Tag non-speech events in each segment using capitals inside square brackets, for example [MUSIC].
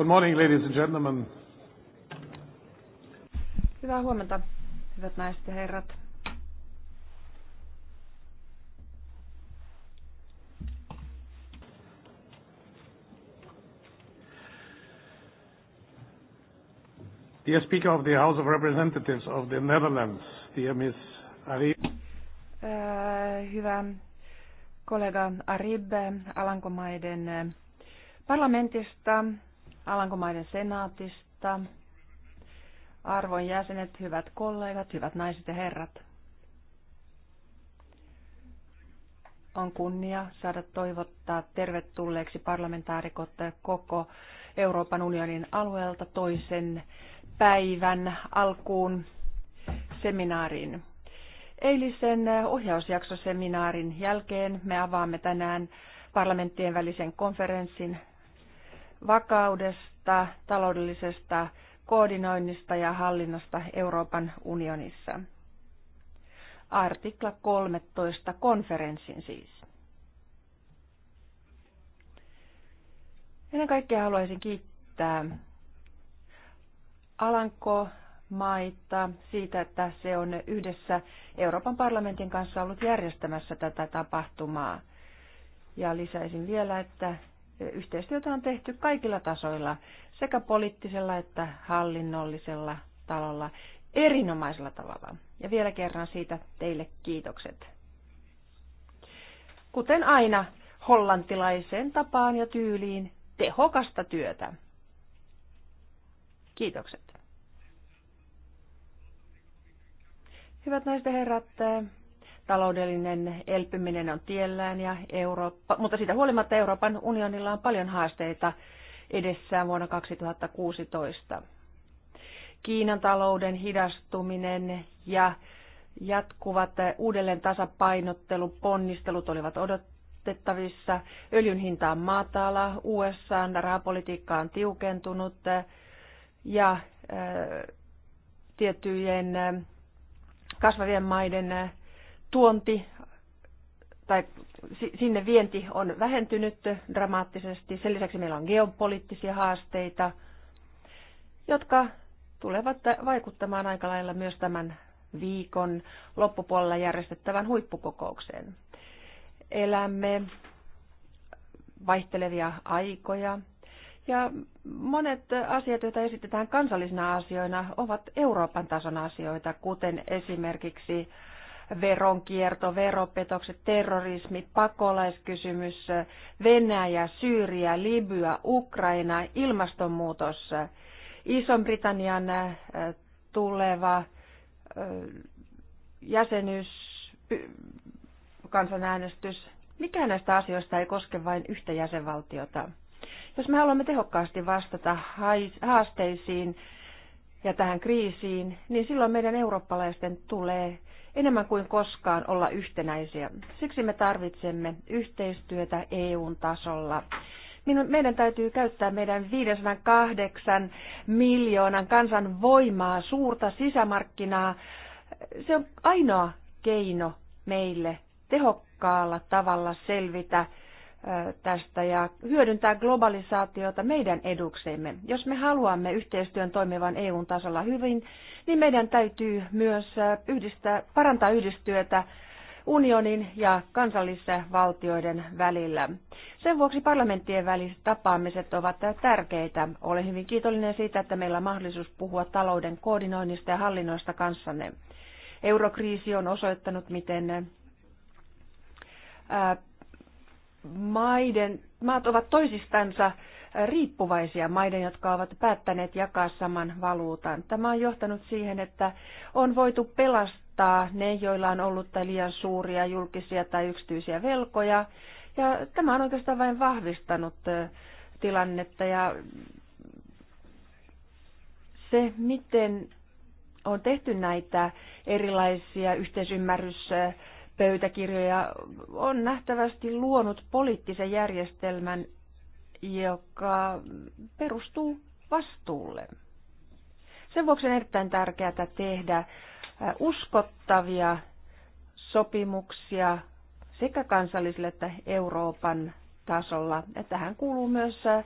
Good morning, ladies and gentlemen. Hyvää huomenta, hyvät naiset ja herrat. Dear Speaker of the House of Representatives of the Netherlands, dear Miss Arib. Äh, hyvä kollega Arib Alankomaiden äh, parlamentista, Alankomaiden senaatista. Arvon jäsenet, hyvät kollegat, hyvät naiset ja herrat. On kunnia saada toivottaa tervetulleeksi parlamentaarikot koko Euroopan unionin alueelta toisen päivän alkuun seminaariin. Eilisen ohjausjaksoseminaarin jälkeen me avaamme tänään parlamenttien välisen konferenssin vakaudesta, taloudellisesta koordinoinnista ja hallinnasta Euroopan unionissa. Artikla 13 konferenssin siis. Ennen kaikkea haluaisin kiittää Alanko maita siitä, että se on yhdessä Euroopan parlamentin kanssa ollut järjestämässä tätä tapahtumaa. Ja lisäisin vielä, että Yhteistyötä on tehty kaikilla tasoilla, sekä poliittisella että hallinnollisella talolla, erinomaisella tavalla. Ja vielä kerran siitä teille kiitokset. Kuten aina, hollantilaiseen tapaan ja tyyliin tehokasta työtä. Kiitokset. Hyvät naiset ja herrat, taloudellinen elpyminen on tiellään, ja Eurooppa, mutta siitä huolimatta Euroopan unionilla on paljon haasteita edessään vuonna 2016. Kiinan talouden hidastuminen ja jatkuvat uudelleen tasapainotteluponnistelut olivat odotettavissa. Öljyn hinta on matala, USAn rahapolitiikka on tiukentunut ja äh, tiettyjen äh, kasvavien maiden äh, tuonti tai sinne vienti on vähentynyt dramaattisesti. Sen lisäksi meillä on geopoliittisia haasteita, jotka tulevat vaikuttamaan aika lailla myös tämän viikon loppupuolella järjestettävän huippukokoukseen. Elämme vaihtelevia aikoja ja monet asiat, joita esitetään kansallisina asioina, ovat Euroopan tason asioita, kuten esimerkiksi veronkierto, veropetokset, terrorismi, pakolaiskysymys, Venäjä, Syyriä, Libya, Ukraina, ilmastonmuutos, iso britannian äh, tuleva äh, jäsenyys, kansanäänestys, mikään näistä asioista ei koske vain yhtä jäsenvaltiota. Jos me haluamme tehokkaasti vastata haasteisiin ja tähän kriisiin, niin silloin meidän eurooppalaisten tulee enemmän kuin koskaan olla yhtenäisiä. Siksi me tarvitsemme yhteistyötä EUn tasolla. Minun, meidän täytyy käyttää meidän 508 miljoonan kansan voimaa, suurta sisämarkkinaa. Se on ainoa keino meille tehokkaalla tavalla selvitä tästä ja hyödyntää globalisaatiota meidän eduksemme. Jos me haluamme yhteistyön toimivan EUn tasolla hyvin, niin meidän täytyy myös yhdistää, parantaa yhdistyötä unionin ja valtioiden välillä. Sen vuoksi parlamenttien väliset tapaamiset ovat tärkeitä. Olen hyvin kiitollinen siitä, että meillä on mahdollisuus puhua talouden koordinoinnista ja hallinnoista kanssanne. Eurokriisi on osoittanut, miten maiden, maat ovat toisistansa riippuvaisia maiden, jotka ovat päättäneet jakaa saman valuutan. Tämä on johtanut siihen, että on voitu pelastaa ne, joilla on ollut liian suuria julkisia tai yksityisiä velkoja. Ja tämä on oikeastaan vain vahvistanut tilannetta ja se, miten on tehty näitä erilaisia yhteisymmärrys- pöytäkirjoja on nähtävästi luonut poliittisen järjestelmän, joka perustuu vastuulle. Sen vuoksi on erittäin tärkeää tehdä äh, uskottavia sopimuksia sekä kansallisella että Euroopan tasolla. Ja tähän kuuluu myös äh,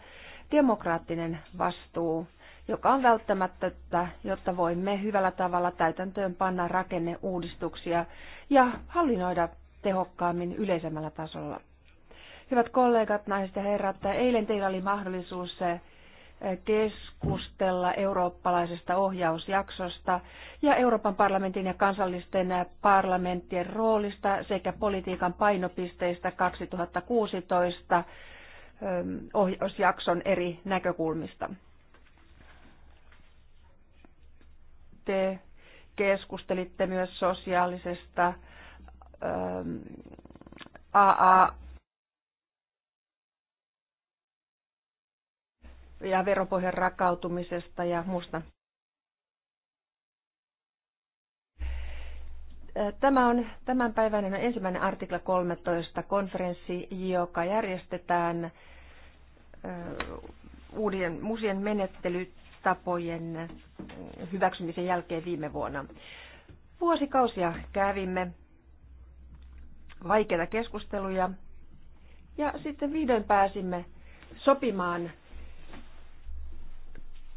demokraattinen vastuu joka on välttämätöntä, jotta voimme hyvällä tavalla täytäntöön panna rakenneuudistuksia ja hallinnoida tehokkaammin yleisemmällä tasolla. Hyvät kollegat, naiset ja herrat, eilen teillä oli mahdollisuus eh, keskustella eurooppalaisesta ohjausjaksosta ja Euroopan parlamentin ja kansallisten eh, parlamenttien roolista sekä politiikan painopisteistä 2016 eh, ohjausjakson eri näkökulmista. te keskustelitte myös sosiaalisesta ähm, AA ja veropohjan rakautumisesta ja muusta. Äh, tämä on tämänpäiväinen ensimmäinen artikla 13 konferenssi, joka järjestetään äh, uudien musien menettelyt tapojen hyväksymisen jälkeen viime vuonna. Vuosikausia kävimme vaikeita keskusteluja ja sitten vihdoin pääsimme sopimaan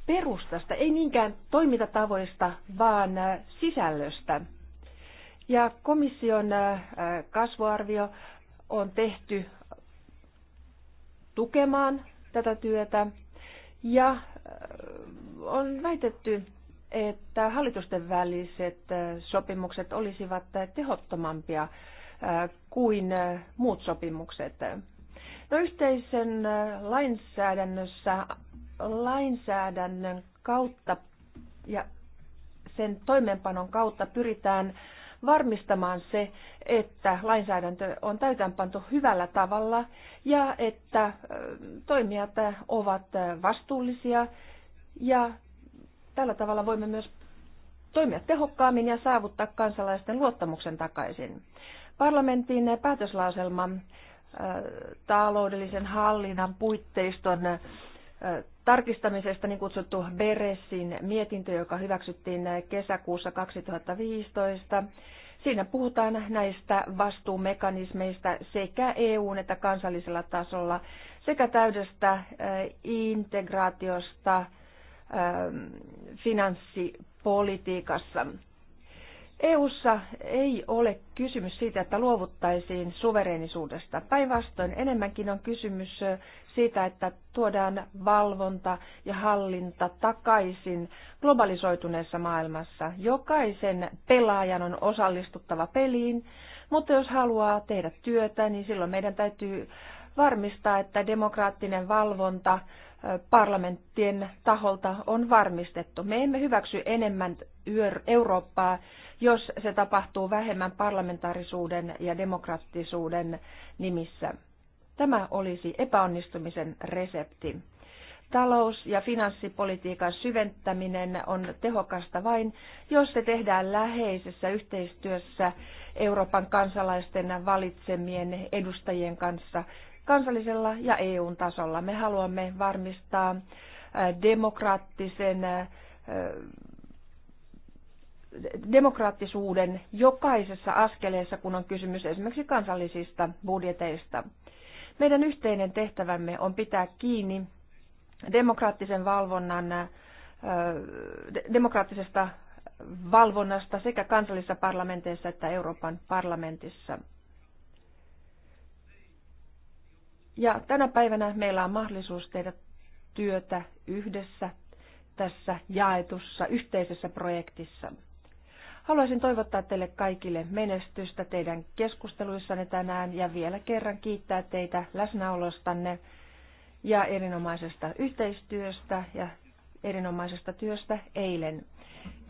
perustasta, ei niinkään toimintatavoista, vaan sisällöstä. Ja komission äh, kasvuarvio on tehty tukemaan tätä työtä ja äh, on väitetty, että hallitusten väliset äh, sopimukset olisivat äh, tehottomampia kuin muut sopimukset. No yhteisen lainsäädännössä lainsäädännön kautta ja sen toimeenpanon kautta pyritään varmistamaan se, että lainsäädäntö on täytäntöpantu hyvällä tavalla ja että toimijat ovat vastuullisia ja tällä tavalla voimme myös toimia tehokkaammin ja saavuttaa kansalaisten luottamuksen takaisin. Parlamentin päätöslauselma taloudellisen hallinnan puitteiston tarkistamisesta niin kutsuttu Beresin mietintö, joka hyväksyttiin kesäkuussa 2015. Siinä puhutaan näistä vastuumekanismeista sekä EUn että kansallisella tasolla sekä täydestä integraatiosta finanssipolitiikassa. EU:ssa ei ole kysymys siitä, että luovuttaisiin suvereenisuudesta. Päinvastoin enemmänkin on kysymys siitä, että tuodaan valvonta ja hallinta takaisin globalisoituneessa maailmassa. Jokaisen pelaajan on osallistuttava peliin, mutta jos haluaa tehdä työtä, niin silloin meidän täytyy varmistaa, että demokraattinen valvonta parlamenttien taholta on varmistettu. Me emme hyväksy enemmän Eurooppaa jos se tapahtuu vähemmän parlamentaarisuuden ja demokraattisuuden nimissä. Tämä olisi epäonnistumisen resepti. Talous- ja finanssipolitiikan syventäminen on tehokasta vain, jos se tehdään läheisessä yhteistyössä Euroopan kansalaisten valitsemien edustajien kanssa kansallisella ja EUn tasolla. Me haluamme varmistaa äh, demokraattisen äh, demokraattisuuden jokaisessa askeleessa, kun on kysymys esimerkiksi kansallisista budjeteista. Meidän yhteinen tehtävämme on pitää kiinni demokraattisen valvonnan, demokraattisesta valvonnasta sekä kansallisissa parlamenteissa että Euroopan parlamentissa. Ja tänä päivänä meillä on mahdollisuus tehdä työtä yhdessä tässä jaetussa yhteisessä projektissa. Haluaisin toivottaa teille kaikille menestystä teidän keskusteluissanne tänään ja vielä kerran kiittää teitä läsnäolostanne ja erinomaisesta yhteistyöstä ja erinomaisesta työstä eilen.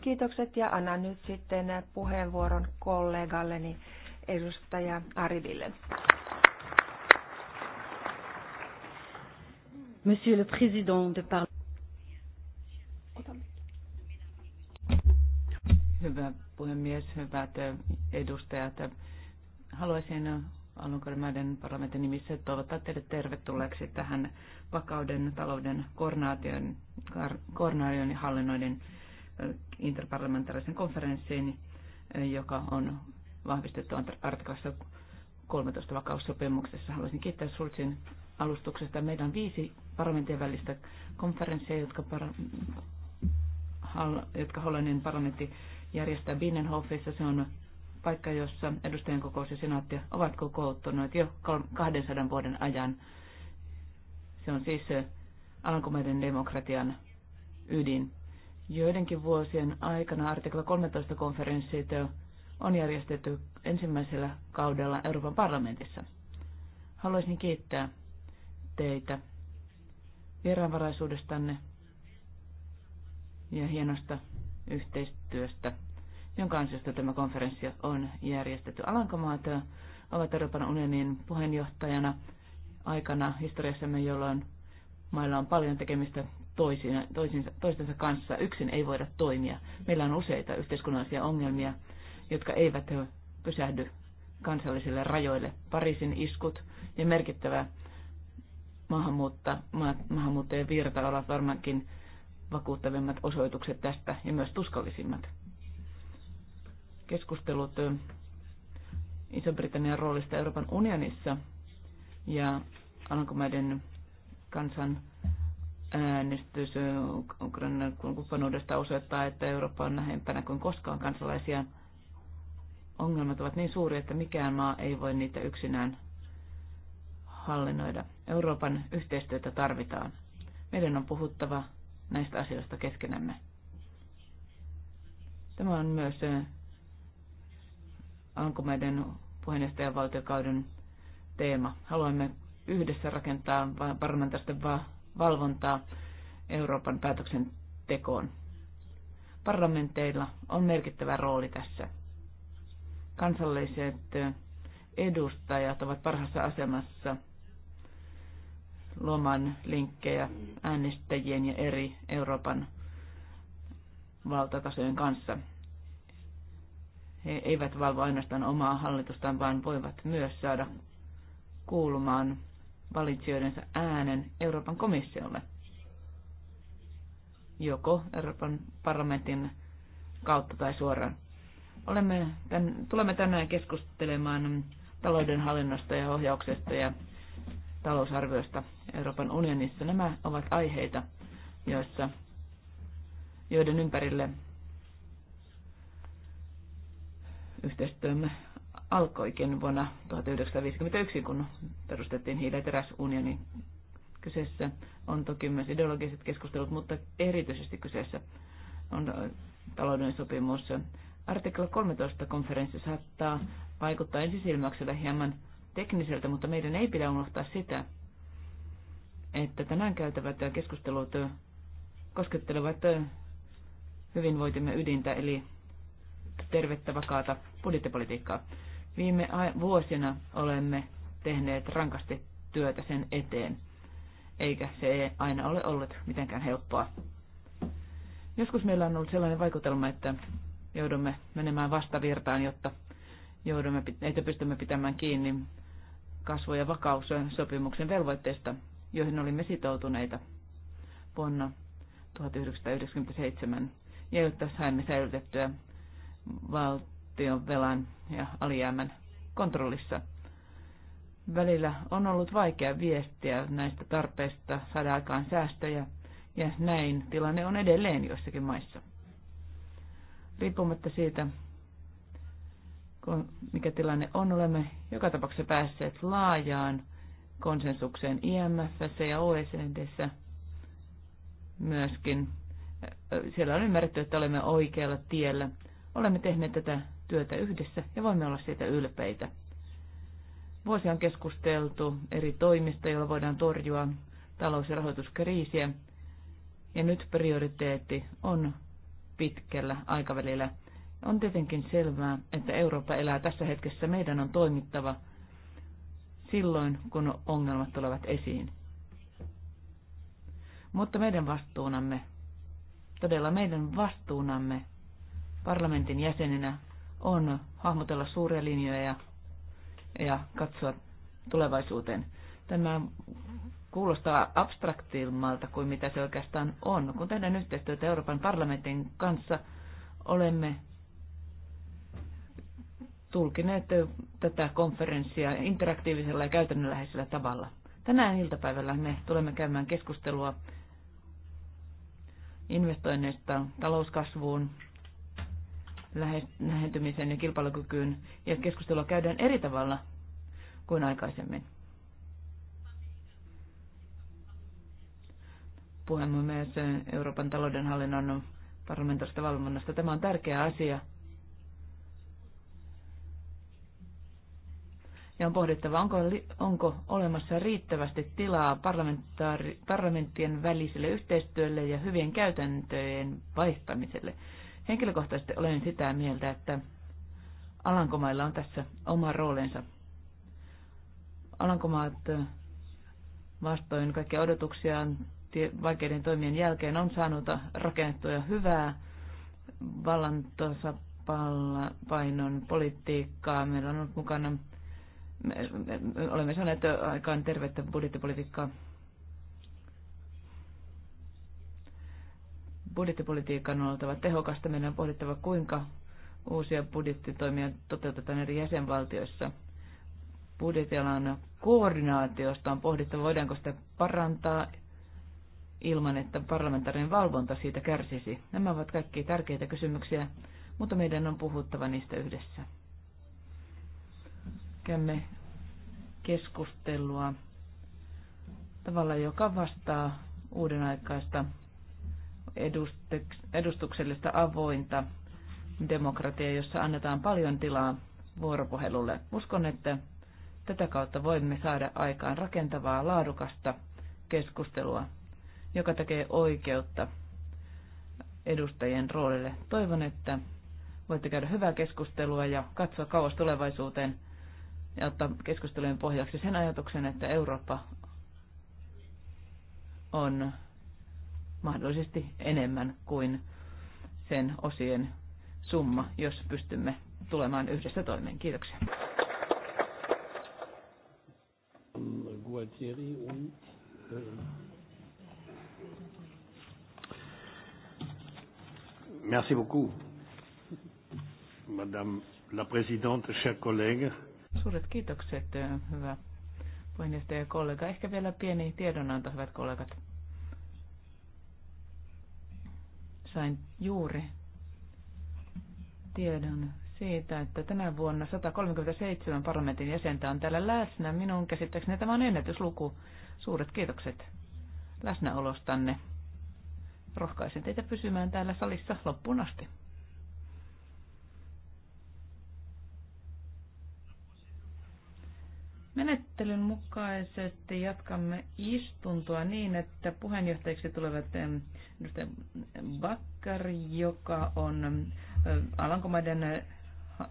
Kiitokset ja annan nyt sitten puheenvuoron kollegalleni edustaja Ariville. Monsieur le Président de Parlement. Hyvä puhemies, hyvät edustajat. Haluaisin Alunkarimäiden parlamentin nimissä toivottaa teille tervetulleeksi tähän vakauden, talouden, koordinaation, koordinaation ja hallinnoiden interparlamentaarisen konferenssiin, joka on vahvistettu artiklassa 13 vakaussopimuksessa. Haluaisin kiittää Sultsin alustuksesta. Meillä on viisi parlamentin välistä konferenssia, jotka, par, jotka Hollannin parlamentti järjestää Binnenhofissa. Se on paikka, jossa edustajien kokous ja senaatti ovat kokouttuneet jo 200 vuoden ajan. Se on siis eh, Alankomaiden demokratian ydin. Joidenkin vuosien aikana artikla 13 konferenssit eh, on järjestetty ensimmäisellä kaudella Euroopan parlamentissa. Haluaisin kiittää teitä vieraanvaraisuudestanne ja hienosta yhteistyöstä, jonka ansiosta tämä konferenssi on järjestetty. Alankomaat ovat Euroopan unionin puheenjohtajana aikana historiassamme, jolloin mailla on paljon tekemistä toisina, toisinsa, toistensa kanssa. Yksin ei voida toimia. Meillä on useita yhteiskunnallisia ongelmia, jotka eivät pysähdy kansallisille rajoille. Pariisin iskut ja merkittävä maahanmuutta, maahanmuuttajien virta ovat varmaankin vakuuttavimmat osoitukset tästä ja myös tuskallisimmat. Keskustelut Iso-Britannian roolista Euroopan unionissa ja Alankomaiden kansan äänestys Ukrainan kumppanuudesta osoittaa, että Eurooppa on lähempänä kuin koskaan kansalaisia. Ongelmat ovat niin suuria, että mikään maa ei voi niitä yksinään hallinnoida. Euroopan yhteistyötä tarvitaan. Meidän on puhuttava näistä asioista keskenämme. Tämä on myös puheenjohtajan valtiokauden teema. Haluamme yhdessä rakentaa parlamentaaristen valvontaa Euroopan päätöksentekoon. Parlamenteilla on merkittävä rooli tässä. Kansalliset edustajat ovat parhaassa asemassa – luomaan linkkejä äänestäjien ja eri Euroopan valtatasojen kanssa. He eivät valvo ainoastaan omaa hallitustaan, vaan voivat myös saada kuulumaan valitsijoidensa äänen Euroopan komissiolle. Joko Euroopan parlamentin kautta tai suoraan. Olemme tämän, tulemme tänään keskustelemaan talouden hallinnosta ja ohjauksesta ja talousarviosta Euroopan unionissa. Nämä ovat aiheita, joissa, joiden ympärille yhteistyömme alkoikin vuonna 1951, kun perustettiin hiilä- ja teräsunioni. Kyseessä on toki myös ideologiset keskustelut, mutta erityisesti kyseessä on talouden sopimus. Artikla 13 konferenssi saattaa vaikuttaa ensisilmäyksellä hieman – tekniseltä, mutta meidän ei pidä unohtaa sitä, että tänään käytävät keskustelut koskettelevat hyvinvointimme ydintä, eli tervettä, vakaata budjettipolitiikkaa. Viime vuosina olemme tehneet rankasti työtä sen eteen, eikä se aina ole ollut mitenkään helppoa. Joskus meillä on ollut sellainen vaikutelma, että joudumme menemään vastavirtaan, jotta joudumme, että pystymme pitämään kiinni kasvu- ja vakaussopimuksen velvoitteista, joihin olimme sitoutuneita vuonna 1997, ja jotta saimme säilytettyä valtion velan ja alijäämän kontrollissa. Välillä on ollut vaikea viestiä näistä tarpeista saada aikaan säästöjä, ja näin tilanne on edelleen joissakin maissa. Riippumatta siitä, kun mikä tilanne on. Olemme joka tapauksessa päässeet laajaan konsensukseen IMFssä ja OECDssä myöskin. Äh, siellä on ymmärretty, että olemme oikealla tiellä. Olemme tehneet tätä työtä yhdessä ja voimme olla siitä ylpeitä. Vuosia on keskusteltu eri toimista, joilla voidaan torjua talous- ja rahoituskriisiä. Ja nyt prioriteetti on pitkällä aikavälillä on tietenkin selvää, että Eurooppa elää tässä hetkessä. Meidän on toimittava silloin, kun ongelmat tulevat esiin. Mutta meidän vastuunamme, todella meidän vastuunamme parlamentin jäseninä on hahmotella suuria linjoja ja, ja katsoa tulevaisuuteen. Tämä kuulostaa abstraktimmalta kuin mitä se oikeastaan on. Kun tehdään yhteistyötä Euroopan parlamentin kanssa, olemme tulkineet tätä konferenssia interaktiivisella ja käytännönläheisellä tavalla. Tänään iltapäivällä me tulemme käymään keskustelua investoinneista talouskasvuun, lähentymiseen ja kilpailukykyyn, ja keskustelua käydään eri tavalla kuin aikaisemmin. Puhemme myös Euroopan taloudenhallinnon parlamentaarista valvonnasta. Tämä on tärkeä asia ja on pohdittava, onko, onko olemassa riittävästi tilaa parlamenttien väliselle yhteistyölle ja hyvien käytäntöjen vaihtamiselle. Henkilökohtaisesti olen sitä mieltä, että Alankomailla on tässä oma roolensa. Alankomaat vastoin kaikkia odotuksiaan vaikeiden toimien jälkeen on saanut rakennettua hyvää vallan painon politiikkaa. Meillä on ollut mukana olemme saaneet aikaan tervettä budjettipolitiikkaa. Budjettipolitiikan on oltava tehokasta. Meidän on pohdittava, kuinka uusia budjettitoimia toteutetaan eri jäsenvaltioissa. Budjetialan koordinaatiosta on pohdittava, voidaanko sitä parantaa ilman, että parlamentaarinen valvonta siitä kärsisi. Nämä ovat kaikki tärkeitä kysymyksiä, mutta meidän on puhuttava niistä yhdessä jatkamme keskustelua tavalla, joka vastaa uuden aikaista edustuksellista avointa demokratiaa, jossa annetaan paljon tilaa vuoropuhelulle. Uskon, että tätä kautta voimme saada aikaan rakentavaa, laadukasta keskustelua, joka tekee oikeutta edustajien roolille. Toivon, että voitte käydä hyvää keskustelua ja katsoa kauas tulevaisuuteen ja ottaa keskustelujen pohjaksi sen ajatuksen, että Eurooppa on mahdollisesti enemmän kuin sen osien summa, jos pystymme tulemaan yhdessä toimeen. Kiitoksia. Euh, merci beaucoup, Madame la Présidente, chers collègues. Suuret kiitokset, hyvä puheenjohtaja ja kollega. Ehkä vielä pieni tiedonanto, hyvät kollegat. Sain juuri tiedon siitä, että tänä vuonna 137 parlamentin jäsentä on täällä läsnä. Minun käsittääkseni tämä on ennätysluku. Suuret kiitokset läsnäolostanne. Rohkaisen teitä pysymään täällä salissa loppuun asti. Menettelyn mukaisesti jatkamme istuntoa niin, että puheenjohtajaksi tulevat edustaja Bakkar, joka on Alankomaiden eh,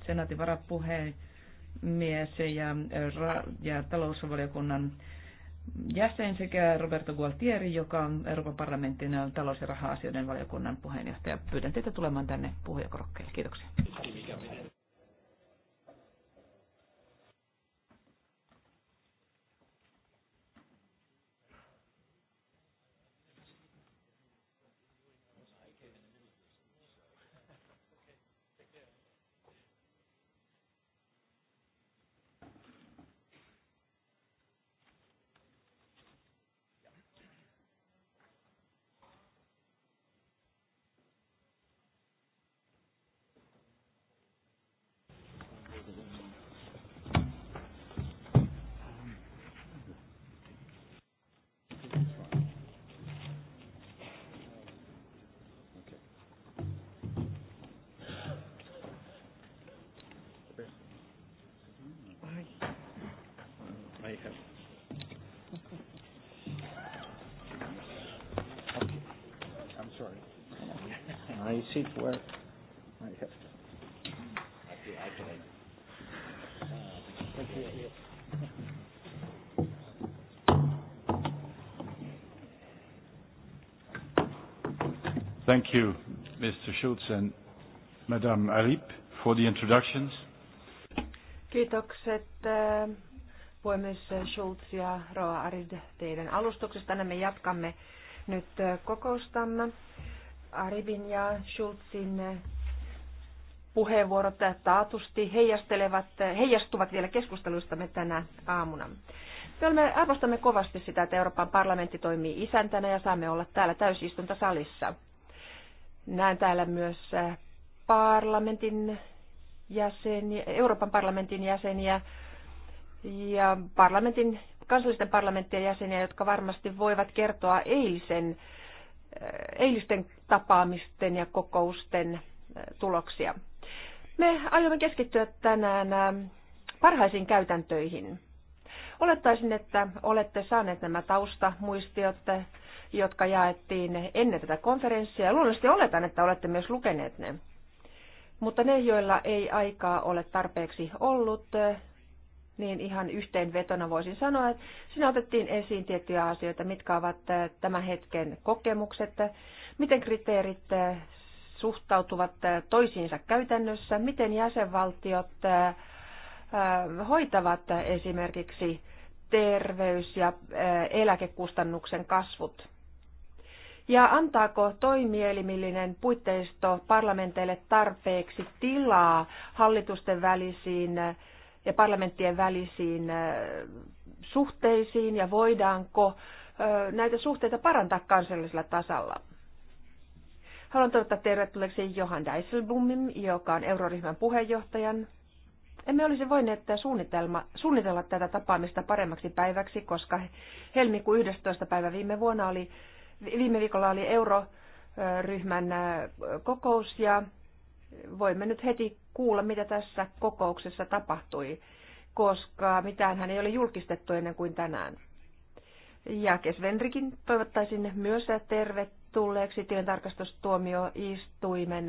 senaatin varapuhemies ja, eh, ja talousvaliokunnan jäsen sekä Roberto Gualtieri, joka on Euroopan parlamentin talous- ja raha-asioiden valiokunnan puheenjohtaja. Pyydän teitä tulemaan tänne puhujakorokkeelle. Kiitoksia. Thank you, Mr. Schulz and Madame Arip, for the introductions. Kiitokset eh, puhemies Schulz ja Roa Arid teidän alustuksestanne. Me jatkamme nyt eh, kokoustamme. Aribin ja Schulzin eh, puheenvuorot taatusti heijastelevat, heijastuvat vielä keskusteluistamme tänä aamuna. Me arvostamme kovasti sitä, että Euroopan parlamentti toimii isäntänä ja saamme olla täällä täysistuntosalissa. Näen täällä myös äh, parlamentin jäseniä, Euroopan parlamentin jäseniä ja parlamentin, kansallisten parlamenttien jäseniä, jotka varmasti voivat kertoa eilisen, äh, eilisten tapaamisten ja kokousten äh, tuloksia. Me aiomme keskittyä tänään parhaisiin käytäntöihin. Olettaisin, että olette saaneet nämä taustamuistiot jotka jaettiin ennen tätä konferenssia. Ja luonnollisesti oletan, että olette myös lukeneet ne. Mutta ne, joilla ei aikaa ole tarpeeksi ollut, niin ihan yhteenvetona voisin sanoa, että siinä otettiin esiin tiettyjä asioita, mitkä ovat tämän hetken kokemukset, miten kriteerit suhtautuvat toisiinsa käytännössä, miten jäsenvaltiot hoitavat esimerkiksi terveys- ja eläkekustannuksen kasvut. Ja antaako toimielimillinen puitteisto parlamenteille tarpeeksi tilaa hallitusten välisiin äh, ja parlamenttien välisiin äh, suhteisiin ja voidaanko äh, näitä suhteita parantaa kansallisella tasalla? Haluan toivottaa tervetulleeksi Johan Dijsselbumin, joka on euroryhmän puheenjohtajan. Emme olisi voineet suunnitelma, suunnitella tätä tapaamista paremmaksi päiväksi, koska helmikuun 11. päivä viime vuonna oli Viime viikolla oli euroryhmän äh, kokous ja voimme nyt heti kuulla, mitä tässä kokouksessa tapahtui, koska mitään ei ole julkistettu ennen kuin tänään. Ja Kesvenrikin toivottaisin myös tervetulleeksi tilintarkastustuomioistuimen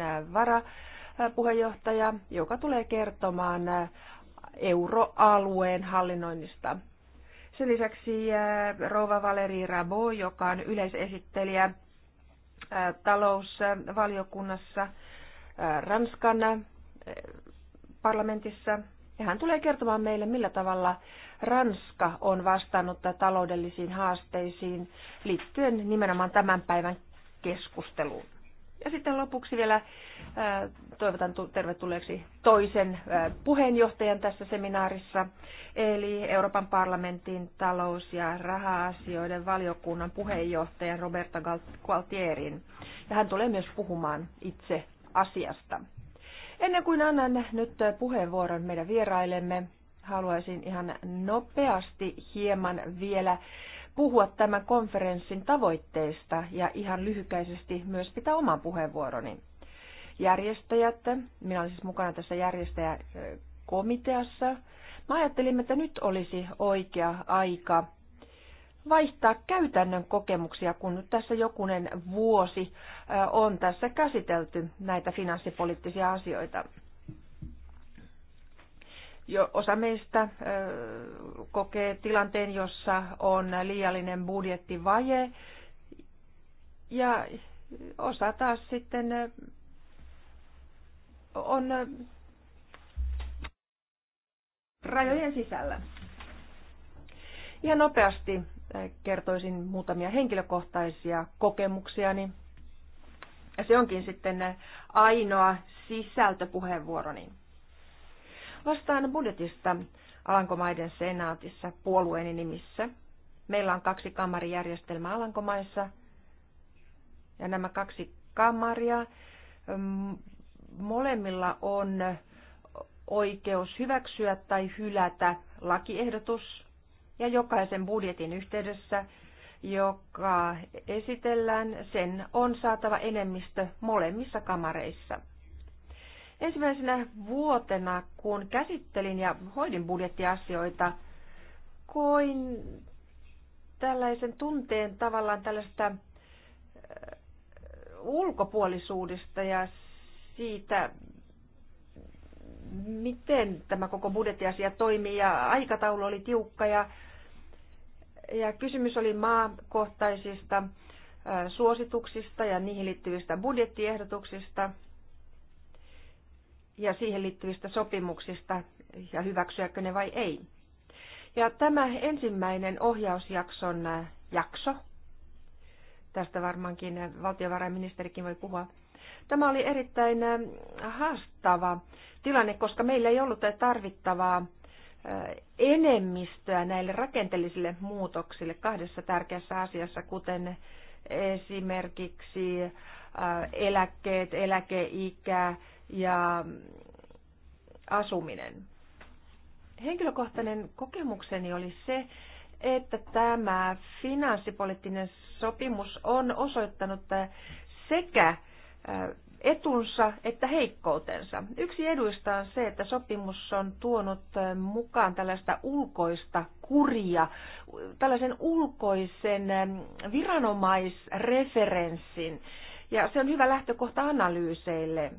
puheenjohtaja, joka tulee kertomaan euroalueen hallinnoinnista. Sen lisäksi eh, Rouva Valeri Rabo, joka on yleisesittelijä eh, talousvaliokunnassa eh, Ranskan parlamentissa. Ja hän tulee kertomaan meille, millä tavalla Ranska on vastannut taloudellisiin haasteisiin liittyen nimenomaan tämän päivän keskusteluun. Ja sitten lopuksi vielä toivotan tervetulleeksi toisen puheenjohtajan tässä seminaarissa, eli Euroopan parlamentin talous- ja raha-asioiden valiokunnan puheenjohtajan Roberta Gualtierin. Ja hän tulee myös puhumaan itse asiasta. Ennen kuin annan nyt puheenvuoron meidän vierailemme, haluaisin ihan nopeasti hieman vielä puhua tämän konferenssin tavoitteista ja ihan lyhykäisesti myös pitää oman puheenvuoroni järjestäjät. Minä olin siis mukana tässä järjestäjäkomiteassa. Mä ajattelin, että nyt olisi oikea aika vaihtaa käytännön kokemuksia, kun nyt tässä jokunen vuosi äh, on tässä käsitelty näitä finanssipoliittisia asioita. Jo osa meistä äh, kokee tilanteen, jossa on liiallinen budjettivaje ja osa taas sitten äh, on rajojen sisällä. Ihan nopeasti kertoisin muutamia henkilökohtaisia kokemuksiani. Ja se onkin sitten ainoa sisältöpuheenvuoroni. Vastaan budjetista Alankomaiden senaatissa puolueeni nimissä. Meillä on kaksi kamarijärjestelmää Alankomaissa. Ja nämä kaksi kamaria mm, molemmilla on oikeus hyväksyä tai hylätä lakiehdotus ja jokaisen budjetin yhteydessä, joka esitellään, sen on saatava enemmistö molemmissa kamareissa. Ensimmäisenä vuotena, kun käsittelin ja hoidin budjettiasioita, koin tällaisen tunteen tavallaan tällaista äh, ulkopuolisuudesta ja siitä, miten tämä koko budjettiasia toimii ja aikataulu oli tiukka ja, ja kysymys oli maakohtaisista suosituksista ja niihin liittyvistä budjettiehdotuksista ja siihen liittyvistä sopimuksista ja hyväksyäkö ne vai ei. Ja tämä ensimmäinen ohjausjakson jakso, tästä varmaankin valtiovarainministerikin voi puhua, Tämä oli erittäin ähm, haastava tilanne, koska meillä ei ollut tarvittavaa äh, enemmistöä näille rakenteellisille muutoksille kahdessa tärkeässä asiassa, kuten esimerkiksi äh, eläkkeet, eläkeikä ja mm, asuminen. Henkilökohtainen kokemukseni oli se, että tämä finanssipoliittinen sopimus on osoittanut äh, sekä etunsa että heikkoutensa. Yksi eduista on se, että sopimus on tuonut mukaan tällaista ulkoista kuria, tällaisen ulkoisen viranomaisreferenssin, ja se on hyvä lähtökohta analyyseille,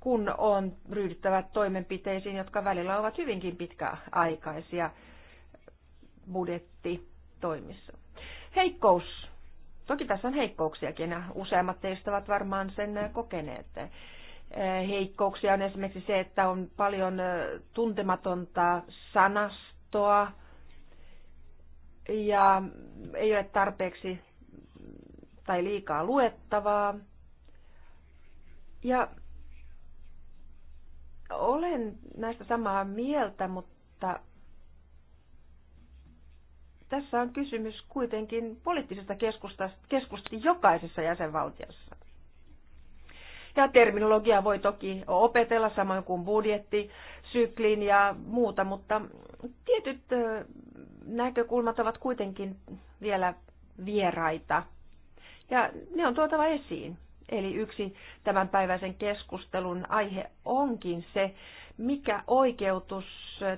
kun on ryhdyttävä toimenpiteisiin, jotka välillä ovat hyvinkin pitkäaikaisia budjettitoimissa. Heikkous Toki tässä on heikkouksiakin ja useimmat teistä ovat varmaan sen kokeneet. Heikkouksia on esimerkiksi se, että on paljon tuntematonta sanastoa ja ei ole tarpeeksi tai liikaa luettavaa. Ja olen näistä samaa mieltä, mutta tässä on kysymys kuitenkin poliittisesta keskustelusta jokaisessa jäsenvaltiossa. Ja terminologia voi toki opetella samoin kuin budjetti, syklin ja muuta, mutta tietyt näkökulmat ovat kuitenkin vielä vieraita. Ja ne on tuotava esiin. Eli yksi tämän päiväisen keskustelun aihe onkin se, mikä oikeutus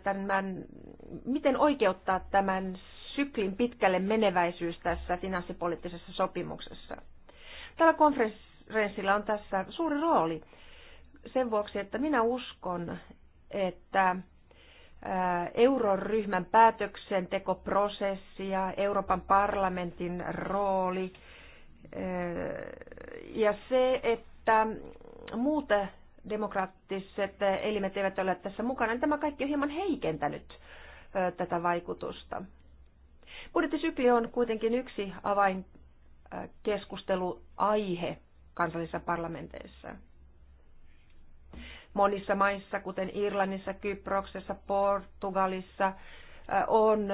tämän, miten oikeuttaa tämän syklin pitkälle meneväisyys tässä finanssipoliittisessa sopimuksessa. Tällä konferenssilla on tässä suuri rooli sen vuoksi, että minä uskon, että euroryhmän päätöksentekoprosessi ja Euroopan parlamentin rooli ja se, että muut demokraattiset elimet eivät ole tässä mukana, niin tämä kaikki on hieman heikentänyt tätä vaikutusta. Budjettisykli on kuitenkin yksi avainkeskusteluaihe kansallisissa parlamenteissa. Monissa maissa, kuten Irlannissa, Kyproksessa, Portugalissa, on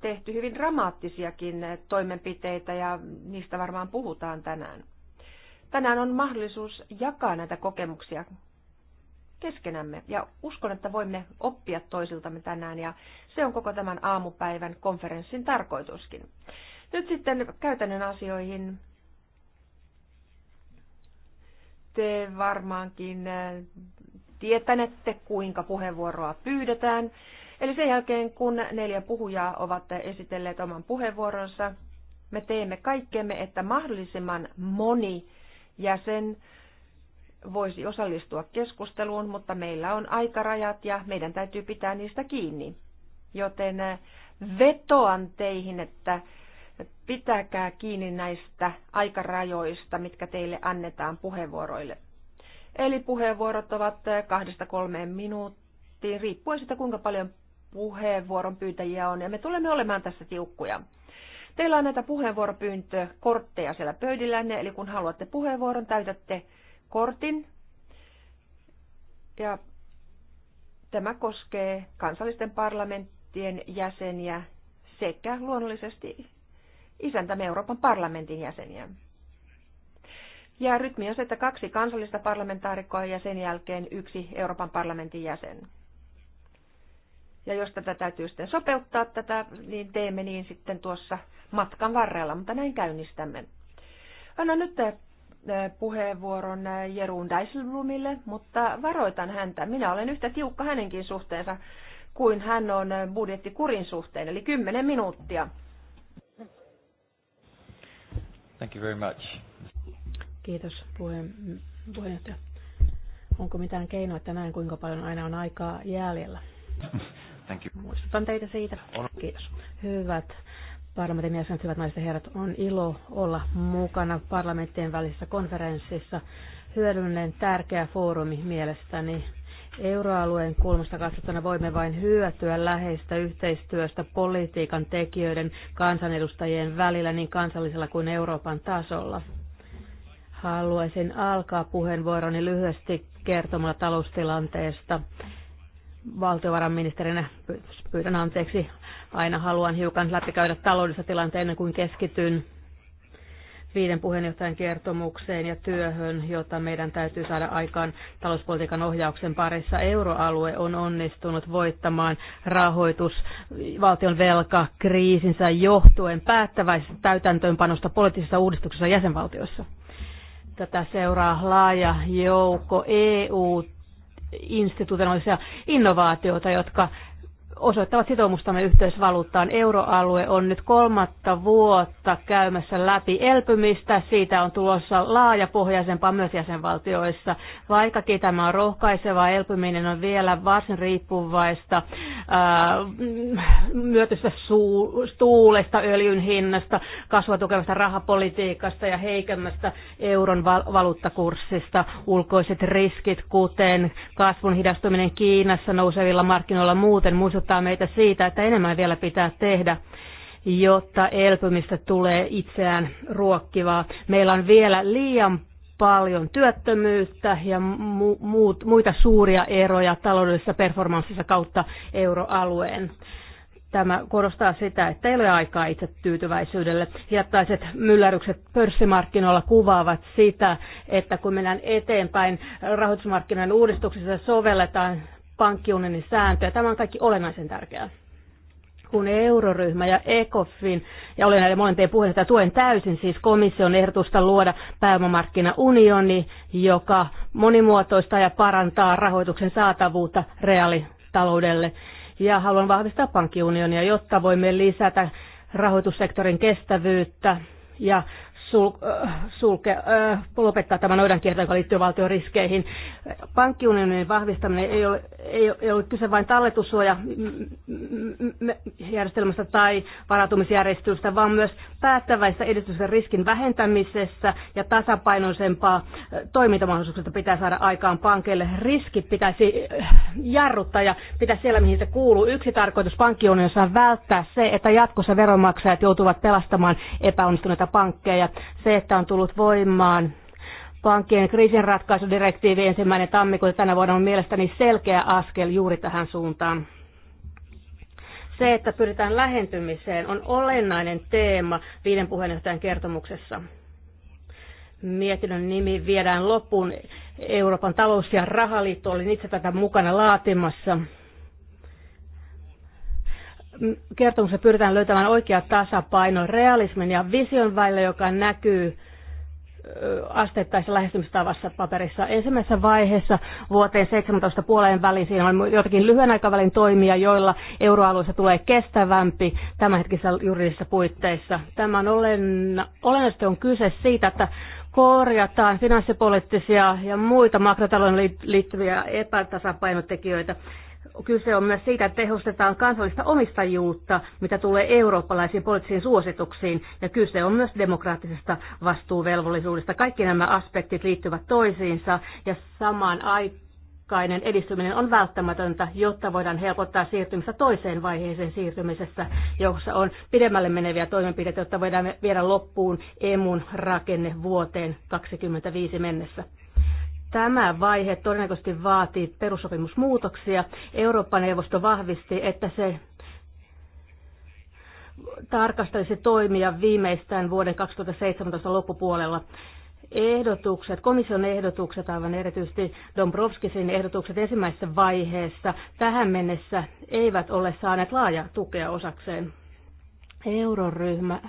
tehty hyvin dramaattisiakin toimenpiteitä ja niistä varmaan puhutaan tänään. Tänään on mahdollisuus jakaa näitä kokemuksia keskenämme. Ja uskon, että voimme oppia toisiltamme tänään ja se on koko tämän aamupäivän konferenssin tarkoituskin. Nyt sitten käytännön asioihin. Te varmaankin äh, tietänette, kuinka puheenvuoroa pyydetään. Eli sen jälkeen, kun neljä puhujaa ovat esitelleet oman puheenvuoronsa, me teemme kaikkemme, että mahdollisimman moni jäsen voisi osallistua keskusteluun, mutta meillä on aikarajat ja meidän täytyy pitää niistä kiinni. Joten eh, vetoan teihin, että pitäkää kiinni näistä aikarajoista, mitkä teille annetaan puheenvuoroille. Eli puheenvuorot ovat eh, kahdesta kolmeen minuuttiin, riippuen siitä kuinka paljon puheenvuoron pyytäjiä on, ja me tulemme olemaan tässä tiukkuja. Teillä on näitä puheenvuoropyyntökortteja siellä pöydillänne, eli kun haluatte puheenvuoron, täytätte kortin. Ja tämä koskee kansallisten parlamenttien jäseniä sekä luonnollisesti isäntämme Euroopan parlamentin jäseniä. Ja rytmi on se, että kaksi kansallista parlamentaarikkoa ja sen jälkeen yksi Euroopan parlamentin jäsen. Ja jos tätä täytyy sitten sopeuttaa tätä, niin teemme niin sitten tuossa matkan varrella, mutta näin käynnistämme. Anna nyt puheenvuoron äh, Jeruun Dijsselblumille, mutta varoitan häntä. Minä olen yhtä tiukka hänenkin suhteensa kuin hän on äh, budjettikurin suhteen, eli 10 minuuttia. Thank you very much. Kiitos puheen, puheenjohtaja. Onko mitään keinoa, että näin kuinka paljon aina on aikaa jäljellä? [LAUGHS] Thank you. Muistutan teitä siitä. Kiitos. Hyvät Parlamentin jäsenet, hyvät naiset ja herrat, on ilo olla mukana parlamenttien välisessä konferenssissa. Hyödyllinen tärkeä foorumi mielestäni. Euroalueen kulmasta katsottuna voimme vain hyötyä läheistä yhteistyöstä politiikan tekijöiden kansanedustajien välillä niin kansallisella kuin Euroopan tasolla. Haluaisin alkaa puheenvuoroni lyhyesti kertomalla taloustilanteesta valtiovarainministerinä pyydän anteeksi. Aina haluan hiukan läpikäydä taloudellista tilanteen ennen kuin keskityn viiden puheenjohtajan kertomukseen ja työhön, jota meidän täytyy saada aikaan talouspolitiikan ohjauksen parissa. Euroalue on onnistunut voittamaan rahoitus valtion kriisinsä johtuen päättäväisestä täytäntöönpanosta poliittisissa uudistuksissa jäsenvaltioissa. Tätä seuraa laaja joukko EU institutionaalisia innovaatioita, jotka osoittavat sitoumustamme yhteisvaluuttaan. Euroalue on nyt kolmatta vuotta käymässä läpi elpymistä. Siitä on tulossa laaja pohjaisempaa myös jäsenvaltioissa. Vaikkakin tämä on rohkaisevaa, elpyminen on vielä varsin riippuvaista äh, myötystä tuulesta, öljyn hinnasta, kasvua tukevasta rahapolitiikasta ja heikemmästä euron val- valuuttakurssista. Ulkoiset riskit, kuten kasvun hidastuminen Kiinassa nousevilla markkinoilla muuten, muistut muistuttaa meitä siitä, että enemmän vielä pitää tehdä, jotta elpymistä tulee itseään ruokkivaa. Meillä on vielä liian paljon työttömyyttä ja muita suuria eroja taloudellisessa performanssissa kautta euroalueen. Tämä korostaa sitä, että ei ole aikaa itse tyytyväisyydelle. Hiattaiset myllärykset pörssimarkkinoilla kuvaavat sitä, että kun mennään eteenpäin rahoitusmarkkinoiden uudistuksissa sovelletaan pankkiunionin sääntöjä. Tämä on kaikki olennaisen tärkeää. Kun euroryhmä ja ECOFIN, ja olen näiden molempien puheenjohtaja, tuen täysin siis komission ehdotusta luoda pääomamarkkinaunioni, joka monimuotoista ja parantaa rahoituksen saatavuutta reaalitaloudelle. Ja haluan vahvistaa pankkiunionia, jotta voimme lisätä rahoitussektorin kestävyyttä ja sul, äh, sulke, äh, lopettaa tämä noidankierto, joka liittyy valtion riskeihin. Pankkiunionin vahvistaminen ei ole, ei, ei ole kyse vain talletussuojajärjestelmästä tai varautumisjärjestelystä, vaan myös päättäväistä edistysten riskin vähentämisessä ja tasapainoisempaa äh, toimintamahdollisuuksista pitää saada aikaan pankeille. Riskit pitäisi jarruttaa ja pitää siellä, mihin se kuuluu. Yksi tarkoitus pankkiunionissa on välttää se, että jatkossa veronmaksajat joutuvat pelastamaan epäonnistuneita pankkeja se, että on tullut voimaan pankkien kriisinratkaisudirektiivi ensimmäinen tammikuuta tänä vuonna on mielestäni selkeä askel juuri tähän suuntaan. Se, että pyritään lähentymiseen, on olennainen teema viiden puheenjohtajan kertomuksessa. Mietinnön nimi viedään loppuun Euroopan talous- ja rahaliitto. Olin itse tätä mukana laatimassa kertomuksessa pyritään löytämään oikea tasapaino realismin ja vision välillä, joka näkyy asteittaisessa lähestymistavassa paperissa. Ensimmäisessä vaiheessa vuoteen 17 puoleen väliin siinä on jotakin lyhyen aikavälin toimia, joilla euroalueessa tulee kestävämpi tämänhetkisissä juridisissa puitteissa. Tämä on olenna, olennaisesti on kyse siitä, että korjataan finanssipoliittisia ja muita makrotalouden liittyviä epätasapainotekijöitä kyse on myös siitä, että tehostetaan kansallista omistajuutta, mitä tulee eurooppalaisiin poliittisiin suosituksiin, ja kyse on myös demokraattisesta vastuuvelvollisuudesta. Kaikki nämä aspektit liittyvät toisiinsa, ja samaan aikainen edistyminen on välttämätöntä, jotta voidaan helpottaa siirtymistä toiseen vaiheeseen siirtymisessä, jossa on pidemmälle meneviä toimenpiteitä, jotta voidaan viedä loppuun emun rakenne vuoteen 2025 mennessä. Tämä vaihe todennäköisesti vaatii perussopimusmuutoksia. Eurooppa-neuvosto vahvisti, että se tarkastelisi toimia viimeistään vuoden 2017 loppupuolella. Ehdotukset, komission ehdotukset, aivan erityisesti Dombrovskisin ehdotukset ensimmäisessä vaiheessa tähän mennessä eivät ole saaneet laajaa tukea osakseen. Euroryhmä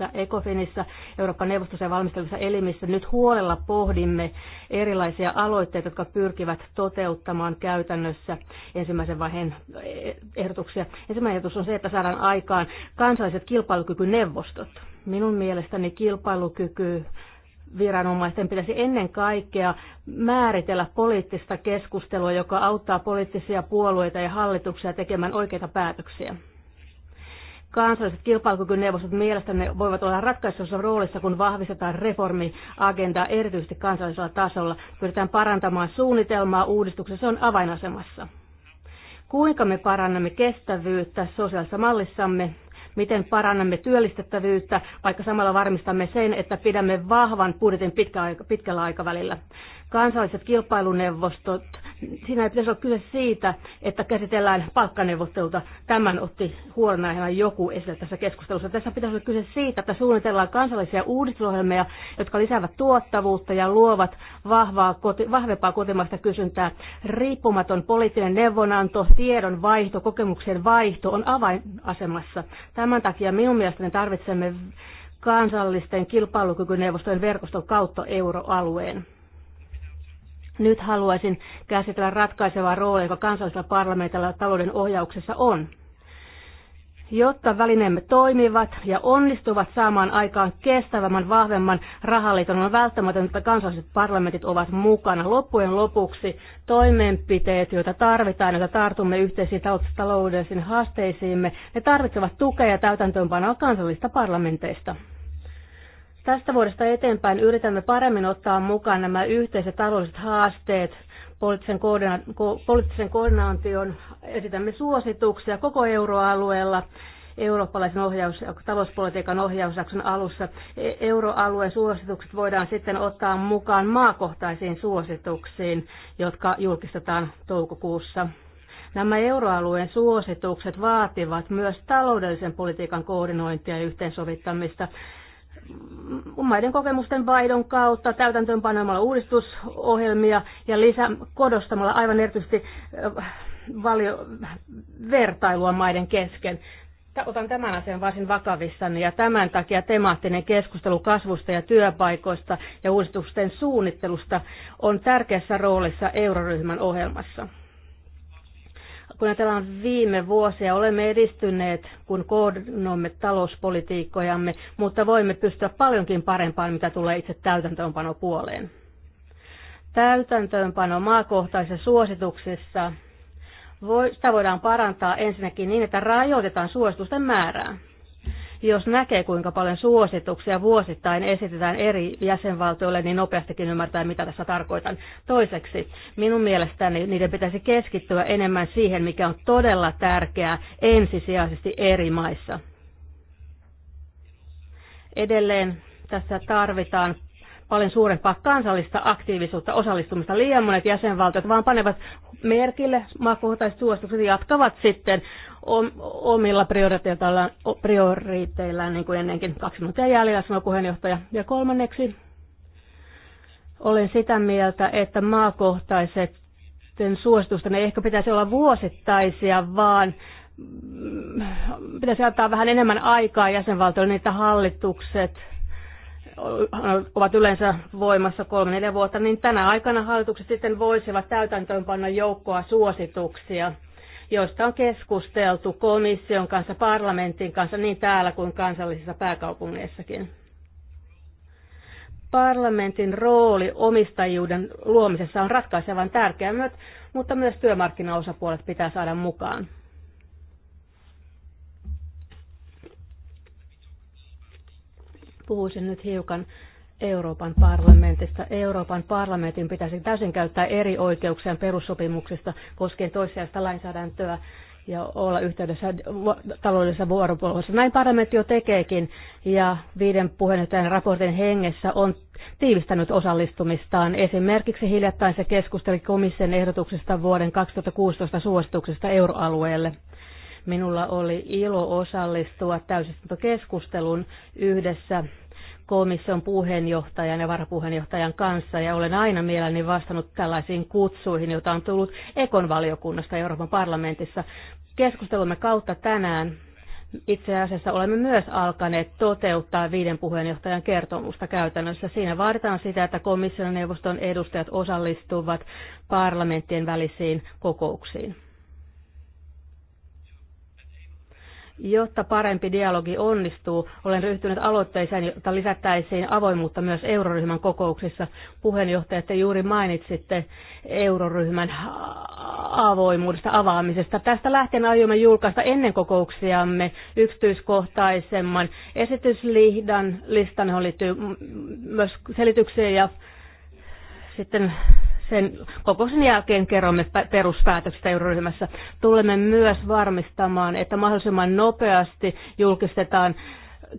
tässä ECOFINissa, Euroopan neuvostossa ja valmistelussa elimissä nyt huolella pohdimme erilaisia aloitteita, jotka pyrkivät toteuttamaan käytännössä ensimmäisen vaiheen eh, ehdotuksia. Ensimmäinen ehdotus on se, että saadaan aikaan kansalliset kilpailukykyneuvostot. Minun mielestäni kilpailukyky viranomaisten pitäisi ennen kaikkea määritellä poliittista keskustelua, joka auttaa poliittisia puolueita ja hallituksia tekemään oikeita päätöksiä. Kansalliset kilpailukykyneuvostot mielestämme voivat olla ratkaisussa roolissa, kun vahvistetaan reformiagendaa erityisesti kansallisella tasolla. Pyritään parantamaan suunnitelmaa uudistuksessa on avainasemassa. Kuinka me parannamme kestävyyttä sosiaalisessa mallissamme, miten parannamme työllistettävyyttä, vaikka samalla varmistamme sen, että pidämme vahvan budjetin pitkällä aikavälillä. Kansalliset kilpailuneuvostot siinä ei pitäisi olla kyse siitä, että käsitellään palkkaneuvotteluta. Tämän otti huolenaiheena joku esille tässä keskustelussa. Tässä pitäisi olla kyse siitä, että suunnitellaan kansallisia uudistusohjelmia, jotka lisäävät tuottavuutta ja luovat vahvaa, vahvempaa kotimaista kysyntää. Riippumaton poliittinen neuvonanto, tiedon vaihto, kokemuksien vaihto on avainasemassa. Tämän takia minun mielestäni tarvitsemme kansallisten kilpailukykyneuvostojen verkoston kautta euroalueen. Nyt haluaisin käsitellä ratkaisevaa roolia, joka kansallisella parlamentilla talouden ohjauksessa on. Jotta välineemme toimivat ja onnistuvat saamaan aikaan kestävämmän, vahvemman rahaliiton, on välttämätöntä, että kansalliset parlamentit ovat mukana. Loppujen lopuksi toimenpiteet, joita tarvitaan, joita tartumme yhteisiin taloudellisiin haasteisiimme, ne tarvitsevat tukea ja täytäntöönpanoa kansallista parlamenteista. Tästä vuodesta eteenpäin yritämme paremmin ottaa mukaan nämä yhteiset taloudelliset haasteet poliittisen, koordina- ko- poliittisen koordinaation. Esitämme suosituksia koko euroalueella eurooppalaisen ohjaus- ja talouspolitiikan ohjausjakson alussa. E- euroalueen suositukset voidaan sitten ottaa mukaan maakohtaisiin suosituksiin, jotka julkistetaan toukokuussa. Nämä euroalueen suositukset vaativat myös taloudellisen politiikan koordinointia ja yhteensovittamista maiden kokemusten vaihdon kautta, täytäntöönpanemalla uudistusohjelmia ja lisä, kodostamalla aivan erityisesti äh, valio, vertailua maiden kesken. Otan tämän asian varsin vakavissani ja tämän takia temaattinen keskustelu kasvusta ja työpaikoista ja uudistusten suunnittelusta on tärkeässä roolissa euroryhmän ohjelmassa. Kun ajatellaan viime vuosia, olemme edistyneet, kun koordinoimme talouspolitiikkojamme, mutta voimme pystyä paljonkin parempaan, mitä tulee itse täytäntöönpano puoleen. Täytäntöönpano maakohtaisissa suosituksissa sitä voidaan parantaa ensinnäkin niin, että rajoitetaan suositusten määrää. Jos näkee, kuinka paljon suosituksia vuosittain esitetään eri jäsenvaltioille, niin nopeastikin ymmärtää, mitä tässä tarkoitan. Toiseksi, minun mielestäni niiden pitäisi keskittyä enemmän siihen, mikä on todella tärkeää ensisijaisesti eri maissa. Edelleen tässä tarvitaan paljon suurempaa kansallista aktiivisuutta, osallistumista. Liian monet jäsenvaltiot vaan panevat merkille maakohtaiset suositukset ja jatkavat sitten omilla prioriteillaan, prioriteillaan niin kuin ennenkin. Kaksi minuuttia jäljellä, sanoi puheenjohtaja. Ja kolmanneksi olen sitä mieltä, että maakohtaiset suositusten ei ehkä pitäisi olla vuosittaisia, vaan mm, pitäisi antaa vähän enemmän aikaa jäsenvaltioille, niin että hallitukset ovat yleensä voimassa kolme neljä vuotta, niin tänä aikana hallitukset sitten voisivat täytäntöönpanna joukkoa suosituksia, joista on keskusteltu komission kanssa, parlamentin kanssa niin täällä kuin kansallisissa pääkaupungeissakin. Parlamentin rooli omistajuuden luomisessa on ratkaisevan tärkeä, mutta myös työmarkkinaosapuolet pitää saada mukaan. Puhuisin nyt hiukan Euroopan parlamentista. Euroopan parlamentin pitäisi täysin käyttää eri oikeuksia perussopimuksista koskien toissijaista lainsäädäntöä ja olla yhteydessä taloudellisessa vuoropuolossa. Näin parlamentti jo tekeekin ja viiden puheenjohtajan raportin hengessä on tiivistänyt osallistumistaan. Esimerkiksi hiljattain se keskusteli komission ehdotuksesta vuoden 2016 suosituksesta euroalueelle. Minulla oli ilo osallistua täysistuntokeskustelun yhdessä komission puheenjohtajan ja varapuheenjohtajan kanssa ja olen aina mielelläni vastannut tällaisiin kutsuihin, joita on tullut Ekon valiokunnasta Euroopan parlamentissa. Keskustelumme kautta tänään itse asiassa olemme myös alkaneet toteuttaa viiden puheenjohtajan kertomusta käytännössä. Siinä vaaditaan sitä, että komission neuvoston edustajat osallistuvat parlamenttien välisiin kokouksiin. Jotta parempi dialogi onnistuu, olen ryhtynyt aloitteeseen, jotta lisättäisiin avoimuutta myös euroryhmän kokouksissa. Puheenjohtaja, te juuri mainitsitte euroryhmän avoimuudesta, avaamisesta. Tästä lähtien aiomme julkaista ennen kokouksiamme yksityiskohtaisemman esityslihdan listan, johon liittyy myös selityksiä ja sitten sen kokouksen jälkeen kerromme peruspäätöksistä euroryhmässä. Tulemme myös varmistamaan, että mahdollisimman nopeasti julkistetaan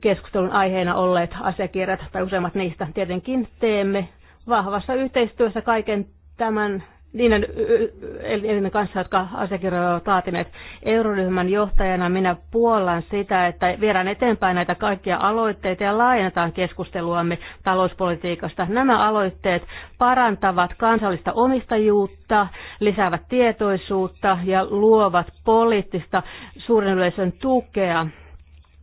keskustelun aiheena olleet asiakirjat tai useimmat niistä tietenkin teemme vahvassa yhteistyössä kaiken tämän niiden elinen kanssa, jotka asiakirjoja ovat taatineet euroryhmän johtajana. Minä puollan sitä, että viedään eteenpäin näitä kaikkia aloitteita ja laajennetaan keskusteluamme talouspolitiikasta. Nämä aloitteet parantavat kansallista omistajuutta, lisäävät tietoisuutta ja luovat poliittista suuren yleisön tukea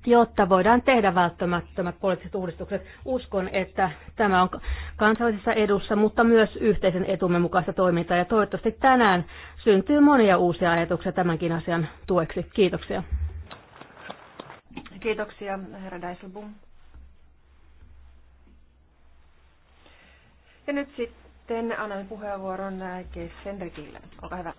jotta voidaan tehdä välttämättömät poliittiset uudistukset. Uskon, että tämä on kansallisessa edussa, mutta myös yhteisen etumme mukaista toimintaa. Ja toivottavasti tänään syntyy monia uusia ajatuksia tämänkin asian tueksi. Kiitoksia. Kiitoksia, herra Daiselbum. Ja nyt sitten annan puheenvuoron äh, Kees Olkaa hyvä.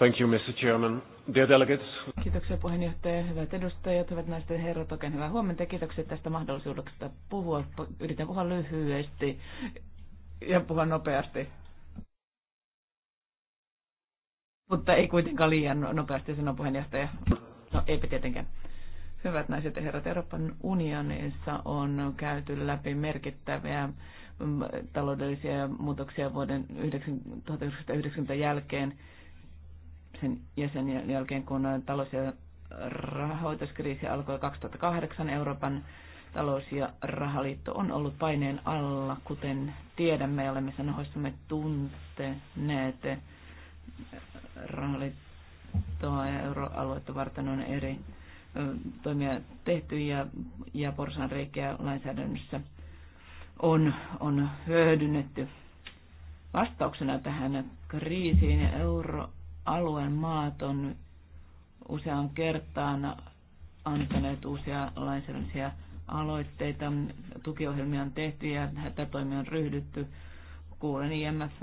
Thank you, Mr. Chairman. Dear delegates. Kiitoksia puheenjohtaja, hyvät edustajat, hyvät naiset ja herrat, oikein hyvää huomenta. Kiitoksia tästä mahdollisuudesta puhua. Yritän puhua lyhyesti ja puhua nopeasti. Mutta ei kuitenkaan liian nopeasti, sanoo puheenjohtaja. No eipä tietenkään. Hyvät naiset ja herrat, Euroopan unionissa on käyty läpi merkittäviä mm, taloudellisia muutoksia vuoden 1990 jälkeen sen, ja jälkeen, kun talous- ja rahoituskriisi alkoi 2008, Euroopan talous- ja rahaliitto on ollut paineen alla, kuten tiedämme ja olemme sanohoissamme tunteneet. Rahaliittoa ja euroaluetta varten on eri toimia tehty ja, ja reikiä lainsäädännössä on, on hyödynnetty. Vastauksena tähän kriisiin Euro alueen maat on useaan kertaan antaneet uusia lainsäädännöllisiä aloitteita, tukiohjelmia on tehty ja hätätoimia on ryhdytty. Kuulen IMF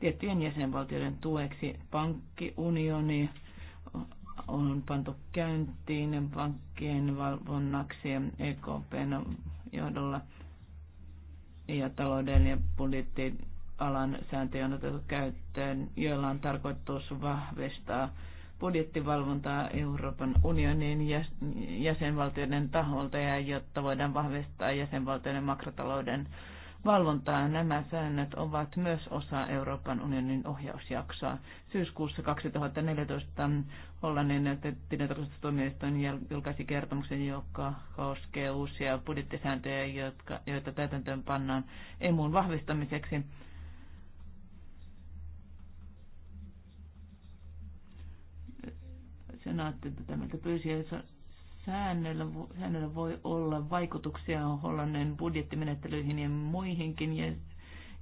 tiettyjen jäsenvaltioiden tueksi. Pankkiunioni on pantu käyntiin pankkien valvonnaksi EKPn johdolla ja talouden ja budjettien alan sääntöjä on otettu käyttöön, joilla on tarkoitus vahvistaa budjettivalvontaa Euroopan unionin jäsenvaltioiden taholta ja jotta voidaan vahvistaa jäsenvaltioiden makrotalouden valvontaa. Nämä säännöt ovat myös osa Euroopan unionin ohjausjaksoa. Syyskuussa 2014 Hollannin tilintarkastustuomioistuin julkaisi kertomuksen, joka koskee uusia budjettisääntöjä, jotka, joita täytäntöön pannaan emun vahvistamiseksi. senaatti tätä meiltä pyysi. Säännöllä, säännöllä voi olla vaikutuksia Hollannin budjettimenettelyihin ja muihinkin ja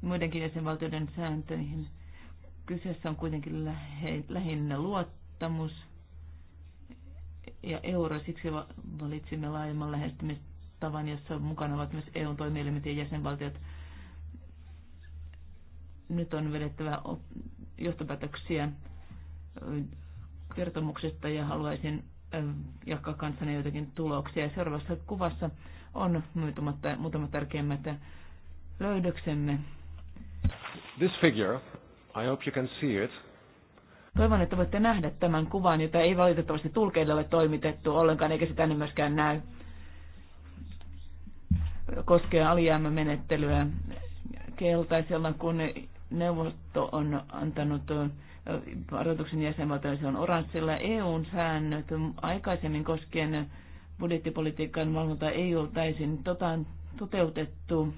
muidenkin jäsenvaltioiden sääntöihin. Kyseessä on kuitenkin lähe, lähinnä luottamus ja euro. Siksi valitsimme laajemman lähestymistavan, jossa mukana ovat myös EUn toimielimet ja jäsenvaltiot. Nyt on vedettävä johtopäätöksiä kertomuksesta ja haluaisin äh, jakaa kanssanne joitakin tuloksia. Seuraavassa kuvassa on muutama tärkeimmät löydöksemme. This figure, I hope you can see it. Toivon, että voitte nähdä tämän kuvan, jota ei valitettavasti tulkeille ole toimitettu ollenkaan, eikä sitä myöskään näy. Koskee alijäämämenettelyä keltaisella, kun neuvosto on antanut varoituksen jäsenvaltioille, se on oranssilla. eu säännöt aikaisemmin koskien budjettipolitiikan valvonta ei ole täysin tota, toteutettu.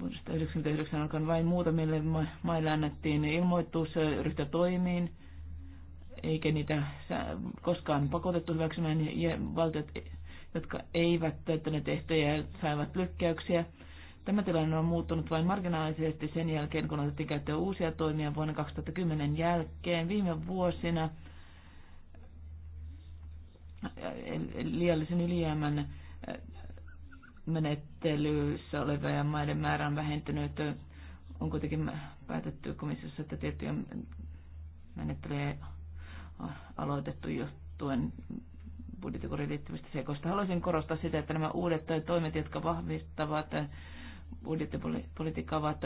Vuodesta 1999 alkaen vain muutamille maille annettiin ilmoitus ryhtyä toimiin, eikä niitä koskaan pakotettu hyväksymään. Ja valtiot, jotka eivät täyttäneet ehtoja, saivat lykkäyksiä Tämä tilanne on muuttunut vain marginaalisesti sen jälkeen, kun otettiin käyttöön uusia toimia vuonna 2010 jälkeen. Viime vuosina eh, liiallisen ylijäämän eh, menettelyssä olevien maiden määrä on vähentynyt. On kuitenkin päätetty komissiossa, että tiettyjä menettelyjä on aloitettu johtuen budjettikoriin liittyvistä sekoista. Haluaisin korostaa sitä, että nämä uudet toimet, jotka vahvistavat budjettipolitiikka ovat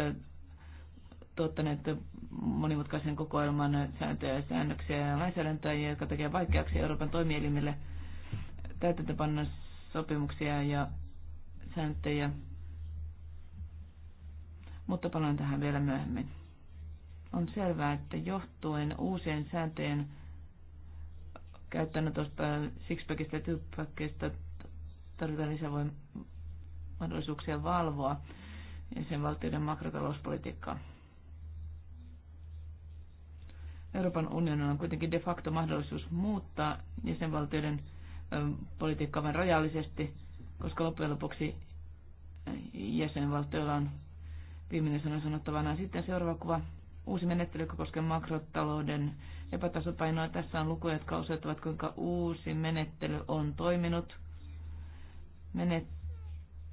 tuottaneet monimutkaisen kokoelman sääntöjä, säännöksiä ja lainsäädäntöä, jotka tekee vaikeaksi Euroopan toimielimille täytäntöpanna sopimuksia ja sääntöjä. Mutta palaan tähän vielä myöhemmin. On selvää, että johtuen uusien sääntöjen tuosta sixpackista ja tarvitaan lisävoimaa mahdollisuuksia valvoa jäsenvaltioiden makrotalouspolitiikkaa. Euroopan unionilla on kuitenkin de facto mahdollisuus muuttaa jäsenvaltioiden politiikkaa vain rajallisesti, koska loppujen lopuksi jäsenvaltioilla on viimeinen sana sanottavana. Sitten seuraava kuva. Uusi menettely, joka koskee makrotalouden epätasapainoa. Tässä on lukuja, jotka osoittavat, kuinka uusi menettely on toiminut. Menettely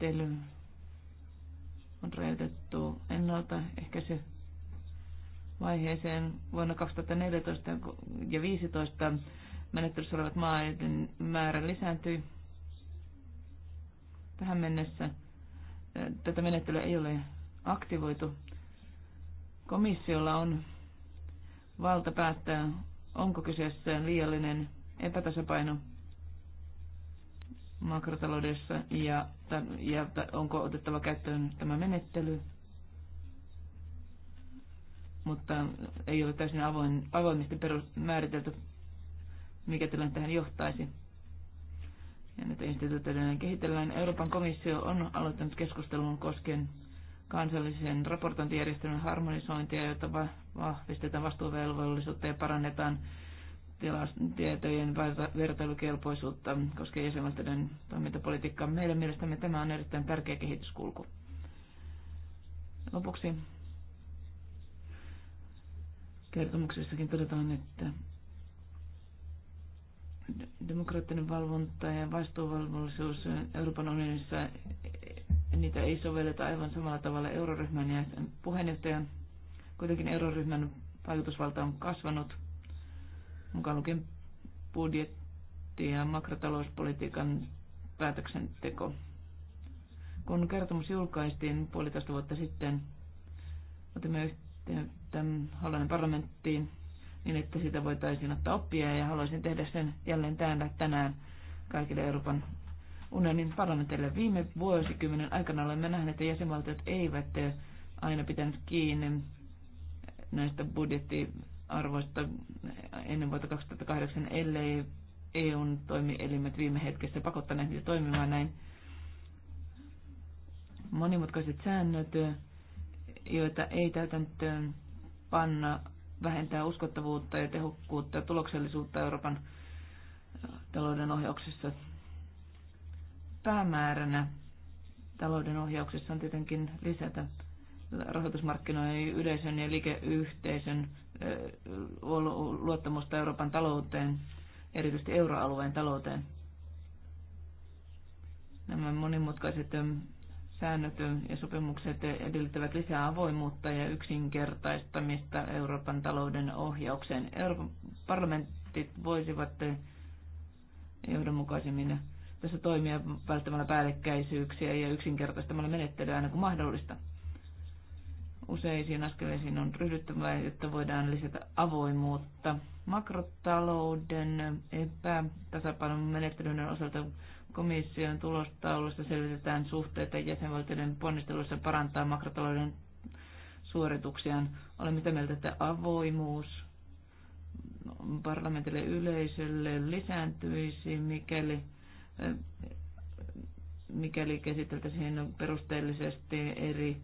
käsittely on rajoitettu ennaltaehkäisy vaiheeseen vuonna 2014 ja 2015 menettelyssä olevat maiden määrä lisääntyi. Tähän mennessä tätä menettelyä ei ole aktivoitu. Komissiolla on valta päättää, onko kyseessä liiallinen epätasapaino makrotaloudessa ja, ja onko otettava käyttöön tämä menettely. Mutta ei ole täysin avoin, avoimesti perus, määritelty, mikä tilanne tähän johtaisi. Ja nyt instituutioiden kehitellään. Euroopan komissio on aloittanut keskustelun koskien kansallisen raportointijärjestelmän harmonisointia, jota vahvistetaan vastuuvelvollisuutta ja parannetaan tilastietojen vertailukelpoisuutta koskien jäsenvaltioiden toimintapolitiikkaa. Meidän mielestämme tämä on erittäin tärkeä kehityskulku. Lopuksi kertomuksessakin todetaan, että demokraattinen valvonta ja vastuuvalvollisuus Euroopan unionissa, niitä ei sovelleta aivan samalla tavalla euroryhmän ja sen puheenjohtajan. Kuitenkin euroryhmän vaikutusvalta on kasvanut mukaan lukien budjetti ja makrotalouspolitiikan päätöksenteko. Kun kertomus julkaistiin puolitoista vuotta sitten, otimme yhteyttä Hollannin parlamenttiin niin, että siitä voitaisiin ottaa oppia ja haluaisin tehdä sen jälleen täällä tänään kaikille Euroopan unionin parlamentille. Viime vuosikymmenen aikana olemme nähneet, että jäsenvaltiot eivät aina pitänyt kiinni näistä budjetti arvoista ennen vuotta 2008, ellei EUn toimielimet viime hetkessä pakottaneet niitä toimimaan näin. Monimutkaiset säännöt, joita ei täytäntöön panna, vähentää uskottavuutta ja tehokkuutta ja tuloksellisuutta Euroopan äh, talouden ohjauksessa. Päämääränä talouden ohjauksessa on tietenkin lisätä rahoitusmarkkinoiden yleisön ja liikeyhteisön luottamusta Euroopan talouteen, erityisesti euroalueen talouteen. Nämä monimutkaiset säännöt ja sopimukset edellyttävät lisää avoimuutta ja yksinkertaistamista Euroopan talouden ohjaukseen. Euroopan parlamentit voisivat johdonmukaisemmin tässä toimia välttämällä päällekkäisyyksiä ja yksinkertaistamalla menettelyä aina kuin mahdollista. Useisiin askeleisiin on ryhdyttävä, jotta voidaan lisätä avoimuutta. Makrotalouden epätasapainon menettelyiden osalta komission tulostaulussa selvitetään suhteita jäsenvaltioiden ponnisteluissa parantaa makrotalouden suorituksiaan. Olen mitä mieltä, että avoimuus parlamentille yleisölle lisääntyisi, mikäli, mikäli käsiteltäisiin perusteellisesti eri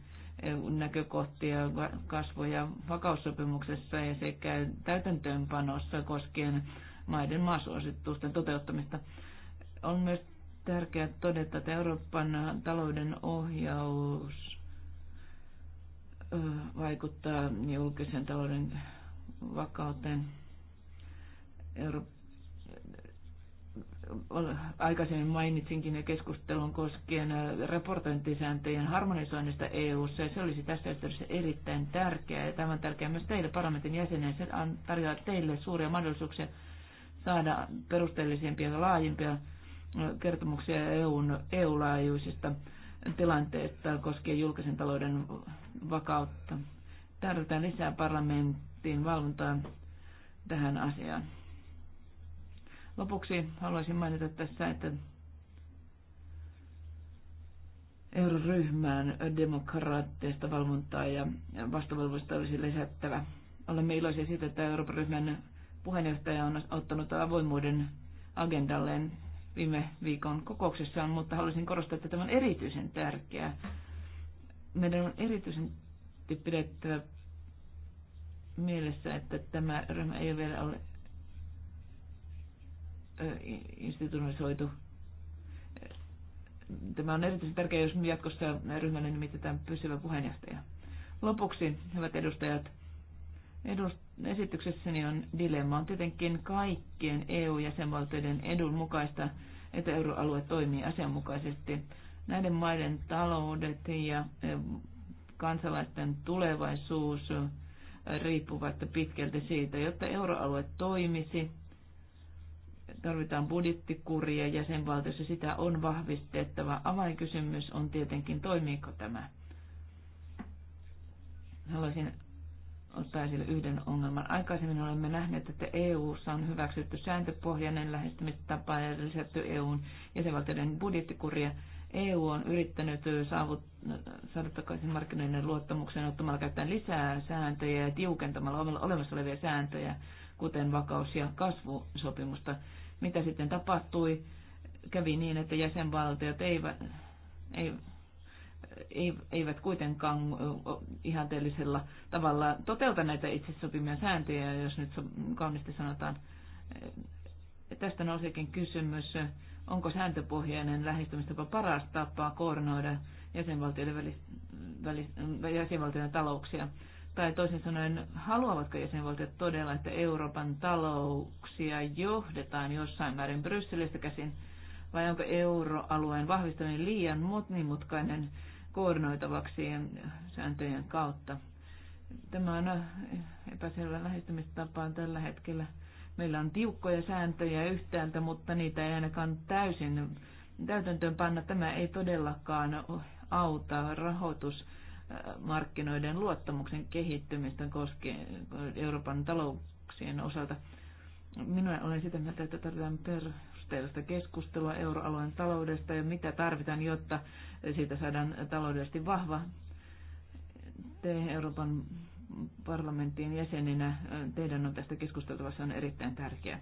näkökohtia kasvu- ja vakaussopimuksessa ja sekä täytäntöönpanossa koskien maiden maasuositusten toteuttamista. On myös tärkeää todeta, että Euroopan talouden ohjaus vaikuttaa julkisen talouden vakauteen. Euroopan aikaisemmin mainitsinkin jo keskustelun koskien äh, raportointisääntöjen harmonisoinnista EU-ssa, ja se olisi tässä yhteydessä erittäin tärkeää, ja tämä on tärkeää myös teille parlamentin jäsenen, se tarjoaa teille suuria mahdollisuuksia saada perusteellisempia ja laajempia äh, kertomuksia EUn, EU-laajuisista tilanteista koskien julkisen talouden vakautta. Tarvitaan lisää parlamentin valvontaa tähän asiaan. Lopuksi haluaisin mainita tässä, että euroryhmään demokraatteista valvontaa ja vastavalvoista olisi lisättävä. Olemme iloisia siitä, että Euroopan ryhmän puheenjohtaja on ottanut avoimuuden agendalleen viime viikon kokouksessaan, mutta haluaisin korostaa, että tämä on erityisen tärkeää. Meidän on erityisen pidettävä mielessä, että tämä ryhmä ei vielä ole institutionalisoitu. Tämä on erityisen tärkeää, jos jatkossa ryhmälle nimitetään pysyvä puheenjohtaja. Lopuksi, hyvät edustajat, edust- esityksessäni on dilemma. On tietenkin kaikkien EU-jäsenvaltioiden edun mukaista, että euroalue toimii asianmukaisesti. Näiden maiden taloudet ja kansalaisten tulevaisuus riippuvat pitkälti siitä, jotta euroalue toimisi tarvitaan budjettikuria jäsenvaltiossa, sitä on vahvistettava. Avainkysymys on tietenkin, toimiiko tämä. Haluaisin ottaa esille yhden ongelman. Aikaisemmin olemme nähneet, että EU:ssa on hyväksytty sääntöpohjainen lähestymistapa ja lisätty EUn jäsenvaltioiden budjettikuria. EU on yrittänyt saada takaisin markkinoiden luottamuksen ottamalla käyttäen lisää sääntöjä ja tiukentamalla olemassa olevia sääntöjä, kuten vakaus- ja kasvusopimusta. Mitä sitten tapahtui? Kävi niin, että jäsenvaltiot eivät, eivät eivät kuitenkaan ihanteellisella tavalla toteuta näitä itse sopimia sääntöjä, jos nyt kauniisti sanotaan. Tästä nouseekin kysymys, onko sääntöpohjainen lähestymistapa paras tapa koordinoida jäsenvaltioiden, välis, välis, jäsenvaltioiden talouksia tai toisin sanoen, haluavatko jäsenvaltiot todella, että Euroopan talouksia johdetaan jossain määrin Brysselistä käsin, vai onko euroalueen vahvistaminen liian monimutkainen koordinoitavaksi sääntöjen kautta? Tämä on äh, epäselvä lähestymistapa tällä hetkellä. Meillä on tiukkoja sääntöjä yhtäältä, mutta niitä ei ainakaan täysin täytäntöön panna. Tämä ei todellakaan auta rahoitus markkinoiden luottamuksen kehittymistä koskien Euroopan talouksien osalta. Minä olen sitä mieltä, että tarvitaan perusteellista keskustelua euroalueen taloudesta ja mitä tarvitaan, jotta siitä saadaan taloudellisesti vahva. Te Euroopan parlamentin jäseninä teidän on tästä keskusteltava, se on erittäin tärkeää.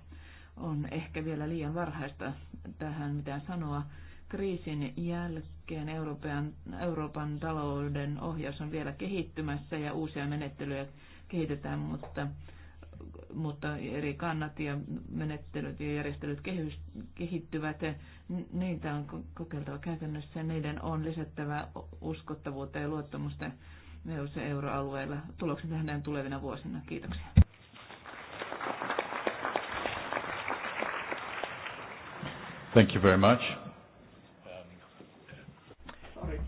On ehkä vielä liian varhaista tähän mitään sanoa kriisin jälkeen Euroopan, Euroopan talouden ohjaus on vielä kehittymässä ja uusia menettelyjä kehitetään, mutta, mutta eri kannat ja menettelyt ja järjestelyt kehys, kehittyvät. Niitä on kokeiltava käytännössä ja niiden on lisättävä uskottavuutta ja luottamusta EU-se euroalueella. Tulokset nähdään tulevina vuosina. Kiitoksia. Thank you very much.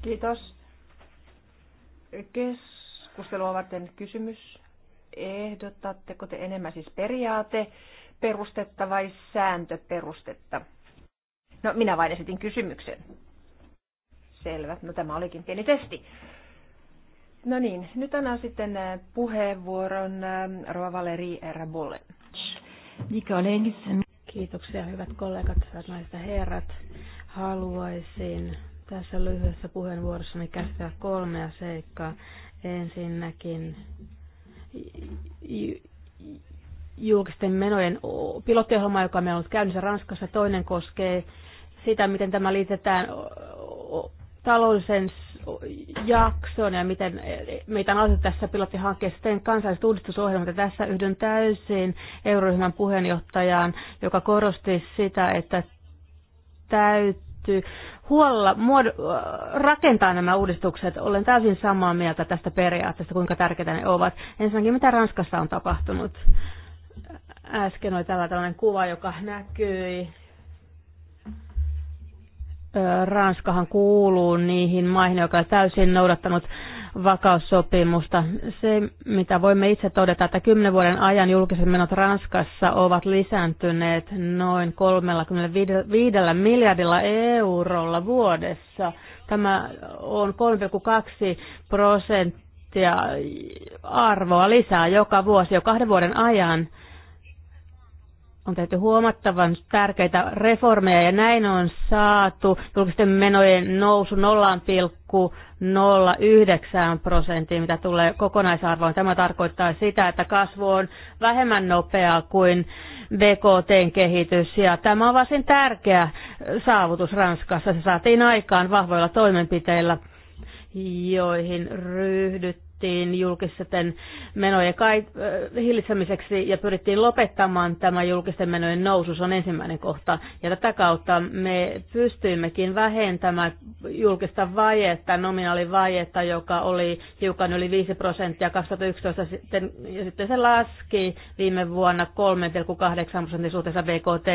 Kiitos. Keskustelua varten kysymys. Ehdotatteko te enemmän siis periaate perustetta vai sääntöperustetta? No, minä vain esitin kysymyksen. Selvä. No tämä olikin pieni testi. No niin, nyt annan sitten äh, puheenvuoron äh, Rova Valeri R. Kiitoksia hyvät kollegat, hyvät naiset ja herrat. Haluaisin tässä lyhyessä puheenvuorossani käsitellä kolmea seikkaa. Ensinnäkin julkisten menojen pilottiohjelma, joka meillä on ollut käynnissä Ranskassa. Toinen koskee sitä, miten tämä liitetään taloudellisen jaksoon ja miten meitä on tässä pilottihankkeessa sitten kansalliset uudistusohjelmat. Ja tässä yhdyn täysin euroryhmän puheenjohtajaan, joka korosti sitä, että täyt täytyy huolella muod- rakentaa nämä uudistukset. Olen täysin samaa mieltä tästä periaatteesta, kuinka tärkeitä ne ovat. Ensinnäkin, mitä Ranskassa on tapahtunut? Äsken oli tällä tällainen kuva, joka näkyi. Ranskahan kuuluu niihin maihin, joka on täysin noudattanut vakaussopimusta. Se, mitä voimme itse todeta, että kymmenen vuoden ajan julkiset menot Ranskassa ovat lisääntyneet noin 35 miljardilla eurolla vuodessa. Tämä on 3,2 prosenttia arvoa lisää joka vuosi jo kahden vuoden ajan on tehty huomattavan tärkeitä reformeja ja näin on saatu julkisten menojen nousu 0,09 prosenttia, mitä tulee kokonaisarvoon. Tämä tarkoittaa sitä, että kasvu on vähemmän nopeaa kuin BKTn kehitys ja tämä on varsin tärkeä saavutus Ranskassa. Se saatiin aikaan vahvoilla toimenpiteillä, joihin ryhdyt tehtiin julkisten menojen kai, äh, hillitsemiseksi ja pyrittiin lopettamaan tämä julkisten menojen nousu, se on ensimmäinen kohta. Ja tätä kautta me pystyimmekin vähentämään julkista vajetta, nominaalivajetta, joka oli hiukan yli 5 prosenttia 2011 sitten, ja sitten se laski viime vuonna 3,8 prosentin suhteessa BKT.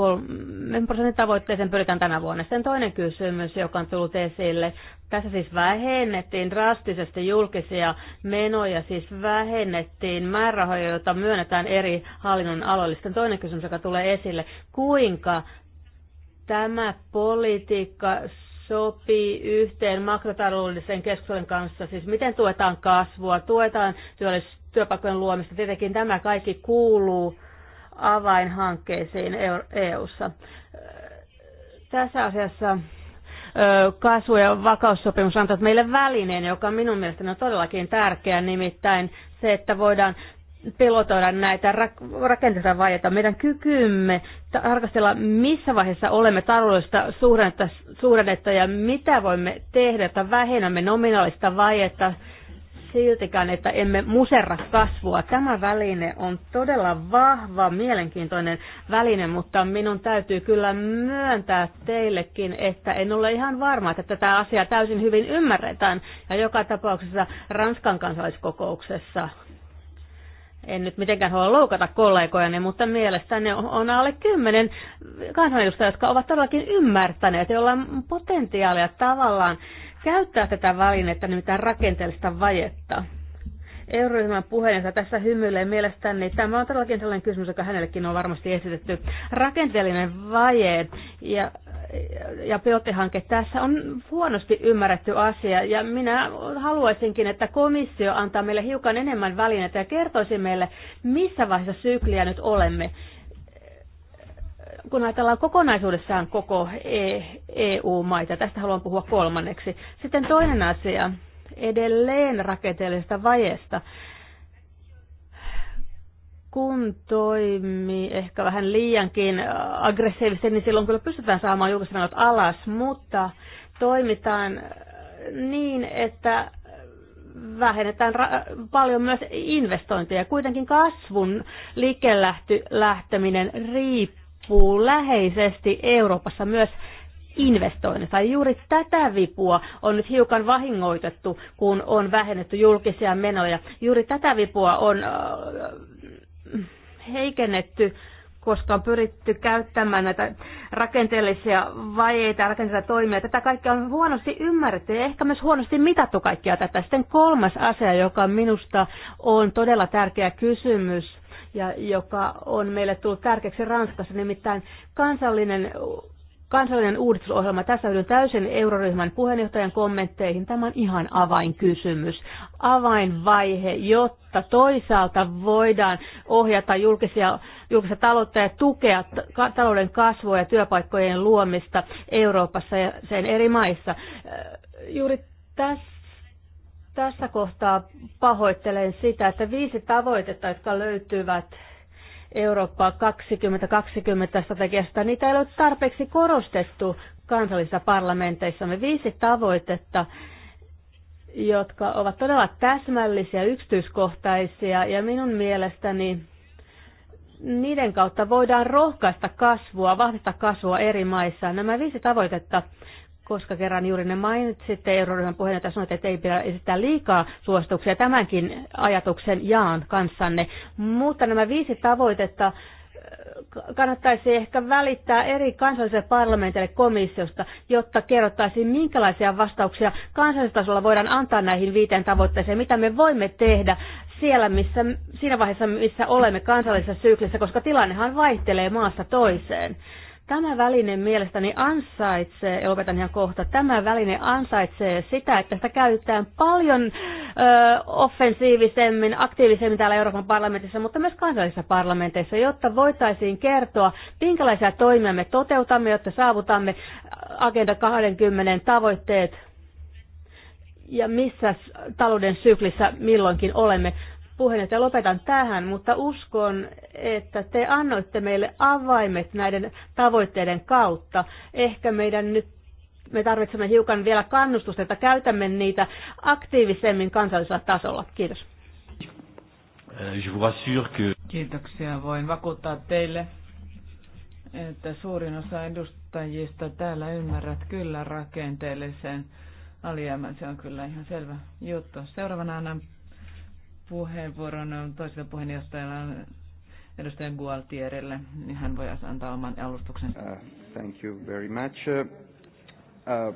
Kolmen prosentin tavoitteeseen pyritään tänä vuonna. Sen toinen kysymys, joka on tullut esille. Tässä siis vähennettiin drastisesti julkisia menoja, siis vähennettiin määrärahoja, joita myönnetään eri hallinnon aloille. Sitten toinen kysymys, joka tulee esille. Kuinka tämä politiikka sopii yhteen makrotaloudellisen keskustelun kanssa, siis miten tuetaan kasvua, tuetaan työpaikkojen luomista. Tietenkin tämä kaikki kuuluu avainhankkeisiin EU:ssa. E Tässä asiassa kasvu- ja vakaussopimus antaa meille välineen, joka minun mielestäni on todellakin tärkeä, nimittäin se, että voidaan pilotoida näitä rakenteita vaiheita, meidän kykymme tarkastella, missä vaiheessa olemme taloudellista suhdannetta, suhdannetta ja mitä voimme tehdä, että vähennämme nominaalista vaihetta siltikään, että emme muserra kasvua. Tämä väline on todella vahva, mielenkiintoinen väline, mutta minun täytyy kyllä myöntää teillekin, että en ole ihan varma, että tätä asiaa täysin hyvin ymmärretään. Ja joka tapauksessa Ranskan kansalaiskokouksessa en nyt mitenkään halua loukata kollegojani, mutta mielestäni on alle kymmenen kansanedustajaa, jotka ovat todellakin ymmärtäneet, joilla on potentiaalia tavallaan käyttää tätä välinettä, nimittäin rakenteellista vajetta. Euroryhmän puheenjohtaja tässä hymyilee mielestäni. Niin tämä on todellakin sellainen kysymys, joka hänellekin on varmasti esitetty. Rakenteellinen vaje ja, ja pilottihanke tässä on huonosti ymmärretty asia. Ja minä haluaisinkin, että komissio antaa meille hiukan enemmän välineitä ja kertoisi meille, missä vaiheessa sykliä nyt olemme kun ajatellaan kokonaisuudessaan koko EU-maita, e tästä haluan puhua kolmanneksi. Sitten toinen asia, edelleen rakenteellisesta vajeesta. Kun toimii ehkä vähän liiankin aggressiivisesti, niin silloin kyllä pystytään saamaan julkiset alas, mutta toimitaan niin, että vähennetään paljon myös investointeja. Kuitenkin kasvun lähtö, lähteminen riippuu vipuu läheisesti Euroopassa myös investoinnit. Tai juuri tätä vipua on nyt hiukan vahingoitettu, kun on vähennetty julkisia menoja. Juuri tätä vipua on äh, heikennetty, koska on pyritty käyttämään näitä rakenteellisia vajeita, rakenteellisia toimia. Tätä kaikkea on huonosti ymmärretty ja ehkä myös huonosti mitattu kaikkia tätä. Sitten kolmas asia, joka minusta on todella tärkeä kysymys, ja joka on meille tullut tärkeäksi Ranskassa, nimittäin kansallinen Kansallinen uudistusohjelma. Tässä yhden täysin euroryhmän puheenjohtajan kommentteihin. Tämä on ihan avainkysymys, avainvaihe, jotta toisaalta voidaan ohjata julkisia, julkista taloutta ja tukea talouden kasvua ja työpaikkojen luomista Euroopassa ja sen eri maissa. Juuri tässä tässä kohtaa pahoittelen sitä, että viisi tavoitetta, jotka löytyvät Eurooppa 2020 strategiasta, niitä ei ole tarpeeksi korostettu kansallisissa parlamenteissa. Me Viisi tavoitetta, jotka ovat todella täsmällisiä, yksityiskohtaisia ja minun mielestäni niiden kautta voidaan rohkaista kasvua, vahvistaa kasvua eri maissa. Nämä viisi tavoitetta koska kerran juuri ne mainitsitte euroryhmän puheenjohtaja sanoitte, että ei pidä esittää liikaa suosituksia. Tämänkin ajatuksen jaan kanssanne. Mutta nämä viisi tavoitetta äh, kannattaisi ehkä välittää eri kansalliselle parlamentille komissiosta, jotta kerrottaisiin, minkälaisia vastauksia kansallistasolla voidaan antaa näihin viiteen tavoitteeseen, mitä me voimme tehdä siellä, missä, siinä vaiheessa, missä olemme kansallisessa syklissä, koska tilannehan vaihtelee maasta toiseen. Tämä väline mielestäni ansaitsee, ja lopetan ihan kohta, tämä väline ansaitsee sitä, että sitä käytetään paljon ö, offensiivisemmin, aktiivisemmin täällä Euroopan parlamentissa, mutta myös kansallisissa parlamenteissa, jotta voitaisiin kertoa, minkälaisia toimia me toteutamme, jotta saavutamme Agenda 20 tavoitteet ja missä talouden syklissä milloinkin olemme puheenjohtaja, lopetan tähän, mutta uskon, että te annoitte meille avaimet näiden tavoitteiden kautta. Ehkä meidän nyt me tarvitsemme hiukan vielä kannustusta, että käytämme niitä aktiivisemmin kansallisella tasolla. Kiitos. Kiitoksia. Voin vakuuttaa teille, että suurin osa edustajista täällä ymmärrät kyllä rakenteellisen alijäämän. Se on kyllä ihan selvä juttu. Seuraavana annan puheenvuoron toisella puheenjohtajalla edustaja Gualtierille, niin hän voi antaa oman alustuksen. Uh, thank you very much. Uh, uh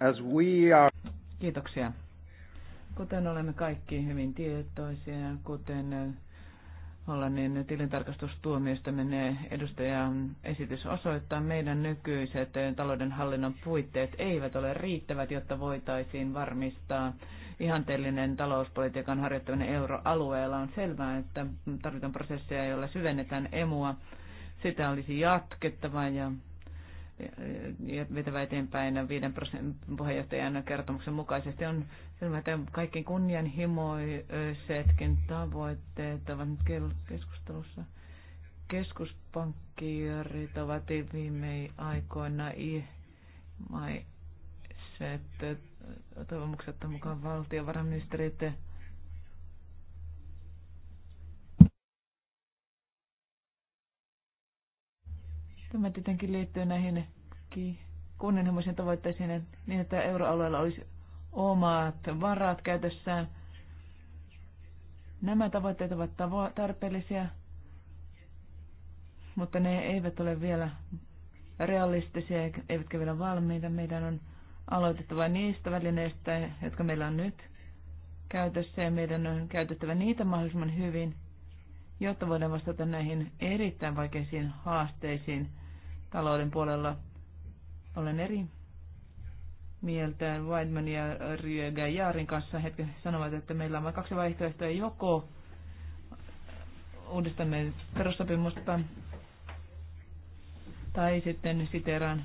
as we are... Kiitoksia. Kuten olemme kaikki hyvin tietoisia, kuten uh, Hollannin tilintarkastustuomioistamme uh, edustajan esitys osoittaa, meidän nykyiset taloudenhallinnon puitteet eivät ole riittävät, jotta voitaisiin varmistaa ihanteellinen talouspolitiikan harjoittaminen euroalueella. On selvää, että tarvitaan prosesseja, joilla syvennetään emua. Sitä olisi jatkettava ja vetävä eteenpäin viiden prosentin puheenjohtajan kertomuksen mukaisesti on selvää, että kaikki kunnianhimoisetkin tavoitteet ovat nyt keskustelussa. Keskuspankkiirit ovat viime aikoina se, että on mukaan valtiovarainministerit Tämä tietenkin liittyy näihin kunnianhimoisiin tavoitteisiin niin, että euroalueella olisi omat varat käytössään. Nämä tavoitteet ovat tarpeellisia, mutta ne eivät ole vielä realistisia eivätkä vielä valmiita. Meidän on aloitettava niistä välineistä, jotka meillä on nyt käytössä, ja meidän on käytettävä niitä mahdollisimman hyvin, jotta voidaan vastata näihin erittäin vaikeisiin haasteisiin talouden puolella. Olen eri mieltä Weidman ja Ryöga Jaarin kanssa hetken sanovat, että meillä on vain kaksi vaihtoehtoa. Joko uudistamme perussopimusta tai sitten siteraan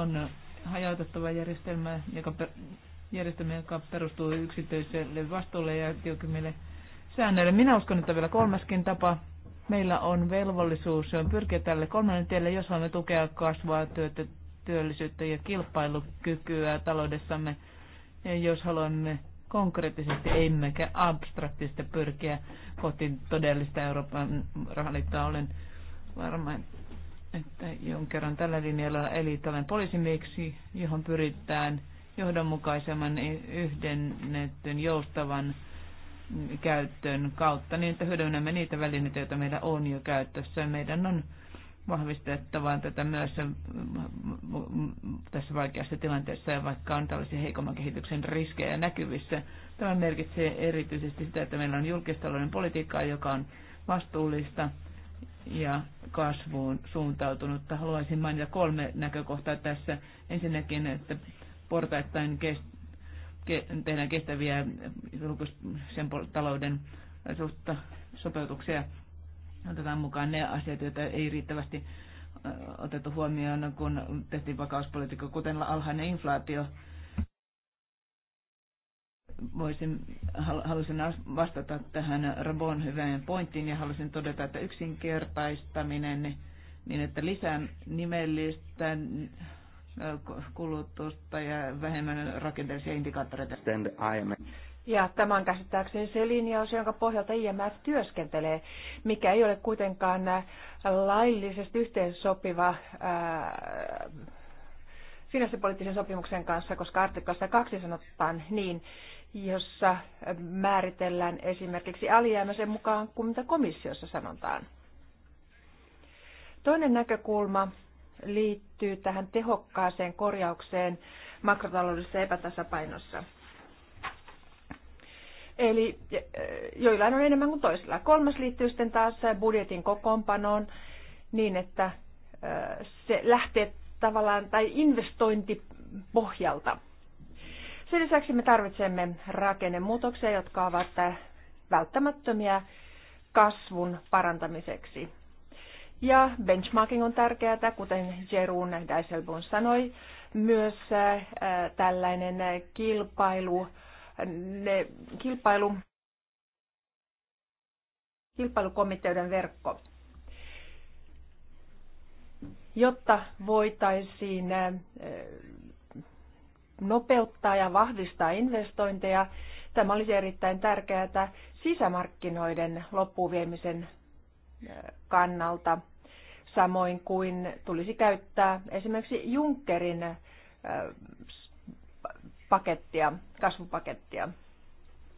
on hajautettava järjestelmä, joka, järjestelmä, joka perustuu yksityiselle vastuulle ja tiukimmille säännöille. Minä uskon, että vielä kolmaskin tapa. Meillä on velvollisuus pyrkiä tälle kolmannen tielle, jos haluamme tukea kasvua, työtä, työllisyyttä ja kilpailukykyä taloudessamme. Ja jos haluamme konkreettisesti, emmekä abstraktisesti pyrkiä kohti todellista Euroopan rahaliittoa, olen varma, että Juncker kerran tällä linjalla, eli tällainen poliisimiksi, johon pyritään johdonmukaisemman yhdennetyn joustavan käyttöön kautta, niin että hyödynnämme niitä välineitä, joita meillä on jo käytössä. Meidän on vahvistettava tätä myös tässä vaikeassa tilanteessa, ja vaikka on tällaisia heikomman kehityksen riskejä näkyvissä. Tämä merkitsee erityisesti sitä, että meillä on julkistalouden politiikkaa, joka on vastuullista, ja kasvuun suuntautunutta. Haluaisin mainita kolme näkökohtaa tässä. Ensinnäkin, että portaittain kest- ke- tehdään kestäviä julkisen talouden suhta sopeutuksia. Otetaan mukaan ne asiat, joita ei riittävästi otettu huomioon, kun tehtiin vakauspolitiikka, kuten alhainen inflaatio voisin, halusin vastata tähän Rabon hyvään pointtiin ja halusin todeta, että yksinkertaistaminen niin, että lisään nimellistä kulutusta ja vähemmän rakenteellisia indikaattoreita. Ja tämä on käsittääkseni se linjaus, jonka pohjalta IMF työskentelee, mikä ei ole kuitenkaan äh, laillisesti yhteensopiva äh, finanssipoliittisen sopimuksen kanssa, koska artikkelissa 2 sanotaan niin, jossa määritellään esimerkiksi alijäämä sen mukaan, kuin mitä komissiossa sanotaan. Toinen näkökulma liittyy tähän tehokkaaseen korjaukseen makrotaloudessa epätasapainossa. Eli eh, joillain on enemmän kuin toisilla. Kolmas liittyy sitten taas budjetin kokoonpanoon niin, että eh, se lähtee tavallaan tai investointipohjalta. Sen lisäksi me tarvitsemme rakennemuutoksia, jotka ovat välttämättömiä kasvun parantamiseksi. Ja benchmarking on tärkeää, kuten Jerun Dijsselbloem sanoi, myös äh, tällainen kilpailu, ne, kilpailu, kilpailukomiteoiden verkko, jotta voitaisiin äh, nopeuttaa ja vahvistaa investointeja. Tämä olisi erittäin tärkeää sisämarkkinoiden loppuviemisen kannalta, samoin kuin tulisi käyttää esimerkiksi Junckerin pakettia, kasvupakettia,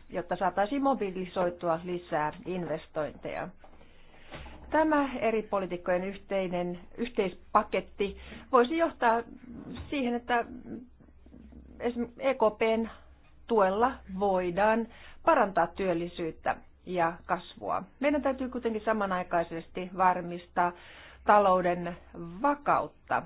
jotta saataisiin mobilisoitua lisää investointeja. Tämä eri poliitikkojen yhteinen, yhteispaketti voisi johtaa siihen, että EKPn e tuella voidaan parantaa työllisyyttä ja kasvua. Meidän täytyy kuitenkin samanaikaisesti varmistaa talouden vakautta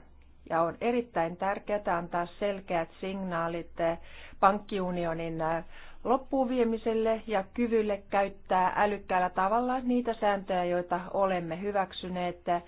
ja on erittäin tärkeää antaa selkeät signaalit eh, pankkiunionin eh, loppuun viemiselle ja kyvylle käyttää älykkäällä tavalla niitä sääntöjä, joita olemme hyväksyneet eh,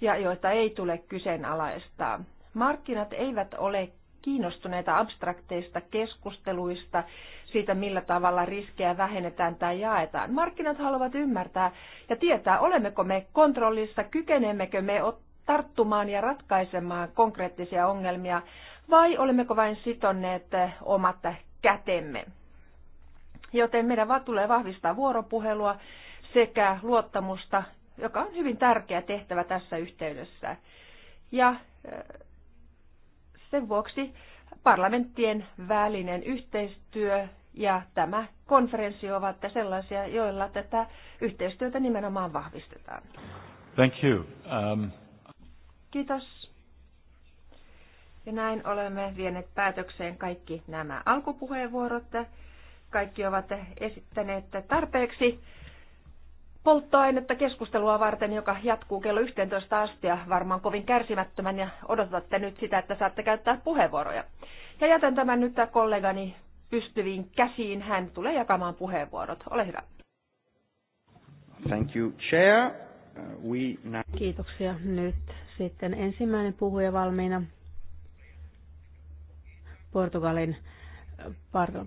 ja joita ei tule kyseenalaistaa. Markkinat eivät ole kiinnostuneita abstrakteista keskusteluista siitä, millä tavalla riskejä vähennetään tai jaetaan. Markkinat haluavat ymmärtää ja tietää, olemmeko me kontrollissa, kykenemmekö me tarttumaan ja ratkaisemaan konkreettisia ongelmia vai olemmeko vain sitonneet eh, omat kätemme. Joten meidän vaan tulee vahvistaa vuoropuhelua sekä luottamusta, joka on hyvin tärkeä tehtävä tässä yhteydessä. Ja eh, sen vuoksi parlamenttien välinen yhteistyö ja tämä konferenssi ovat sellaisia, joilla tätä yhteistyötä nimenomaan vahvistetaan. Thank you. Um... Kiitos. Ja näin olemme vienet päätökseen kaikki nämä alkupuheenvuorot. Kaikki ovat esittäneet tarpeeksi polttoainetta keskustelua varten, joka jatkuu kello 11 asti ja varmaan kovin kärsimättömän ja odotatte nyt sitä, että saatte käyttää puheenvuoroja. Ja jätän tämän nyt kollegani pystyviin käsiin. Hän tulee jakamaan puheenvuorot. Ole hyvä. Thank you, Chair. Uh, we now... Kiitoksia. Nyt sitten ensimmäinen puhuja valmiina. Portugalin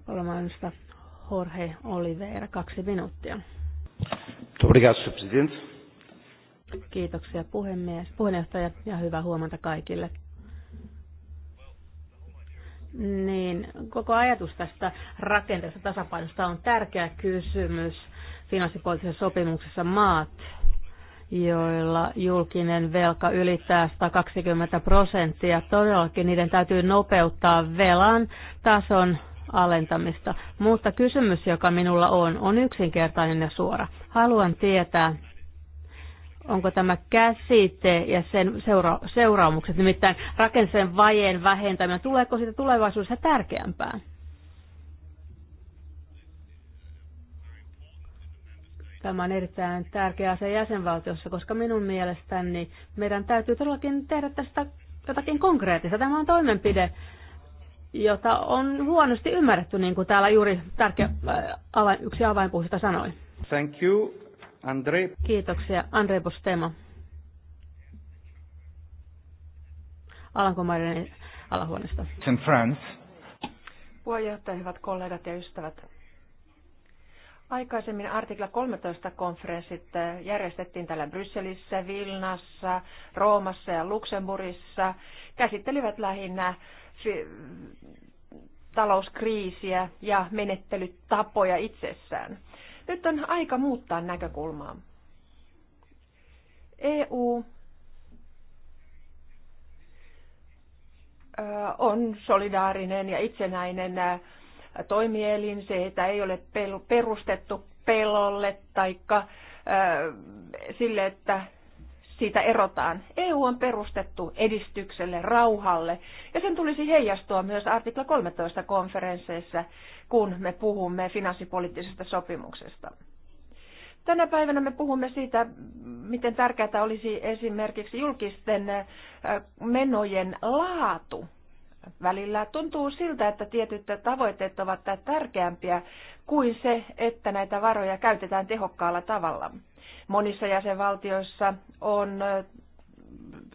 parlamentista Jorge Oliveira, kaksi minuuttia. Obrigado, Sr. Presidente. Kiitoksia puhemies, puheenjohtaja ja hyvää huomenta kaikille. Niin, koko ajatus tästä rakenteesta tasapainosta on tärkeä kysymys finanssipoliittisessa sopimuksessa maat, joilla julkinen velka ylittää 120 prosenttia. Todellakin niiden täytyy nopeuttaa velan tason alentamista. Mutta kysymys, joka minulla on, on yksinkertainen ja suora. Haluan tietää, onko tämä käsite ja sen seura- seuraamukset, nimittäin rakenteen vajeen vähentäminen, tuleeko siitä tulevaisuudessa tärkeämpää? Tämä on erittäin tärkeä asia jäsenvaltiossa, koska minun mielestäni meidän täytyy todellakin tehdä tästä jotakin konkreettista. Tämä on toimenpide, jota on huonosti ymmärretty, niin kuin täällä juuri tärkeä äh, avain, yksi avainpuhista sanoi. Thank you, Andre. Kiitoksia, Andre Postema. Alankomaiden alahuoneesta. In France. Puheenjohtaja, hyvät kollegat ja ystävät. Aikaisemmin artikla 13 konferenssit äh, järjestettiin täällä Brysselissä, Vilnassa, Roomassa ja Luxemburissa. Käsittelivät lähinnä talouskriisiä ja menettelytapoja itsessään. Nyt on aika muuttaa näkökulmaa. EU on solidaarinen ja itsenäinen toimielin. Se, että ei ole perustettu pelolle tai sille, että siitä erotaan. EU on perustettu edistykselle, rauhalle, ja sen tulisi heijastua myös artikla 13 konferensseissa, kun me puhumme finanssipoliittisesta sopimuksesta. Tänä päivänä me puhumme siitä, miten tärkeää olisi esimerkiksi julkisten menojen laatu. Välillä tuntuu siltä, että tietyt tavoitteet ovat tärkeämpiä kuin se, että näitä varoja käytetään tehokkaalla tavalla monissa jäsenvaltioissa on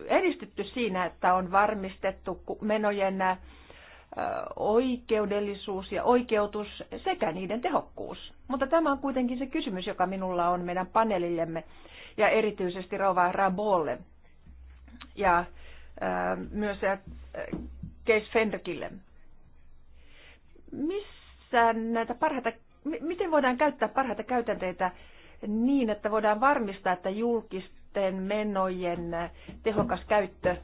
edistytty siinä, että on varmistettu menojen oikeudellisuus ja oikeutus sekä niiden tehokkuus. Mutta tämä on kuitenkin se kysymys, joka minulla on meidän paneelillemme ja erityisesti Rova Rabolle ja myös Case Fenrikille. Missä näitä parhaita, miten voidaan käyttää parhaita käytänteitä niin, että voidaan varmistaa, että julkisten menojen tehokas käyttö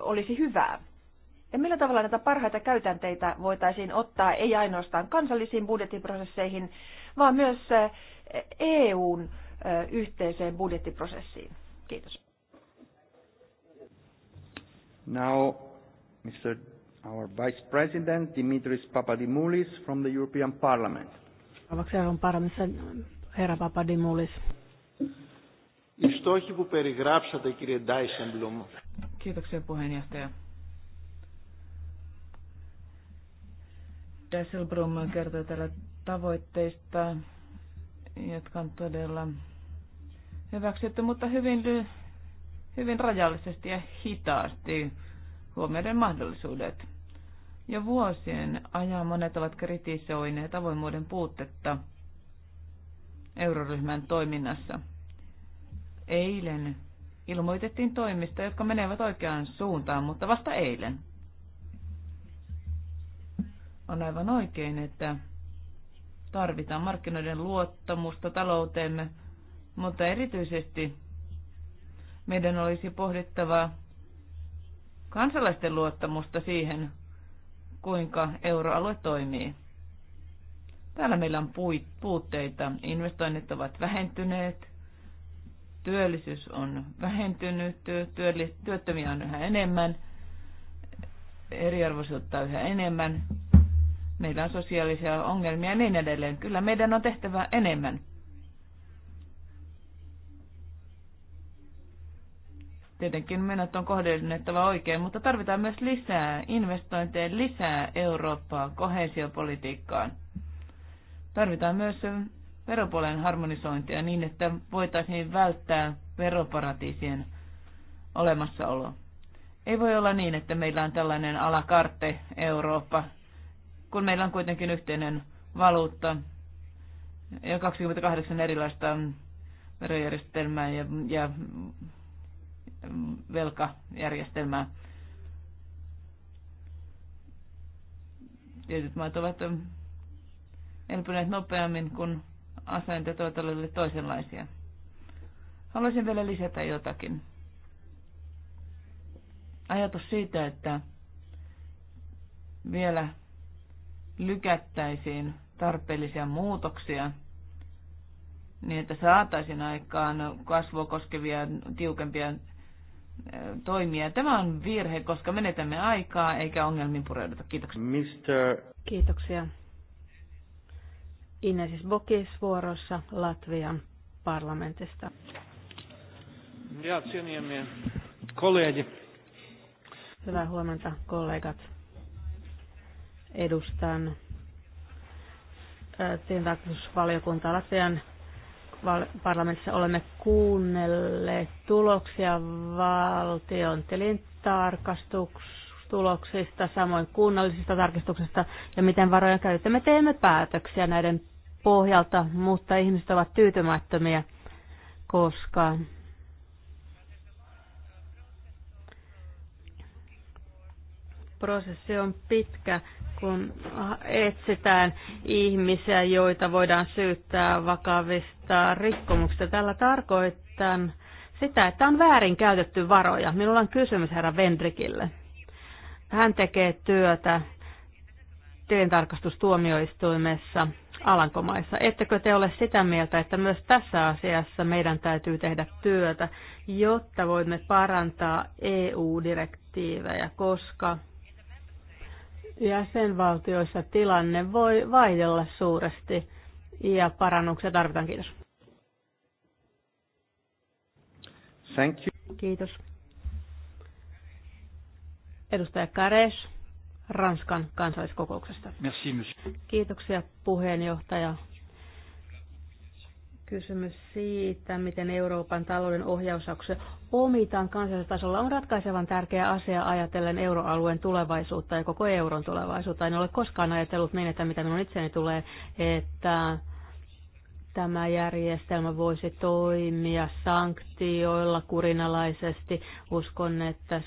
olisi hyvää. Ja millä tavalla näitä parhaita käytänteitä voitaisiin ottaa ei ainoastaan kansallisiin budjettiprosesseihin, vaan myös EUn yhteiseen budjettiprosessiin? Kiitos. Now, Mr. Our Vice President Dimitris Papadimoulis from the European Parliament. Euroopan herra Papadimulis. Οι στόχοι που περιγράψατε, κύριε Ντάισεμπλουμ. Κοίταξε, puheenjohtaja. Dasselbrum kertoi täällä tavoitteista, jotka on todella hyväksytty, mutta hyvin, hyvin rajallisesti ja hitaasti huomioiden mahdollisuudet. Jo vuosien ajan monet ovat kritisoineet avoimuuden puutetta – euroryhmän toiminnassa. Eilen ilmoitettiin toimista, jotka menevät oikeaan suuntaan, mutta vasta eilen. On aivan oikein, että tarvitaan markkinoiden luottamusta talouteemme, mutta erityisesti meidän olisi pohdittava kansalaisten luottamusta siihen, kuinka euroalue toimii. Täällä meillä on puutteita. Investoinnit ovat vähentyneet, työllisyys on vähentynyt, työttömiä on yhä enemmän, eriarvoisuutta yhä enemmän, meillä on sosiaalisia ongelmia ja niin edelleen. Kyllä meidän on tehtävä enemmän. Tietenkin menot on kohdennettava oikein, mutta tarvitaan myös lisää investointeja, lisää Eurooppaa kohesiopolitiikkaan. Tarvitaan myös veropuolen harmonisointia niin, että voitaisiin välttää veroparatiisien olemassaolo. Ei voi olla niin, että meillä on tällainen alakarte Eurooppa, kun meillä on kuitenkin yhteinen valuutta ja 28 erilaista verojärjestelmää ja, ja velkajärjestelmää. Tietyt maat ovat elpyneet nopeammin kuin asenteet olivat toisenlaisia. Haluaisin vielä lisätä jotakin. Ajatus siitä, että vielä lykättäisiin tarpeellisia muutoksia niin, että saataisiin aikaan kasvua koskevia tiukempia toimia. Tämä on virhe, koska menetämme aikaa eikä ongelmiin pureuduta. Kiitoksia. Mister... Kiitoksia. Inesis Bokis vuorossa Latvian parlamentista. Ja cieniemie kollegi. Hyvää huomenta kollegat. Edustan äh, tilintarkastusvaliokuntaa Latvian parlamentissa olemme kuunnelleet tuloksia valtion tilintarkastuksesta tuloksista, samoin kunnallisista tarkistuksista ja miten varoja käytetään. Me teemme päätöksiä näiden pohjalta, mutta ihmiset ovat tyytymättömiä, koska prosessi on pitkä, kun etsitään ihmisiä, joita voidaan syyttää vakavista rikkomuksista. Tällä tarkoitan sitä, että on väärin käytetty varoja. Minulla on kysymys herra Vendrikille. Hän tekee työtä tilintarkastustuomioistuimessa Alankomaissa. Ettekö te ole sitä mieltä, että myös tässä asiassa meidän täytyy tehdä työtä, jotta voimme parantaa EU-direktiivejä, koska jäsenvaltioissa tilanne voi vaihdella suuresti ja parannuksia tarvitaan. Kiitos. Thank you. Kiitos. Edustaja Kares Ranskan kansalliskokouksesta. Merci, Kiitoksia puheenjohtaja. Kysymys siitä, miten Euroopan talouden ohjausakse omitaan kansallisella tasolla, on ratkaisevan tärkeä asia ajatellen euroalueen tulevaisuutta ja koko euron tulevaisuutta. En ole koskaan ajatellut niin, että mitä minun itseni tulee, että tämä järjestelmä voisi toimia sanktioilla kurinalaisesti. Uskon, että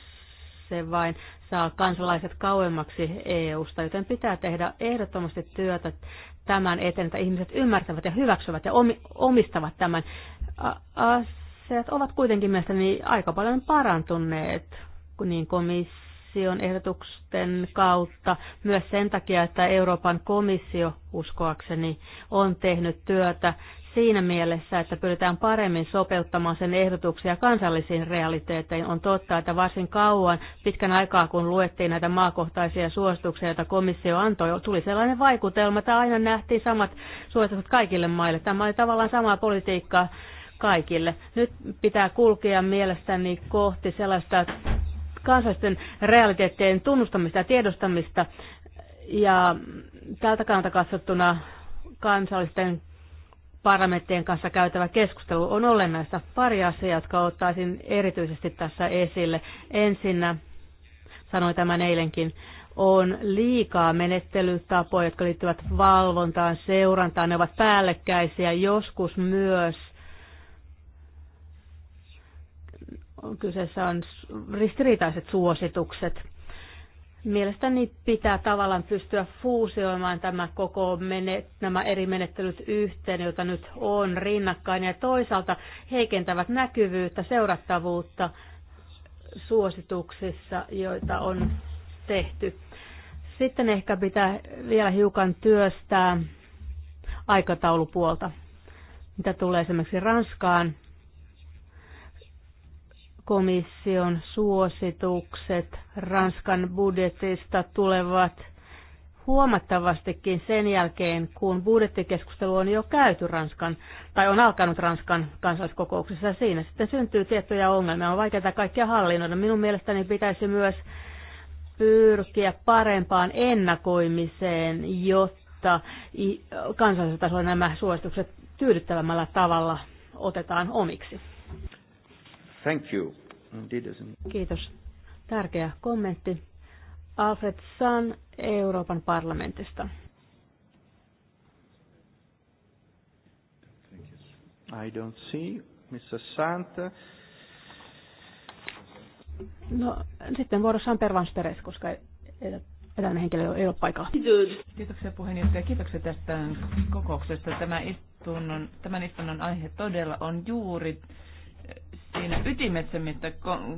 se vain saa kansalaiset kauemmaksi EU-sta, joten pitää tehdä ehdottomasti työtä tämän eteen, että ihmiset ymmärtävät ja hyväksyvät ja omistavat tämän. Asiat ovat kuitenkin mielestäni aika paljon parantuneet niin komission ehdotusten kautta, myös sen takia, että Euroopan komissio uskoakseni on tehnyt työtä siinä mielessä, että pyritään paremmin sopeuttamaan sen ehdotuksia kansallisiin realiteetteihin. On totta, että varsin kauan, pitkän aikaa kun luettiin näitä maakohtaisia suosituksia, joita komissio antoi, tuli sellainen vaikutelma, että aina nähtiin samat suositukset kaikille maille. Tämä oli tavallaan samaa politiikkaa kaikille. Nyt pitää kulkea mielestäni kohti sellaista kansallisten realiteettien tunnustamista ja tiedostamista, ja tältä kannalta katsottuna kansallisten parlamenttien kanssa käytävä keskustelu on olennaista. Pari asiaa, jotka ottaisin erityisesti tässä esille. Ensinnä, sanoin tämän eilenkin, on liikaa menettelytapoja, jotka liittyvät valvontaan, seurantaan. Ne ovat päällekkäisiä joskus myös. Kyseessä on ristiriitaiset suositukset Mielestäni pitää tavallaan pystyä fuusioimaan tämä koko menet, nämä eri menettelyt yhteen, joita nyt on rinnakkain, ja toisaalta heikentävät näkyvyyttä, seurattavuutta suosituksissa, joita on tehty. Sitten ehkä pitää vielä hiukan työstää aikataulupuolta, mitä tulee esimerkiksi Ranskaan komission suositukset Ranskan budjetista tulevat huomattavastikin sen jälkeen, kun budjettikeskustelu on jo käyty Ranskan, tai on alkanut Ranskan kansalliskokouksessa. Siinä sitten syntyy tiettyjä ongelmia. On vaikeaa kaikkia hallinnoida. Minun mielestäni pitäisi myös pyrkiä parempaan ennakoimiseen, jotta kansallisella tasolla nämä suositukset tyydyttävämmällä tavalla otetaan omiksi. Thank you. Kiitos. Tärkeä kommentti. Alfred San Euroopan parlamentista. I don't see Mr. Sant. No, sitten vuorossa on Pervans Peres, koska edellinen henkilö ei ole paikalla. Kiitoksia puheenjohtaja. Kiitoksia tästä kokouksesta. Tämä istunnon, tämän istunnon aihe todella on juuri siinä ytimessä, mistä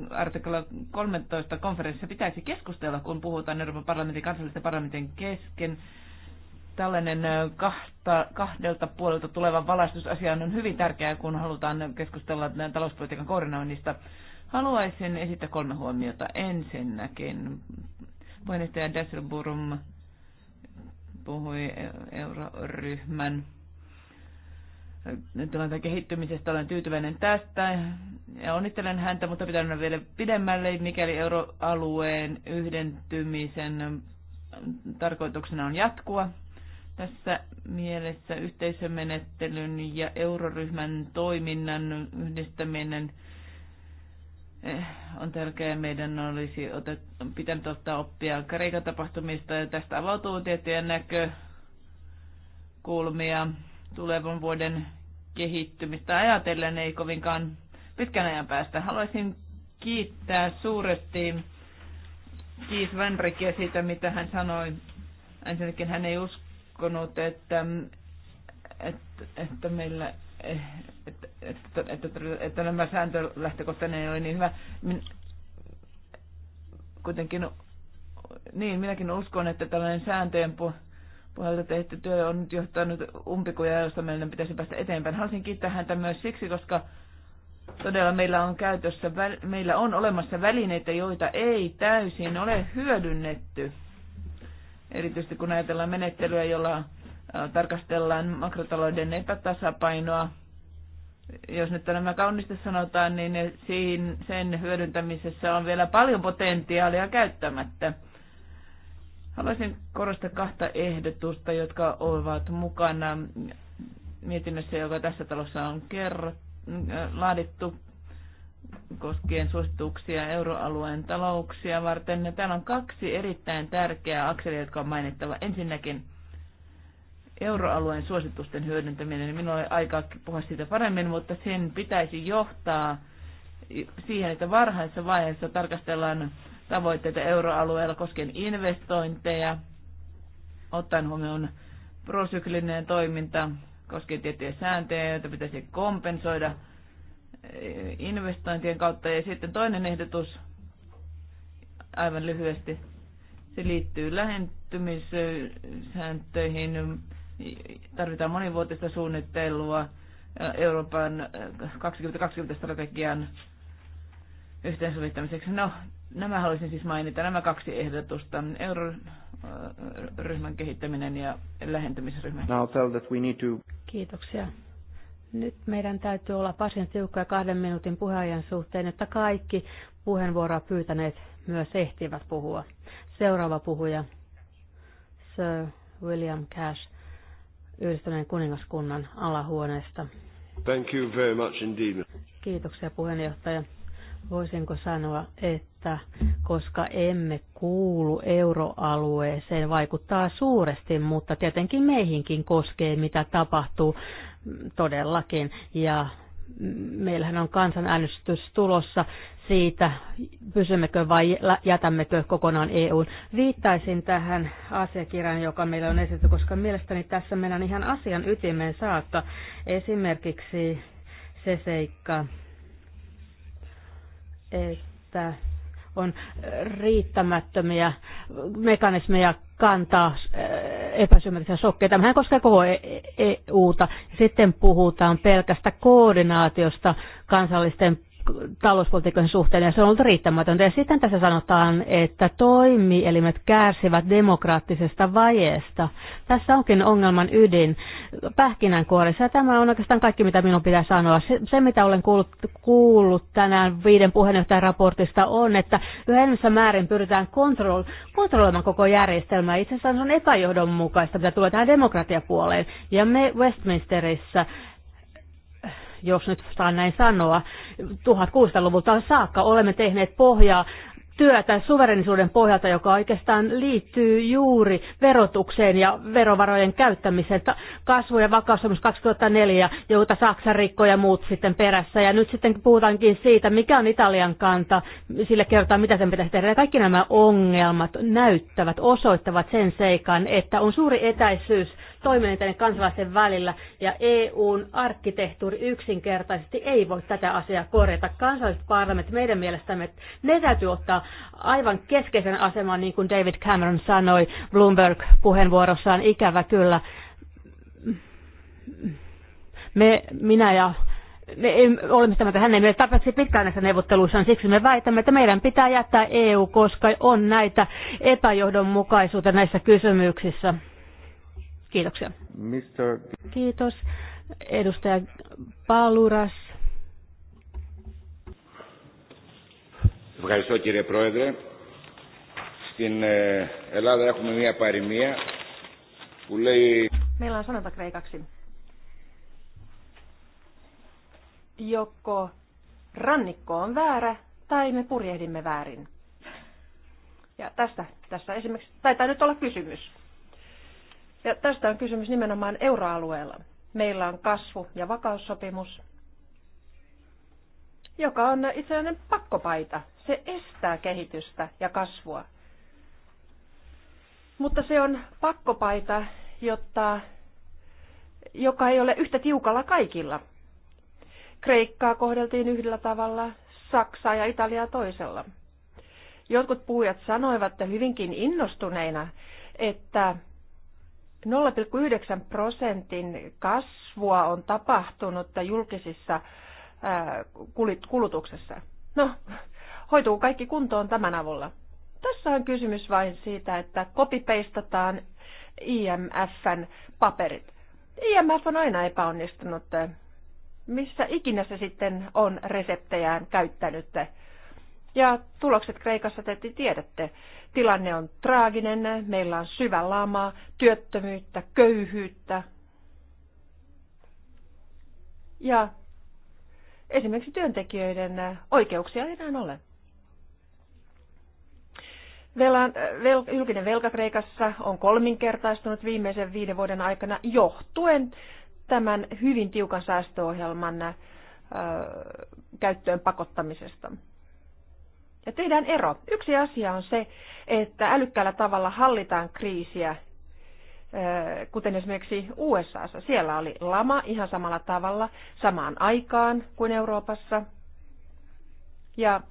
artikla 13 konferenssissa pitäisi keskustella, kun puhutaan Euroopan parlamentin kansallisten parlamentin kesken. Tällainen kahta, kahdelta puolelta tuleva valaistusasia on hyvin tärkeää, kun halutaan keskustella talouspolitiikan koordinoinnista. Haluaisin esittää kolme huomiota. Ensinnäkin puheenjohtaja Dasselburum puhui euroryhmän nyt olen kehittymisestä. Olen tyytyväinen tästä ja onnittelen häntä, mutta pitää mennä vielä pidemmälle, mikäli euroalueen yhdentymisen tarkoituksena on jatkua. Tässä mielessä yhteisömenettelyn ja euroryhmän toiminnan yhdistäminen eh, on tärkeää. Meidän olisi otet, pitänyt ottaa oppia Kreikan tapahtumista ja tästä avautuu tiettyjä näkökulmia tulevan vuoden kehittymistä ajatellen, ei kovinkaan pitkän ajan päästä. Haluaisin kiittää suuresti Keith Vanbrickia siitä, mitä hän sanoi. Ensinnäkin hän ei uskonut, että, että, että meillä että, että, että, että nämä sääntölähtökohtainen ei ole niin hyvä. Min, kuitenkin, niin, minäkin uskon, että tällainen sääntöjen puolelta tehty työ on nyt johtanut umpikuja, josta meidän pitäisi päästä eteenpäin. Haluaisin kiittää häntä myös siksi, koska todella meillä on käytössä, meillä on olemassa välineitä, joita ei täysin ole hyödynnetty. Erityisesti kun ajatellaan menettelyä, jolla äh, tarkastellaan makrotalouden epätasapainoa. Jos nyt nämä kaunista sanotaan, niin siinä, sen hyödyntämisessä on vielä paljon potentiaalia käyttämättä. Haluaisin korostaa kahta ehdotusta, jotka ovat mukana mietinnössä, joka tässä talossa on kerrot, laadittu koskien suosituksia euroalueen talouksia varten. Ja täällä on kaksi erittäin tärkeää akselia, jotka on mainittava. Ensinnäkin euroalueen suositusten hyödyntäminen. Niin minulla ei aikaa puhua siitä paremmin, mutta sen pitäisi johtaa siihen, että varhaisessa vaiheessa tarkastellaan tavoitteita euroalueella koskien investointeja, ottaen huomioon prosyklinen toiminta koskien tiettyjä sääntöjä, joita pitäisi kompensoida eh, investointien kautta. Ja sitten toinen ehdotus, aivan lyhyesti, se liittyy lähentymissääntöihin. Tarvitaan monivuotista suunnittelua eh, Euroopan 2020-strategian eh, yhteensovittamiseksi. No, Nämä haluaisin siis mainita, nämä kaksi ehdotusta, euroryhmän kehittäminen ja lähentymisryhmä. To... Kiitoksia. Nyt meidän täytyy olla varsin tiukkoja kahden minuutin puheajan suhteen, että kaikki puheenvuoroa pyytäneet myös ehtivät puhua. Seuraava puhuja, Sir William Cash, Yhdistyneen kuningaskunnan alahuoneesta. Thank you very much indeed. Kiitoksia puheenjohtaja. Voisinko sanoa, että että koska emme kuulu euroalueeseen, vaikuttaa suuresti, mutta tietenkin meihinkin koskee, mitä tapahtuu todellakin. Ja meillähän on kansanäänestys tulossa siitä, pysymmekö vai jätämmekö kokonaan EUn. Viittaisin tähän asiakirjaan, joka meillä on esitetty, koska mielestäni tässä mennään ihan asian ytimeen saakka. Esimerkiksi se seikka, että on riittämättömiä mekanismeja kantaa äh, epäsymmetrisiä sokkeita, Tämähän koskee koko EUta. E-, e-, e-, Sitten puhutaan pelkästä koordinaatiosta kansallisten talouspolitiikan suhteen, ja se on ollut riittämätöntä. Ja sitten tässä sanotaan, että toimielimet kärsivät demokraattisesta vajeesta. Tässä onkin ongelman ydin pähkinänkuorissa, ja tämä on oikeastaan kaikki, mitä minun pitää sanoa. Se, se mitä olen kuullut, kuullut tänään viiden puheenjohtajan raportista, on, että yhä enemmän määrin pyritään kontrol, kontrolloimaan koko järjestelmää. Itse asiassa se on epäjohdonmukaista, mitä tulee tähän demokratiapuoleen. Ja me Westminsterissä jos nyt saan näin sanoa, 1600-luvulta saakka olemme tehneet pohjaa työtä suverenisuuden pohjalta, joka oikeastaan liittyy juuri verotukseen ja verovarojen käyttämiseen. Kasvu- ja on 2004, jota Saksa rikkoi ja muut sitten perässä. Ja nyt sitten puhutaankin siitä, mikä on Italian kanta, sille kertaa, mitä sen pitäisi tehdä. Ja kaikki nämä ongelmat näyttävät, osoittavat sen seikan, että on suuri etäisyys toimielinten kansalaisten välillä ja EUn arkkitehtuuri yksinkertaisesti ei voi tätä asiaa korjata. Kansalliset parlamentit meidän mielestämme, ne täytyy ottaa aivan keskeisen aseman, niin kuin David Cameron sanoi Bloomberg puheenvuorossaan, ikävä kyllä. Me, minä ja me olemme sitä, että hän ei mene tarpeeksi pitkään näissä neuvotteluissa, siksi me väitämme, että meidän pitää jättää EU, koska on näitä epäjohdonmukaisuutta näissä kysymyksissä. Kiitoksia. Mister... Kiitos. Edustaja Paluras. Ευχαριστώ κύριε Πρόεδρε. Στην Ελλάδα έχουμε μια παροιμία που λέει... Meillä on sanonta kreikaksi. Joko rannikko on väärä tai me purjehdimme väärin. Ja tästä tässä esimerkiksi taitaa nyt olla kysymys. Ja tästä on kysymys nimenomaan euroalueella. Meillä on kasvu- ja vakaussopimus, joka on itsenäinen pakkopaita. Se estää kehitystä ja kasvua. Mutta se on pakkopaita, jotta, joka ei ole yhtä tiukalla kaikilla. Kreikkaa kohdeltiin yhdellä tavalla, Saksaa ja Italiaa toisella. Jotkut puhujat sanoivat hyvinkin innostuneina, että 0,9 prosentin kasvua on tapahtunut julkisissa äh, kulutuksessa. No, hoituu kaikki kuntoon tämän avulla. Tässä on kysymys vain siitä, että kopipeistataan IMFn paperit. IMF on aina epäonnistunut. Missä ikinä se sitten on reseptejään käyttänyt. Ja tulokset Kreikassa te tiedätte. Tilanne on traaginen, meillä on syvä lama, työttömyyttä, köyhyyttä. Ja esimerkiksi työntekijöiden oikeuksia ei enää ole. Velan, vel, julkinen velka Kreikassa on kolminkertaistunut viimeisen viiden vuoden aikana johtuen tämän hyvin tiukan säästöohjelman ö, käyttöön pakottamisesta. Ja tehdään ero. Yksi asia on se, että älykkäällä tavalla hallitaan kriisiä, kuten esimerkiksi USAssa. Siellä oli lama ihan samalla tavalla, samaan aikaan kuin Euroopassa. Ja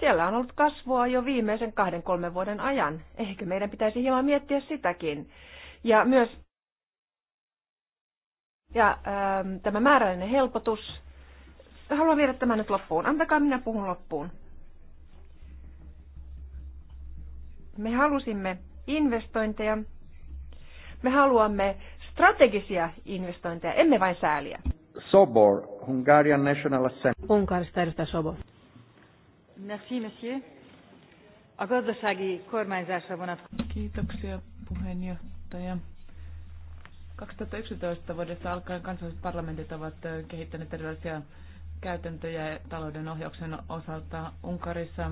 siellä on ollut kasvua jo viimeisen kahden kolmen vuoden ajan. Ehkä meidän pitäisi hieman miettiä sitäkin. Ja myös ja, ähm, tämä määrällinen helpotus. Haluan viedä tämän nyt loppuun. Antakaa minä puhun loppuun. Me halusimme investointeja. Me haluamme strategisia investointeja, emme vain sääliä. Sobor, Hungarian National Assembly. Unkarista edustaja Sobor. Merci, monsieur. A gazdasági kormányzásra vonat. Kiitoksia, puheenjohtaja. 2011 vuodesta alkaen kansalliset parlamentit ovat kehittäneet erilaisia käytäntöjä talouden ohjauksen osalta Unkarissa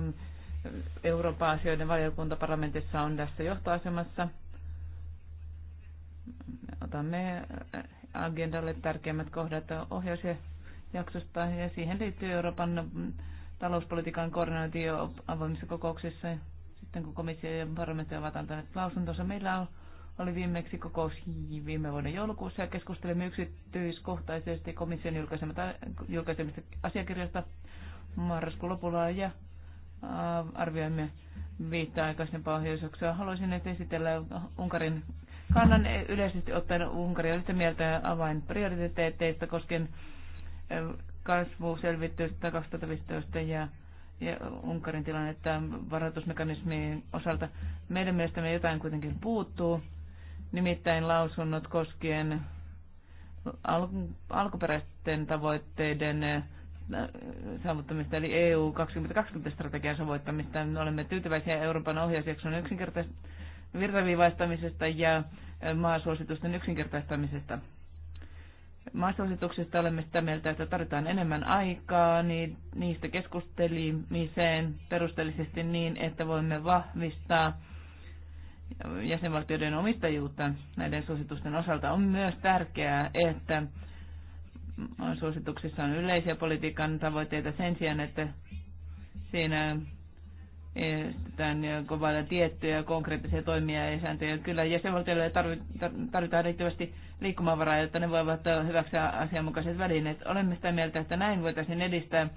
Euroopan asioiden valiokunta parlamentissa on tässä johtoasemassa. Otamme agendalle tärkeimmät kohdat ohjausjaksosta ja siihen liittyy Euroopan talouspolitiikan koordinointi avoimissa kokouksissa. Sitten kun komissio ja parlamentti ovat antaneet lausuntonsa, meillä oli viimeksi kokous viime vuoden joulukuussa ja keskustelimme yksityiskohtaisesti komission julkaisemista asiakirjoista marraskuun lopulla ja Äh, arvioimme viittaa aikaisen pohjoisoksia. Haluaisin nyt esitellä Unkarin kannan e, yleisesti ottaen Unkari on yhtä mieltä avain prioriteetteista koskien kasvuselvitystä 2015 ja, ja Unkarin tilannetta varoitusmekanismien osalta. Meidän mielestämme jotain kuitenkin puuttuu, nimittäin lausunnot koskien alkuperäisten tavoitteiden saavuttamista, eli EU 2020-strategian saavuttamista. Me olemme tyytyväisiä Euroopan ohjausjakson yksinkertaisesta virtaviivaistamisesta ja maasuositusten yksinkertaistamisesta. Maasuosituksista olemme sitä mieltä, että tarvitaan enemmän aikaa niin niistä keskustelimiseen perusteellisesti niin, että voimme vahvistaa jäsenvaltioiden omistajuutta näiden suositusten osalta. On myös tärkeää, että suosituksissa on yleisiä politiikan tavoitteita sen sijaan, että siinä tämän kovailla tiettyjä konkreettisia toimia ja sääntöjä. Kyllä jäsenvaltioille tarvitaan riittävästi liikkumavaraa, jotta ne voivat hyväksyä asianmukaiset välineet. Olemme sitä mieltä, että näin voitaisiin edistää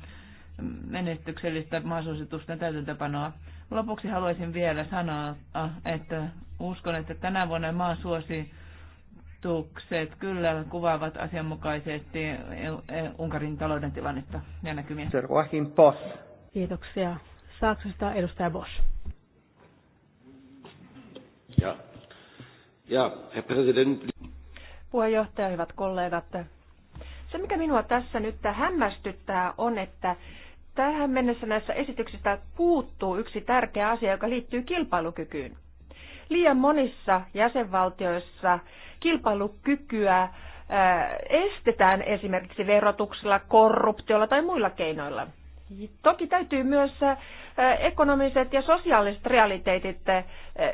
menestyksellistä maasuositusten täytäntöpanoa. Lopuksi haluaisin vielä sanoa, että uskon, että tänä vuonna maa ehdotukset kyllä kuvaavat asianmukaisesti e, Unkarin talouden tilannetta ja näkymiä. Kiitoksia. Saksasta edustaja Bosch. Ja, ja herr Präsident. Puheenjohtaja, hyvät kollegat. Se, mikä minua tässä nyt hämmästyttää, on, että tähän mennessä näissä esityksistä puuttuu yksi tärkeä asia, joka liittyy kilpailukykyyn. Liian monissa jäsenvaltioissa kilpailukykyä estetään esimerkiksi verotuksella, korruptiolla tai muilla keinoilla. Toki täytyy myös ekonomiset ja sosiaaliset realiteetit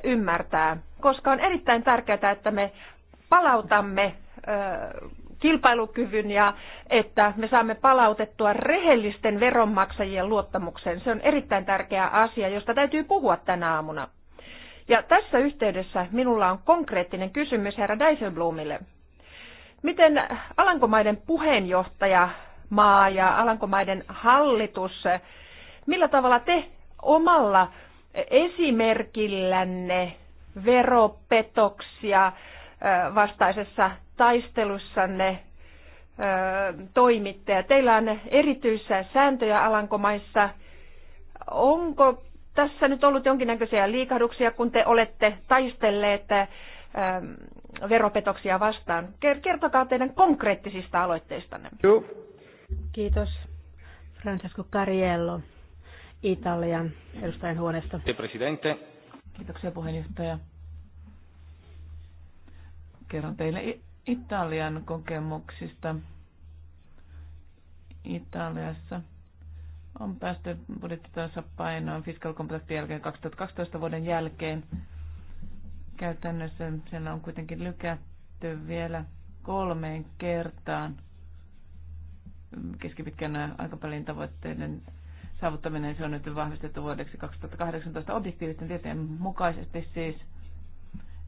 ymmärtää, koska on erittäin tärkeää, että me palautamme kilpailukyvyn ja että me saamme palautettua rehellisten veronmaksajien luottamuksen. Se on erittäin tärkeä asia, josta täytyy puhua tänä aamuna. Ja tässä yhteydessä minulla on konkreettinen kysymys herra Dijsselbloomille. Miten Alankomaiden puheenjohtaja maa ja Alankomaiden hallitus, millä tavalla te omalla esimerkillänne veropetoksia vastaisessa taistelussanne toimitte. Ja teillä on erityisiä sääntöjä Alankomaissa. Onko tässä nyt ollut jonkinnäköisiä liikahduksia, kun te olette taistelleet ähm, veropetoksia vastaan. Kertokaa teidän konkreettisista aloitteistanne. Joo. Kiitos. Francesco Cariello, Italian edustajan huoneesta. Presidente. Kiitoksia puheenjohtaja. Kerron teille Italian kokemuksista Italiassa – on päästy painoon fiscal compactin jälkeen 2012 vuoden jälkeen. Käytännössä siellä on kuitenkin lykätty vielä kolmeen kertaan keskipitkän aikavälin tavoitteiden saavuttaminen. Se on nyt vahvistettu vuodeksi 2018 objektiivisten tieteen mukaisesti siis.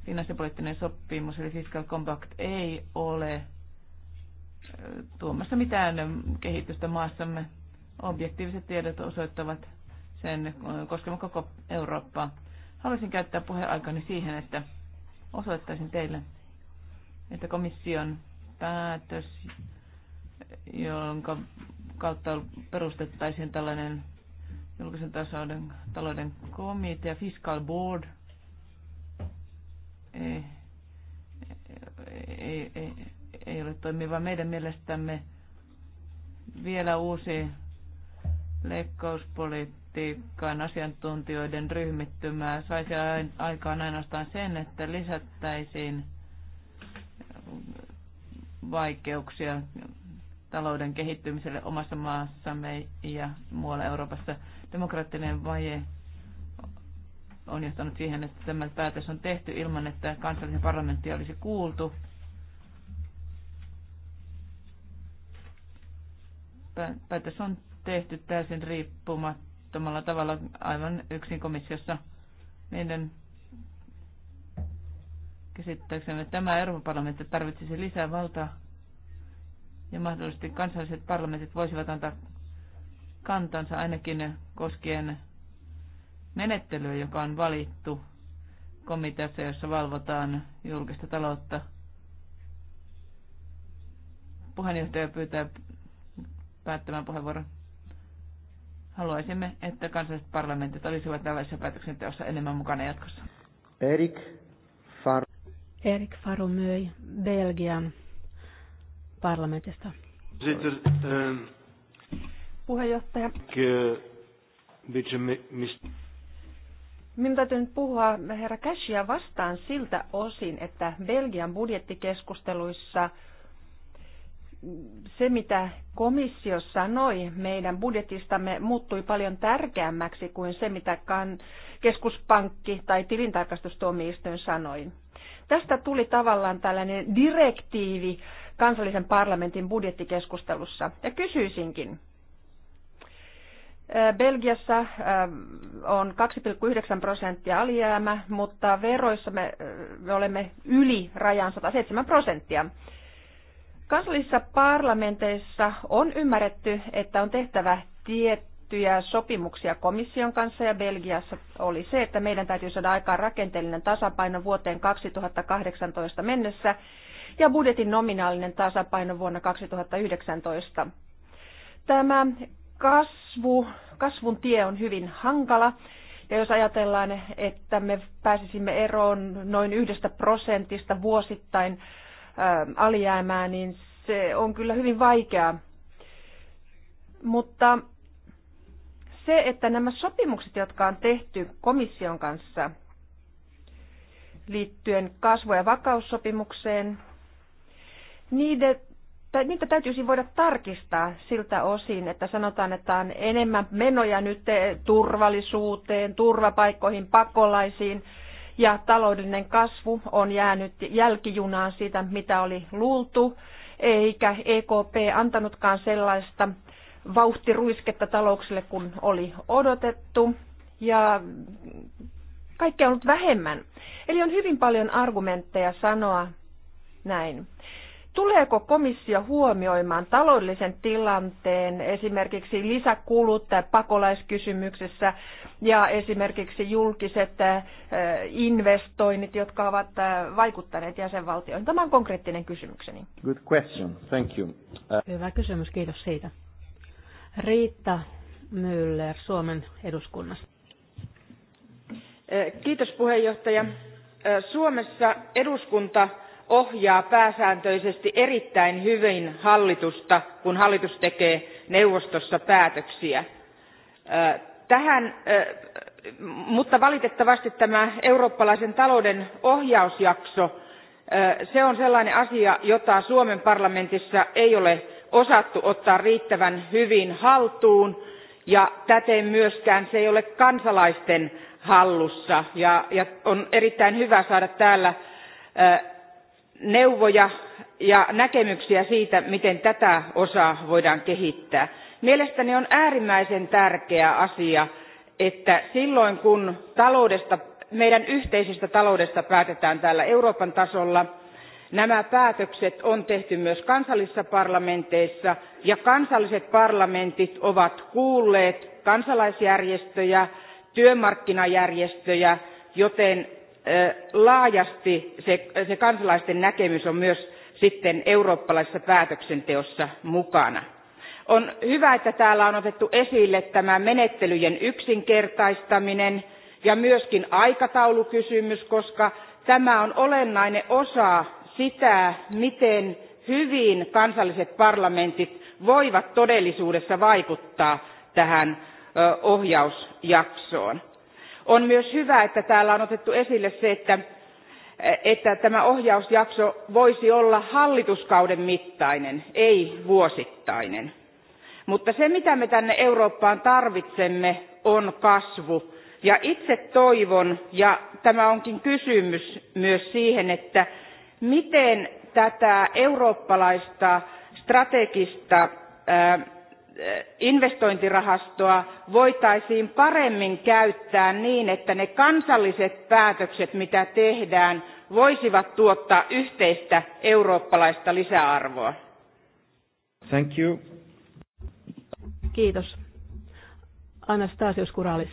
Finanssipoliittinen sopimus eli fiscal compact ei ole tuomassa mitään kehitystä maassamme Objektiiviset tiedot osoittavat sen koskevan koko Eurooppaa. Haluaisin käyttää puheaikani siihen, että osoittaisin teille, että komission päätös, jonka kautta perustettaisiin tällainen julkisen talouden, talouden komitea, fiscal board, ei, ei, ei, e, ei ole toimiva meidän mielestämme vielä uusi leikkauspolitiikan asiantuntijoiden ryhmittymää saisi aikaan ainoastaan sen, että lisättäisiin vaikeuksia talouden kehittymiselle omassa maassamme ja muualla Euroopassa. Demokraattinen vaje on johtanut siihen, että tämä päätös on tehty ilman, että kansallinen parlamentti olisi kuultu. Päätös on tehty täysin riippumattomalla tavalla aivan yksin komissiossa. Meidän käsittääksemme tämä Euroopan parlamentti tarvitsisi lisää valtaa ja mahdollisesti kansalliset parlamentit voisivat antaa kantansa ainakin koskien menettelyä, joka on valittu komiteassa, jossa valvotaan julkista taloutta. Puheenjohtaja pyytää päättämään puheenvuoron. Haluaisimme, että kansalliset parlamentit olisivat tällaisessa päätöksenteossa enemmän mukana jatkossa. Erik Faru. Erik Farumöy, Belgian parlamentista. Sitten, ähm... Puheenjohtaja. Minun täytyy nyt puhua herra Cashia vastaan siltä osin, että Belgian budjettikeskusteluissa – se, mitä komissio sanoi meidän budjetistamme, muuttui paljon tärkeämmäksi kuin se, mitä keskuspankki tai tilintarkastustuomioistuin sanoi. Tästä tuli tavallaan tällainen direktiivi kansallisen parlamentin budjettikeskustelussa. Ja kysyisinkin, Belgiassa on 2,9 prosenttia alijäämä, mutta veroissa me, me olemme yli rajan 107 prosenttia. Kansallisissa parlamenteissa on ymmärretty, että on tehtävä tiettyjä sopimuksia komission kanssa ja Belgiassa oli se, että meidän täytyy saada aikaan rakenteellinen tasapaino vuoteen 2018 mennessä ja budjetin nominaalinen tasapaino vuonna 2019. Tämä kasvu, kasvun tie on hyvin hankala. Ja jos ajatellaan, että me pääsisimme eroon noin yhdestä prosentista vuosittain Ähm, alijäämää, niin se on kyllä hyvin vaikeaa. Mutta se, että nämä sopimukset, jotka on tehty komission kanssa liittyen kasvu- ja vakaussopimukseen, niiden, niitä täytyisi voida tarkistaa siltä osin, että sanotaan, että on enemmän menoja nyt turvallisuuteen, turvapaikkoihin, pakolaisiin – ja taloudellinen kasvu on jäänyt jälkijunaan siitä, mitä oli luultu, eikä EKP antanutkaan sellaista vauhtiruisketta talouksille kuin oli odotettu. Ja kaikkea on ollut vähemmän. Eli on hyvin paljon argumentteja sanoa näin. Tuleeko komissio huomioimaan taloudellisen tilanteen esimerkiksi lisäkulut pakolaiskysymyksessä ja esimerkiksi julkiset investoinnit, jotka ovat vaikuttaneet jäsenvaltioihin? Tämä on konkreettinen kysymykseni. Good question. Thank you. Uh... Hyvä kysymys, kiitos siitä. Riitta Müller Suomen eduskunnasta. Kiitos puheenjohtaja. Suomessa eduskunta ohjaa pääsääntöisesti erittäin hyvin hallitusta, kun hallitus tekee neuvostossa päätöksiä. Tähän, mutta valitettavasti tämä eurooppalaisen talouden ohjausjakso, se on sellainen asia, jota Suomen parlamentissa ei ole osattu ottaa riittävän hyvin haltuun ja täten myöskään se ei ole kansalaisten hallussa. Ja, ja on erittäin hyvä saada täällä neuvoja ja näkemyksiä siitä, miten tätä osaa voidaan kehittää. Mielestäni on äärimmäisen tärkeä asia, että silloin kun taloudesta, meidän yhteisestä taloudesta päätetään täällä Euroopan tasolla, nämä päätökset on tehty myös kansallisissa parlamenteissa ja kansalliset parlamentit ovat kuulleet kansalaisjärjestöjä, työmarkkinajärjestöjä, joten laajasti se, se kansalaisten näkemys on myös sitten eurooppalaisessa päätöksenteossa mukana. On hyvä, että täällä on otettu esille tämä menettelyjen yksinkertaistaminen ja myöskin aikataulukysymys, koska tämä on olennainen osa sitä, miten hyvin kansalliset parlamentit voivat todellisuudessa vaikuttaa tähän ohjausjaksoon on myös hyvä että täällä on otettu esille se että, että tämä ohjausjakso voisi olla hallituskauden mittainen ei vuosittainen. mutta se mitä me tänne eurooppaan tarvitsemme on kasvu ja itse toivon ja tämä onkin kysymys myös siihen että miten tätä eurooppalaista strategista ää, Eh, investointirahastoa voitaisiin paremmin käyttää niin, että ne kansalliset päätökset, mitä tehdään, voisivat tuottaa yhteistä eurooppalaista lisäarvoa. Thank you. Kiitos. Anastasios Kuralis,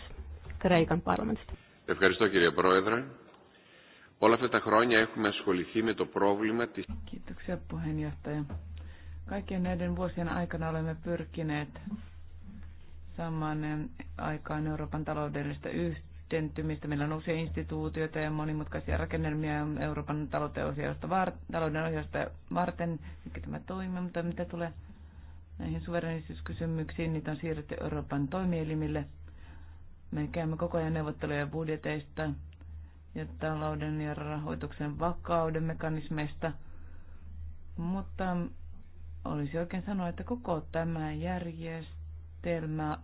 Kreikan parlamentista. Ευχαριστώ κύριε Πρόεδρε. Όλα αυτά τα χρόνια έχουμε ασχοληθεί με το πρόβλημα της... Κοίταξε puheenjohtaja Kaikkien näiden vuosien aikana olemme pyrkineet saamaan aikaan Euroopan taloudellista yhtentymistä. Meillä on uusia instituutioita ja monimutkaisia rakennelmia Euroopan talouden ohjausta, talouden varten, mikä tämä toimii, mutta mitä tulee näihin suverenisuuskysymyksiin, niitä on siirretty Euroopan toimielimille. Me käymme koko ajan neuvotteluja budjeteista ja talouden ja rahoituksen vakauden mekanismeista, mutta olisi oikein sanoa, että koko tämä järjestelmä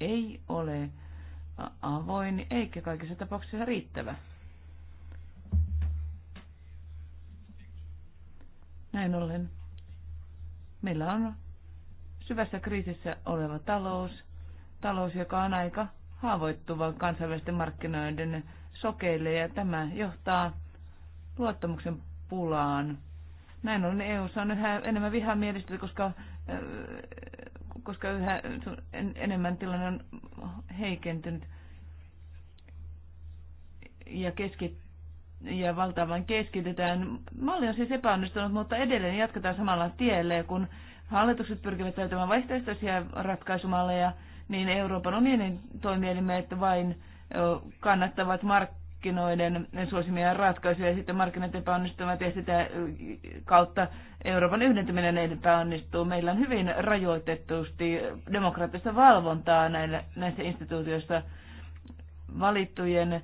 ei ole avoin eikä kaikissa tapauksissa riittävä. Näin ollen meillä on syvässä kriisissä oleva talous, talous, joka on aika haavoittuva kansainvälisten markkinoiden sokeille ja tämä johtaa luottamuksen pulaan näin on EU on yhä enemmän vihamielistä, koska, koska yhä enemmän tilanne on heikentynyt ja, keski, ja valtavan keskitetään. Malli on siis epäonnistunut, mutta edelleen jatketaan samalla tiellä, kun hallitukset pyrkivät täytämään vaihtoehtoisia ratkaisumalleja, niin Euroopan unionin toimielimet vain kannattavat mark- markkinoiden suosimia ratkaisuja ja sitten markkinat epäonnistuvat ja sitä kautta Euroopan yhdentyminen epäonnistuu. Meillä on hyvin rajoitettusti demokraattista valvontaa näillä, näissä instituutioissa valittujen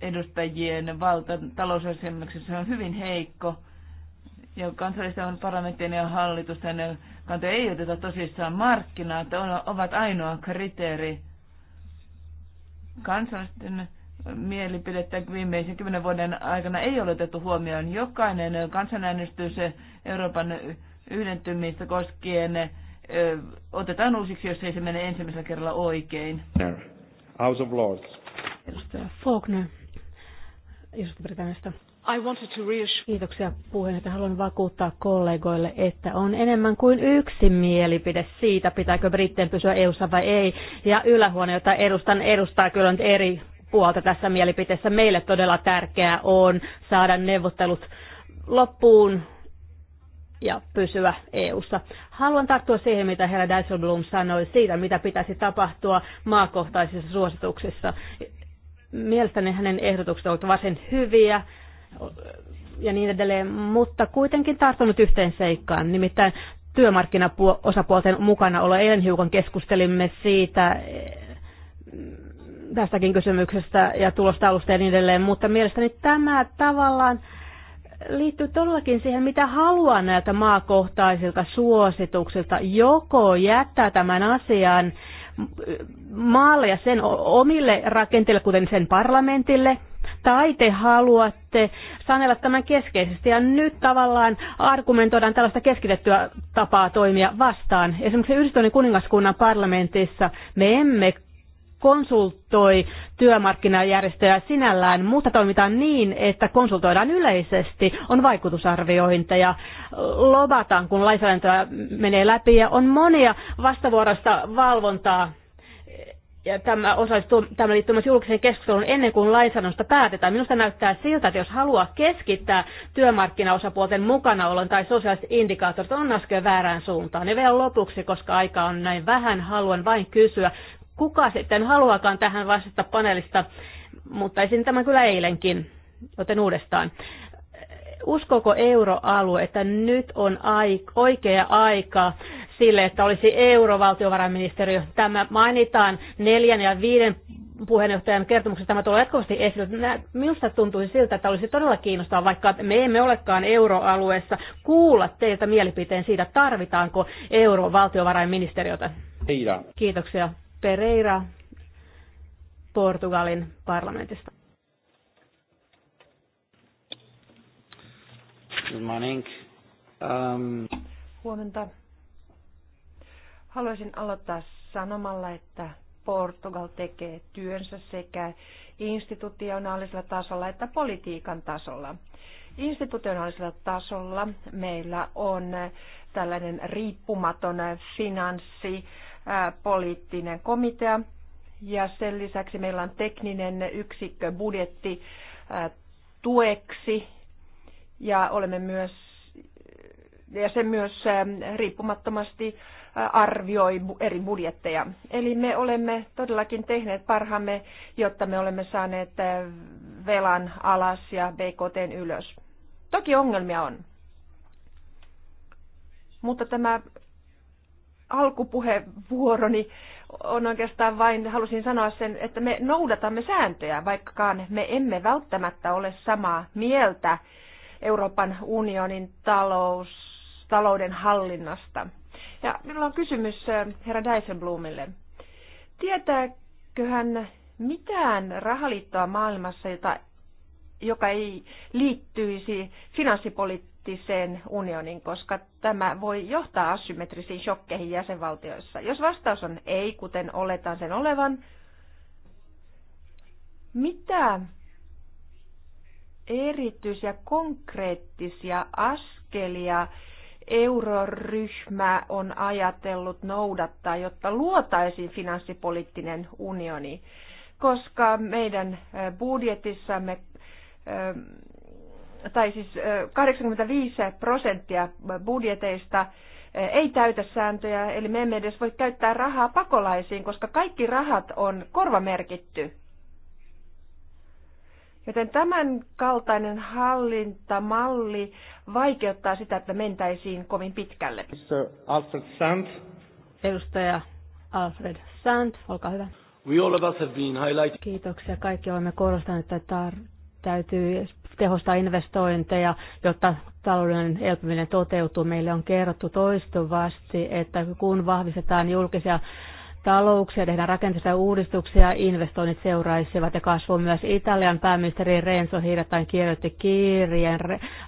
edustajien valta talousasemmuksessa on hyvin heikko ja kansallisten parlamenttien ja hallitusten kantoja ei oteta tosissaan että ovat ainoa kriteeri kansallisten mielipidettä viimeisen kymmenen vuoden aikana ei ole otettu huomioon. Jokainen kansanäänestys Euroopan yhdentymistä koskien otetaan uusiksi, jos ei se mene ensimmäisellä kerralla oikein. House of Lords. Edustaja Faulkner, iso britannista I wanted to reassure... Kiitoksia puheenjohtaja. Haluan vakuuttaa kollegoille, että on enemmän kuin yksi mielipide siitä, pitääkö Britteen pysyä eu vai ei. Ja ylähuone, jota edustan, edustaa kyllä nyt eri puolta tässä mielipiteessä. Meille todella tärkeää on saada neuvottelut loppuun ja pysyä EU-ssa. Haluan tarttua siihen, mitä herra Dijsselbloem sanoi siitä, mitä pitäisi tapahtua maakohtaisissa suosituksissa. Mielestäni hänen ehdotukset ovat varsin hyviä ja niin edelleen, mutta kuitenkin tarttunut yhteen seikkaan, nimittäin työmarkkinaosapuolten mukana olo Eilen hiukan keskustelimme siitä, tästäkin kysymyksestä ja tulostaulusta ja niin edelleen, mutta mielestäni tämä tavallaan liittyy todellakin siihen, mitä haluaa näiltä maakohtaisilta suosituksilta. Joko jättää tämän asian maalle ja sen omille rakenteille, kuten sen parlamentille, tai te haluatte sanella tämän keskeisesti. Ja nyt tavallaan argumentoidaan tällaista keskitettyä tapaa toimia vastaan. Esimerkiksi Yhdistyneen kuningaskunnan parlamentissa me emme konsultoi työmarkkinajärjestöjä sinällään, mutta toimitaan niin, että konsultoidaan yleisesti, on vaikutusarviointeja, lobataan, kun lainsäädäntöä menee läpi ja on monia vastavuoroista valvontaa ja tämä, osallistuu, tämä liittyy myös julkiseen keskusteluun ennen kuin lainsäädännöstä päätetään. Minusta näyttää siltä, että jos haluaa keskittää työmarkkinaosapuolten mukanaolon tai sosiaaliset indikaattorit, on askel väärään suuntaan. Ja vielä lopuksi, koska aika on näin vähän, haluan vain kysyä, kuka sitten haluakaan tähän vastata panelista, mutta esin tämän kyllä eilenkin, joten uudestaan. Uskoko euroalue, että nyt on aik- oikea aika sille, että olisi eurovaltiovarainministeriö? Tämä mainitaan neljän ja viiden puheenjohtajan kertomuksessa tämä tulee jatkuvasti esille. Minusta tuntuisi siltä, että olisi todella kiinnostavaa, vaikka me emme olekaan euroalueessa, kuulla teiltä mielipiteen siitä, tarvitaanko eurovaltiovarainministeriötä. Kiitoksia. Pereira Portugalin parlamentista. Good morning. Um... Huomenta. Haluaisin aloittaa sanomalla, että Portugal tekee työnsä sekä institutionaalisella tasolla että politiikan tasolla. Institutionaalisella tasolla meillä on tällainen riippumaton finanssi poliittinen komitea ja sen lisäksi meillä on tekninen yksikkö budjetti tueksi ja olemme myös ja se myös riippumattomasti arvioi eri budjetteja. Eli me olemme todellakin tehneet parhaamme, jotta me olemme saaneet velan alas ja BKT ylös. Toki ongelmia on. Mutta tämä alkupuheenvuoroni on oikeastaan vain, halusin sanoa sen, että me noudatamme sääntöjä, vaikkakaan me emme välttämättä ole samaa mieltä Euroopan unionin talous, talouden hallinnasta. Ja minulla on kysymys äh, herra Dijsselbloomille. Tietääköhän mitään rahaliittoa maailmassa, jota, joka ei liittyisi finanssipolitiikkaan? poliittisen unionin, koska tämä voi johtaa asymmetrisiin shokkeihin jäsenvaltioissa? Jos vastaus on ei, kuten oletan sen olevan, mitä erityisiä konkreettisia askelia euroryhmä on ajatellut noudattaa, jotta luotaisiin finanssipoliittinen unioni, koska meidän budjetissamme tai siis 85 prosenttia budjeteista ei täytä sääntöjä, eli me emme edes voi käyttää rahaa pakolaisiin, koska kaikki rahat on korvamerkitty. Joten tämän kaltainen hallintamalli vaikeuttaa sitä, että mentäisiin kovin pitkälle. Mr. Alfred Sand. Edustaja Alfred Sand, olkaa hyvä. We all of us have been highlighted. Kiitoksia. Kaikki olemme korostaneet, että tar- Täytyy tehostaa investointeja, jotta talouden elpyminen toteutuu. Meille on kerrottu toistuvasti, että kun vahvistetaan julkisia talouksia, tehdään rakenteellisia uudistuksia, investoinnit seuraisivat ja kasvu myös Italian pääministeri Renzo hiljattain kirjoitti kirjeen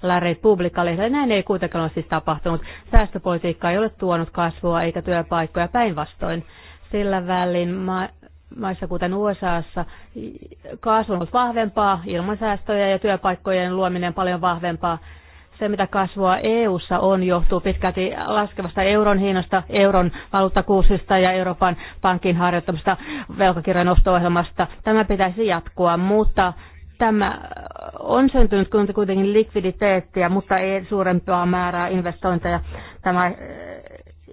La Repubblica Näin ei kuitenkaan ole siis tapahtunut. Säästöpolitiikka ei ole tuonut kasvua eikä työpaikkoja päinvastoin. Sillä välin ma- maissa kuten USAssa kasvu on ollut vahvempaa, ilmansäästöjä ja työpaikkojen luominen paljon vahvempaa. Se, mitä kasvua EU:ssa on, johtuu pitkälti laskevasta euron hinnasta, euron valuuttakuusista ja Euroopan pankin harjoittamasta velkakirjan osto-ohjelmasta. Tämä pitäisi jatkua, mutta tämä on syntynyt kuitenkin likviditeettiä, mutta ei suurempaa määrää investointeja. Tämä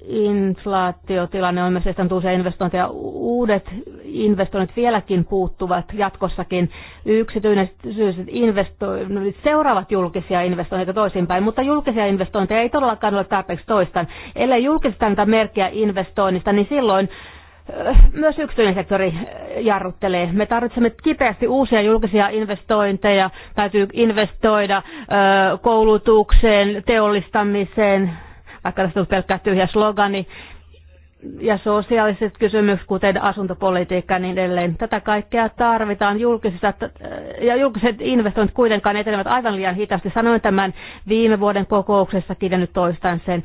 inflaatiotilanne on myös estänyt uusia investointeja. Uudet investoinnit vieläkin puuttuvat jatkossakin. Yksityiset investoinnit seuraavat julkisia investointeja toisinpäin, mutta julkisia investointeja ei todellakaan ole tarpeeksi toistan. Ellei julkista näitä merkkiä investoinnista, niin silloin myös yksityinen sektori jarruttelee. Me tarvitsemme kipeästi uusia julkisia investointeja. Täytyy investoida koulutukseen, teollistamiseen, vaikka tästä on pelkkä tyhjä slogani, ja sosiaaliset kysymykset, kuten asuntopolitiikka ja niin edelleen. Tätä kaikkea tarvitaan julkisissa, ja julkiset investoinnit kuitenkaan etenevät aivan liian hitaasti. Sanoin tämän viime vuoden kokouksessakin ja nyt toistan sen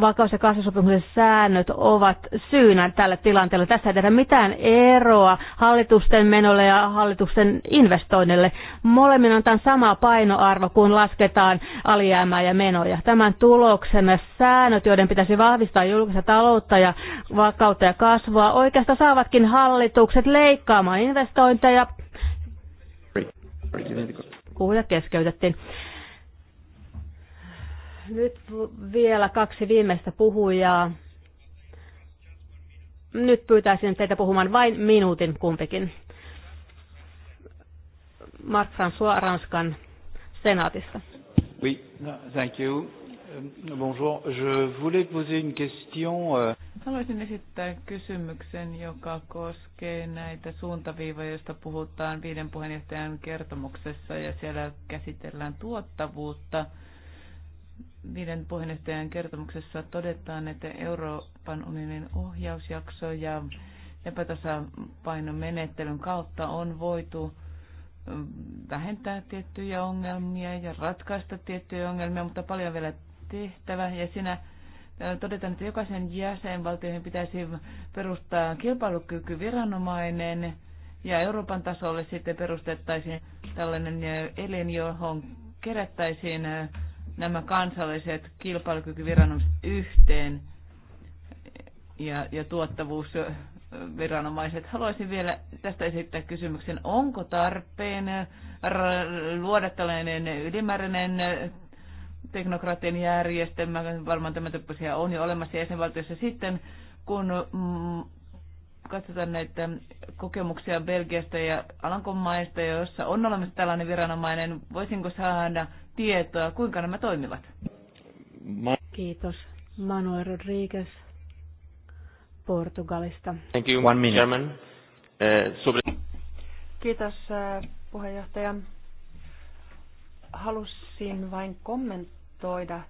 vakaus- ja kasvusopimuksen säännöt ovat syynä tällä tilanteella. Tässä ei tehdä mitään eroa hallitusten menolle ja hallitusten investoinnille. Molemmin tämän sama painoarvo, kun lasketaan alijäämää ja menoja. Tämän tuloksen säännöt, joiden pitäisi vahvistaa julkista taloutta ja vakautta ja kasvua, oikeastaan saavatkin hallitukset leikkaamaan investointeja. Puhuja keskeytettiin. Nyt vielä kaksi viimeistä puhujaa. Nyt pyytäisin teitä puhumaan vain minuutin kumpikin. Mark François Ranskan senaatista. Oui, no, thank you. Um, bonjour. Je voulais poser une question. Euh, Haluaisin esittää kysymyksen, joka koskee näitä suuntaviivoja, joista puhutaan viiden puheenjohtajan kertomuksessa ja siellä käsitellään tuottavuutta viiden puheenjohtajan kertomuksessa todetaan, että Euroopan unionin ohjausjakso ja epätasapainomenettelyn kautta on voitu mm, vähentää tiettyjä ongelmia ja ratkaista tiettyjä ongelmia, mutta paljon vielä tehtävä. Ja siinä todetaan, että jokaisen jäsenvaltioihin pitäisi perustaa kilpailukykyviranomainen ja Euroopan tasolle sitten perustettaisiin tällainen elin, johon kerättäisiin nämä kansalliset kilpailukykyviranomaiset yhteen ja, ja tuottavuusviranomaiset. Haluaisin vielä tästä esittää kysymyksen, onko tarpeen luoda tällainen ylimääräinen teknokraattien järjestelmä, varmaan tämän tyyppisiä on jo olemassa jäsenvaltiossa sitten, kun mm, katsotaan näitä kokemuksia Belgiasta ja Alankomaista, joissa on olemassa tällainen viranomainen, voisinko saada tietoa, kuinka nämä toimivat. Kiitos. Manuel Rodriguez Portugalista. Thank you, One minute. Chairman. Uh, sobre... Kiitos eh, puheenjohtaja. Halusin vain kommentoida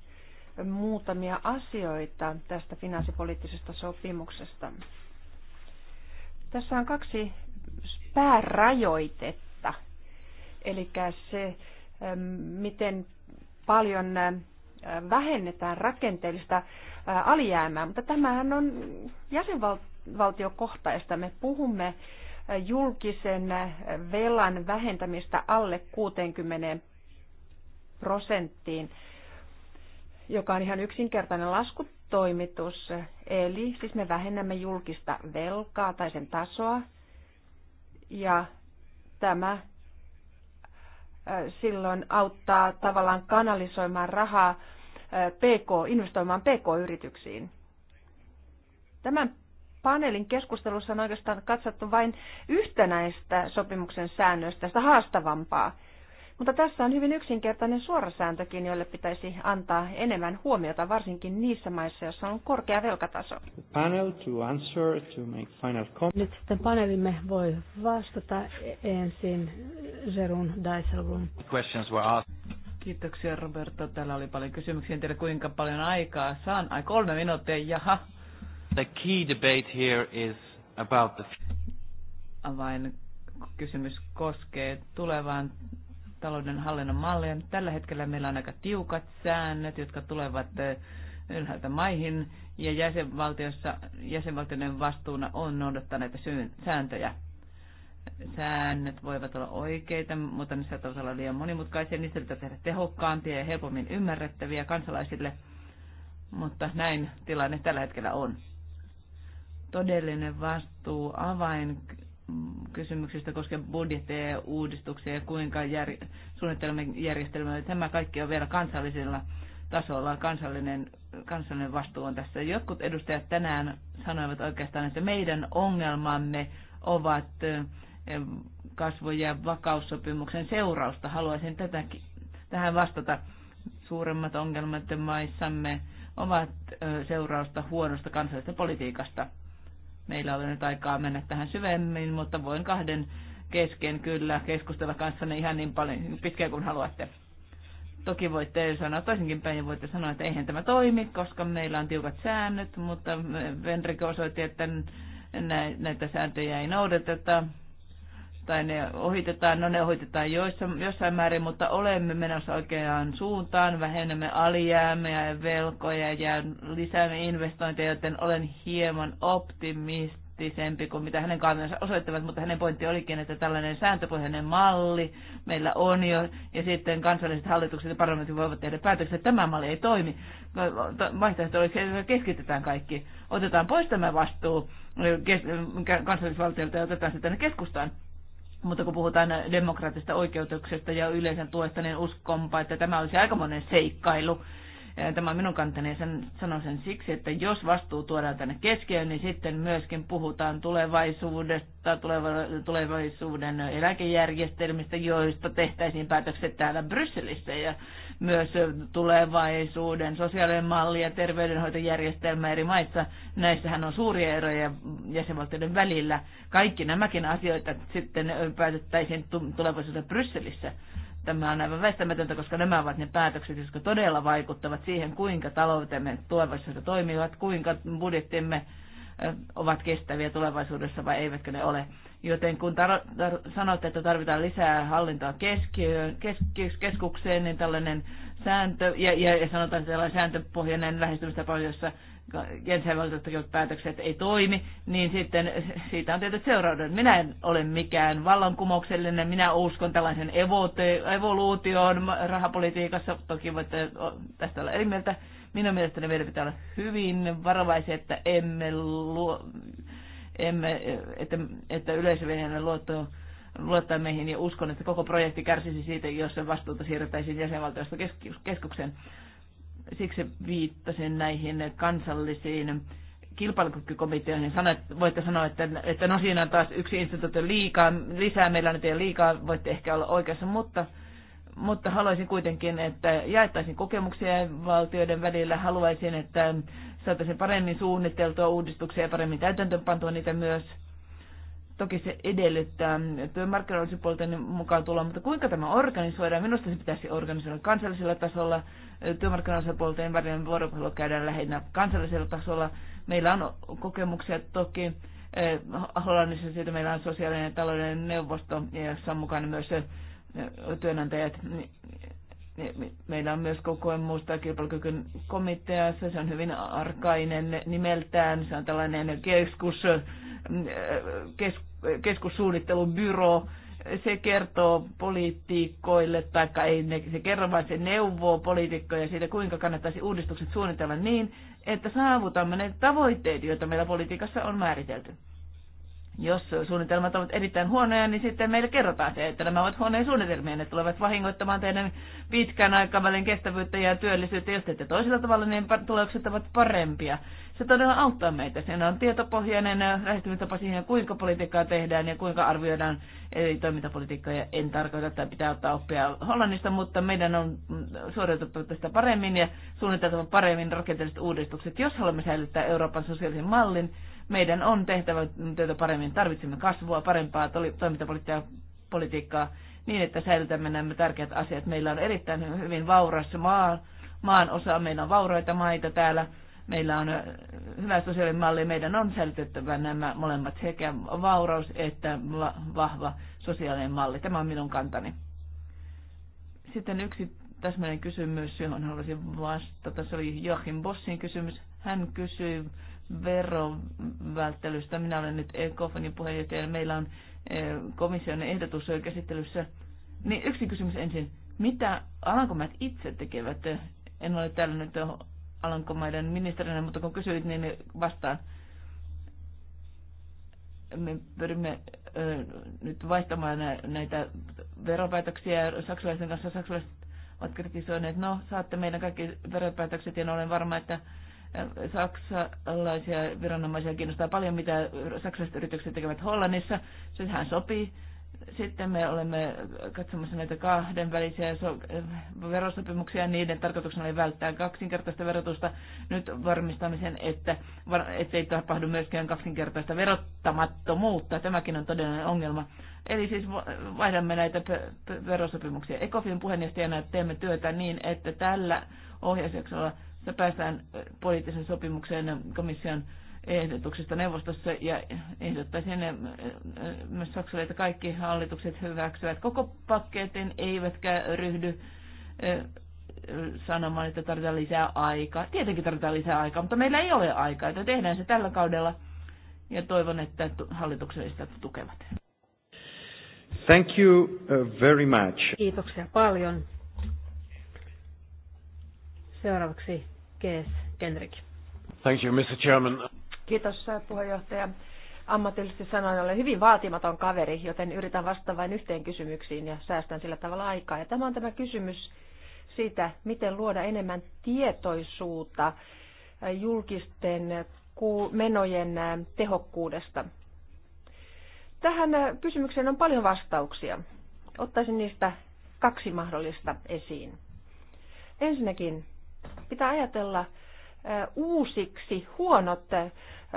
muutamia asioita tästä finanssipoliittisesta sopimuksesta. Tässä on kaksi päärajoitetta, eli se, miten paljon vähennetään rakenteellista alijäämää, mutta tämähän on jäsenvaltiokohtaista. Me puhumme julkisen velan vähentämistä alle 60 prosenttiin, joka on ihan yksinkertainen laskutoimitus. Eli siis me vähennämme julkista velkaa tai sen tasoa ja tämä silloin auttaa tavallaan kanalisoimaan rahaa PK, investoimaan PK-yrityksiin. Tämän paneelin keskustelussa on oikeastaan katsottu vain yhtenäistä sopimuksen säännöistä, sitä haastavampaa. Mutta tässä on hyvin yksinkertainen suorasääntökin, jolle pitäisi antaa enemmän huomiota, varsinkin niissä maissa, joissa on korkea velkataso. Panel to answer, to make final Nyt sitten paneelimme voi vastata ensin Zerun Dijsselblom. Kiitoksia Roberto. Täällä oli paljon kysymyksiä. En tiedä kuinka paljon aikaa saan. Ai kolme minuuttia, jaha. The key debate here is about the... Avain kysymys koskee tulevaan talouden hallinnon malleja. Tällä hetkellä meillä on aika tiukat säännöt, jotka tulevat ylhäältä maihin, ja jäsenvaltiossa, jäsenvaltioiden vastuuna on noudattaa näitä sääntöjä. Säännöt voivat olla oikeita, mutta ne saattavat olla liian monimutkaisia. Niistä pitää tehdä tehokkaampia ja helpommin ymmärrettäviä kansalaisille, mutta näin tilanne tällä hetkellä on. Todellinen vastuu, avain kysymyksistä koskien budjetteja ja uudistuksia ja kuinka jär, suunnittelemme järjestelmää. Tämä kaikki on vielä kansallisella tasolla. Kansallinen, kansallinen vastuu on tässä. Jotkut edustajat tänään sanoivat oikeastaan, että meidän ongelmamme ovat kasvu- ja vakaussopimuksen seurausta. Haluaisin tätäkin, tähän vastata. Suuremmat ongelmat maissamme ovat seurausta huonosta kansallisesta politiikasta. Meillä on nyt aikaa mennä tähän syvemmin, mutta voin kahden kesken kyllä keskustella kanssanne ihan niin paljon pitkään kuin haluatte. Toki voitte sanoa toisinkin päin ja voitte sanoa, että eihän tämä toimi, koska meillä on tiukat säännöt, mutta Venrik osoitti, että näitä sääntöjä ei noudateta tai ne ohitetaan, no ne ohitetaan joissa, jossain määrin, mutta olemme menossa oikeaan suuntaan, vähennämme alijäämiä ja velkoja ja lisäämme investointeja, joten olen hieman optimistisempi kuin mitä hänen kaaviansa osoittavat, mutta hänen pointti olikin, että tällainen sääntöpohjainen malli meillä on jo, ja sitten kansalliset hallitukset ja parlamentit voivat tehdä päätöksiä, että tämä malli ei toimi. Vaihtoehto olisi, että keskitetään kaikki, otetaan pois tämä vastuu kansallisvaltiolta ja otetaan se tänne keskustaan mutta kun puhutaan demokraattisesta oikeutuksesta ja yleisen tuesta, niin uskonpa, että tämä olisi aikamoinen seikkailu. Tämä on minun kantani ja sen, sanon sen siksi, että jos vastuu tuodaan tänne keskiöön, niin sitten myöskin puhutaan tulevaisuudesta, tulevaisuuden eläkejärjestelmistä, joista tehtäisiin päätökset täällä Brysselissä ja myös tulevaisuuden sosiaalimalli ja terveydenhoitojärjestelmä eri maissa. Näissähän on suuria eroja jäsenvaltioiden välillä. Kaikki nämäkin asioita sitten päätettäisiin tulevaisuudessa Brysselissä. Tämä on aivan väistämätöntä, koska nämä ovat ne päätökset, jotka todella vaikuttavat siihen, kuinka taloutemme tulevaisuudessa toimivat, kuinka budjettimme ovat kestäviä tulevaisuudessa vai eivätkö ne ole. Joten kun tar- tar- sanotte, että tarvitaan lisää hallintoa keskiöön, kes- keskukseen, niin tällainen sääntö, ja, ja, ja sanotaan sellainen sääntöpohjainen lähestymistapa, jossa jäsenvaltiot tekevät päätöksiä, että ei toimi, niin sitten siitä on tietyt että Minä en ole mikään vallankumouksellinen, minä uskon tällaisen evoluutioon rahapolitiikassa, toki voitte tästä olla eri mieltä. Minun mielestäni meidän pitää olla hyvin varovaisia, että emme luo, emme, että, että yleisövehenä luottoon luottaa meihin ja uskon, että koko projekti kärsisi siitä, jos sen vastuuta siirrettäisiin jäsenvaltiosta keskukseen siksi viittasin näihin kansallisiin kilpailukykykomiteoihin. ja niin sanoit, voitte sanoa, että, että no siinä on taas yksi instituutio liikaa, lisää meillä nyt ei liikaa, voitte ehkä olla oikeassa, mutta, mutta haluaisin kuitenkin, että jaettaisiin kokemuksia valtioiden välillä, haluaisin, että saataisiin paremmin suunniteltua uudistuksia ja paremmin täytäntöönpantua niitä myös – Toki se edellyttää työmarkkinoiden mukaan tuloa, mutta kuinka tämä organisoidaan? Minusta se pitäisi organisoida kansallisella tasolla. Työmarkkinoiden välinen vuoropuhelu käydään lähinnä kansallisella tasolla. Meillä on kokemuksia toki. Eh, Hollannissa siitä meillä on sosiaalinen ja taloudellinen neuvosto, jossa on mukana myös eh, työnantajat. Meillä on myös muusta kilpailukykyn komiteassa. Se on hyvin arkainen nimeltään. Se on tällainen keskus keskussuunnittelun byro, se kertoo poliitikkoille, tai ei ne, se kerro, vaan se neuvoo poliitikkoja siitä, kuinka kannattaisi uudistukset suunnitella niin, että saavutamme ne tavoitteet, joita meillä politiikassa on määritelty. Jos suunnitelmat ovat erittäin huonoja, niin sitten meille kerrotaan se, että nämä ovat huonoja suunnitelmia. Ne tulevat vahingoittamaan teidän pitkän aikavälin kestävyyttä ja työllisyyttä. Jos teette toisella tavalla, niin tulokset ovat parempia. Se todella auttaa meitä. Siinä on tietopohjainen lähestymistapa siihen, kuinka politiikkaa tehdään ja kuinka arvioidaan eri toimintapolitiikkaa. Ja en tarkoita, että pitää ottaa oppia Hollannista, mutta meidän on suoriutettu tästä paremmin ja suunniteltava paremmin rakenteelliset uudistukset. Jos haluamme säilyttää Euroopan sosiaalisen mallin, meidän on tehtävä työtä paremmin. Tarvitsemme kasvua, parempaa toimintapolitiikkaa niin, että säilytämme nämä tärkeät asiat. Meillä on erittäin hyvin vauras maa, maan osa, meillä on vauraita maita täällä, meillä on äh, hyvä sosiaalimalli, meidän on säilytettävä nämä molemmat, sekä vauraus että vahva sosiaalinen malli. Tämä on minun kantani. Sitten yksi täsmällinen kysymys, johon haluaisin vastata. Se oli Joachim Bossin kysymys. Hän kysyi verovälttelystä. Minä olen nyt ECOFONin puheenjohtaja ja meillä on eh, komission ehdotus käsittelyssä. Niin yksi kysymys ensin. Mitä Alankomaat itse tekevät? En ole täällä nyt Alankomaiden ministerinä, mutta kun kysyit, niin vastaan. Me pyrimme eh, nyt vaihtamaan näitä veropäätöksiä saksalaisen kanssa. Saksalaiset ovat kritisoineet, no saatte meidän kaikki veropäätökset ja olen varma, että Saksalaisia viranomaisia kiinnostaa paljon, mitä saksalaiset yritykset tekevät Hollannissa. Sehän sopii. Sitten me olemme katsomassa näitä kahdenvälisiä so- verosopimuksia. Niiden tarkoituksena oli välttää kaksinkertaista verotusta nyt varmistamisen, että ei tapahdu myöskään kaksinkertaista verottamattomuutta. Tämäkin on todellinen ongelma. Eli siis vaihdamme näitä verosopimuksia. Ecofin puheenjohtajana teemme työtä niin, että tällä ohjausjaksolla – me päästään äh, poliittisen sopimukseen komission ehdotuksesta neuvostossa ja ehdottaisin äh, äh, myös Saksalle, että kaikki hallitukset hyväksyvät koko paketin, eivätkä ryhdy sanomaan, että tarvitaan lisää aikaa. Tietenkin tarvitaan lisää aikaa, mutta meillä ei ole aikaa, että tehdään se tällä kaudella ja toivon, että sitä tukevat. Thank you uh, very much. Kiitoksia paljon. Seuraavaksi Kees Kendrick. Thank you, Mr. Chairman. Kiitos äh, puheenjohtaja. Ammatillisesti sanoen olen hyvin vaatimaton kaveri, joten yritän vastata vain yhteen kysymyksiin ja säästän sillä tavalla aikaa. Ja tämä on tämä kysymys siitä, miten luoda enemmän tietoisuutta äh, julkisten äh, menojen tehokkuudesta. Tähän kysymykseen on paljon vastauksia. Ottaisin niistä kaksi mahdollista esiin. Ensinnäkin pitää ajatella uusiksi huonot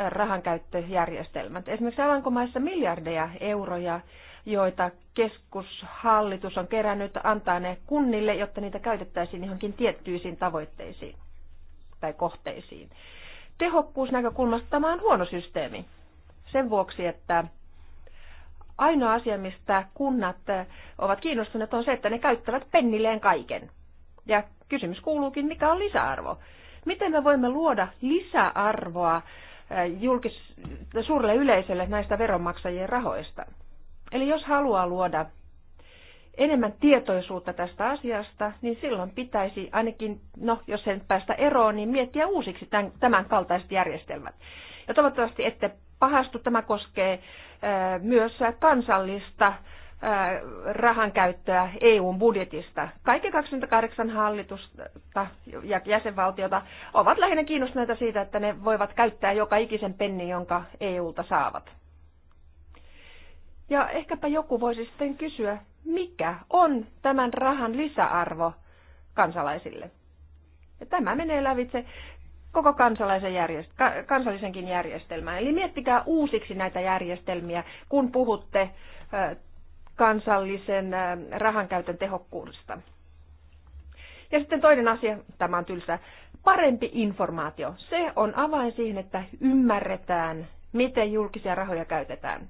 rahankäyttöjärjestelmät. Esimerkiksi Alankomaissa miljardeja euroja, joita keskushallitus on kerännyt, antaa ne kunnille, jotta niitä käytettäisiin johonkin tiettyisiin tavoitteisiin tai kohteisiin. Tehokkuusnäkökulmasta tämä on huono systeemi. Sen vuoksi, että ainoa asia, mistä kunnat ovat kiinnostuneet, on se, että ne käyttävät pennilleen kaiken. Ja kysymys kuuluukin, mikä on lisäarvo? Miten me voimme luoda lisäarvoa äh, julkis- suurelle yleisölle näistä veronmaksajien rahoista? Eli jos haluaa luoda enemmän tietoisuutta tästä asiasta, niin silloin pitäisi ainakin, no jos sen päästä eroon, niin miettiä uusiksi tämän, tämän kaltaiset järjestelmät. Ja toivottavasti ette pahastu, tämä koskee äh, myös kansallista rahan käyttöä EUn budjetista. Kaikki 28 hallitusta ja jäsenvaltiota ovat lähinnä kiinnostuneita siitä, että ne voivat käyttää joka ikisen penni, jonka EUlta saavat. Ja ehkäpä joku voisi sitten kysyä, mikä on tämän rahan lisäarvo kansalaisille. Ja tämä menee lävitse koko kansalaisen järjest- ka- kansallisenkin järjestelmään. Eli miettikää uusiksi näitä järjestelmiä, kun puhutte kansallisen rahankäytön tehokkuudesta. Ja sitten toinen asia, tämä on tylsä, parempi informaatio. Se on avain siihen, että ymmärretään, miten julkisia rahoja käytetään.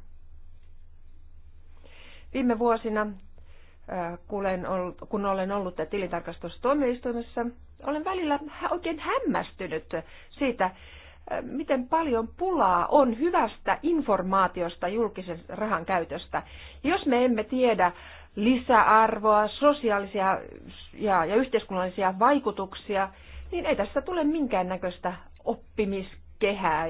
Viime vuosina, kun olen ollut tilintarkastustuomioistuimessa, olen välillä oikein hämmästynyt siitä, miten paljon pulaa on hyvästä informaatiosta julkisen rahan käytöstä. Jos me emme tiedä lisäarvoa, sosiaalisia ja, ja yhteiskunnallisia vaikutuksia, niin ei tässä tule minkäännäköistä oppimiskehää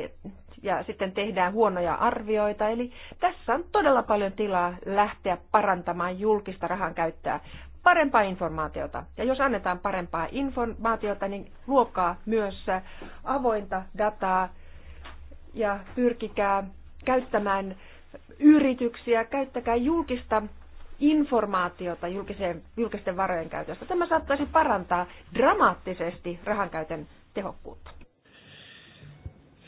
ja sitten tehdään huonoja arvioita. Eli tässä on todella paljon tilaa lähteä parantamaan julkista rahan käyttöä parempaa informaatiota. Ja jos annetaan parempaa informaatiota, niin luokaa myös avointa dataa ja pyrkikää käyttämään yrityksiä, käyttäkää julkista informaatiota julkiseen, julkisten varojen käytöstä. Tämä saattaisi parantaa dramaattisesti rahankäytön tehokkuutta.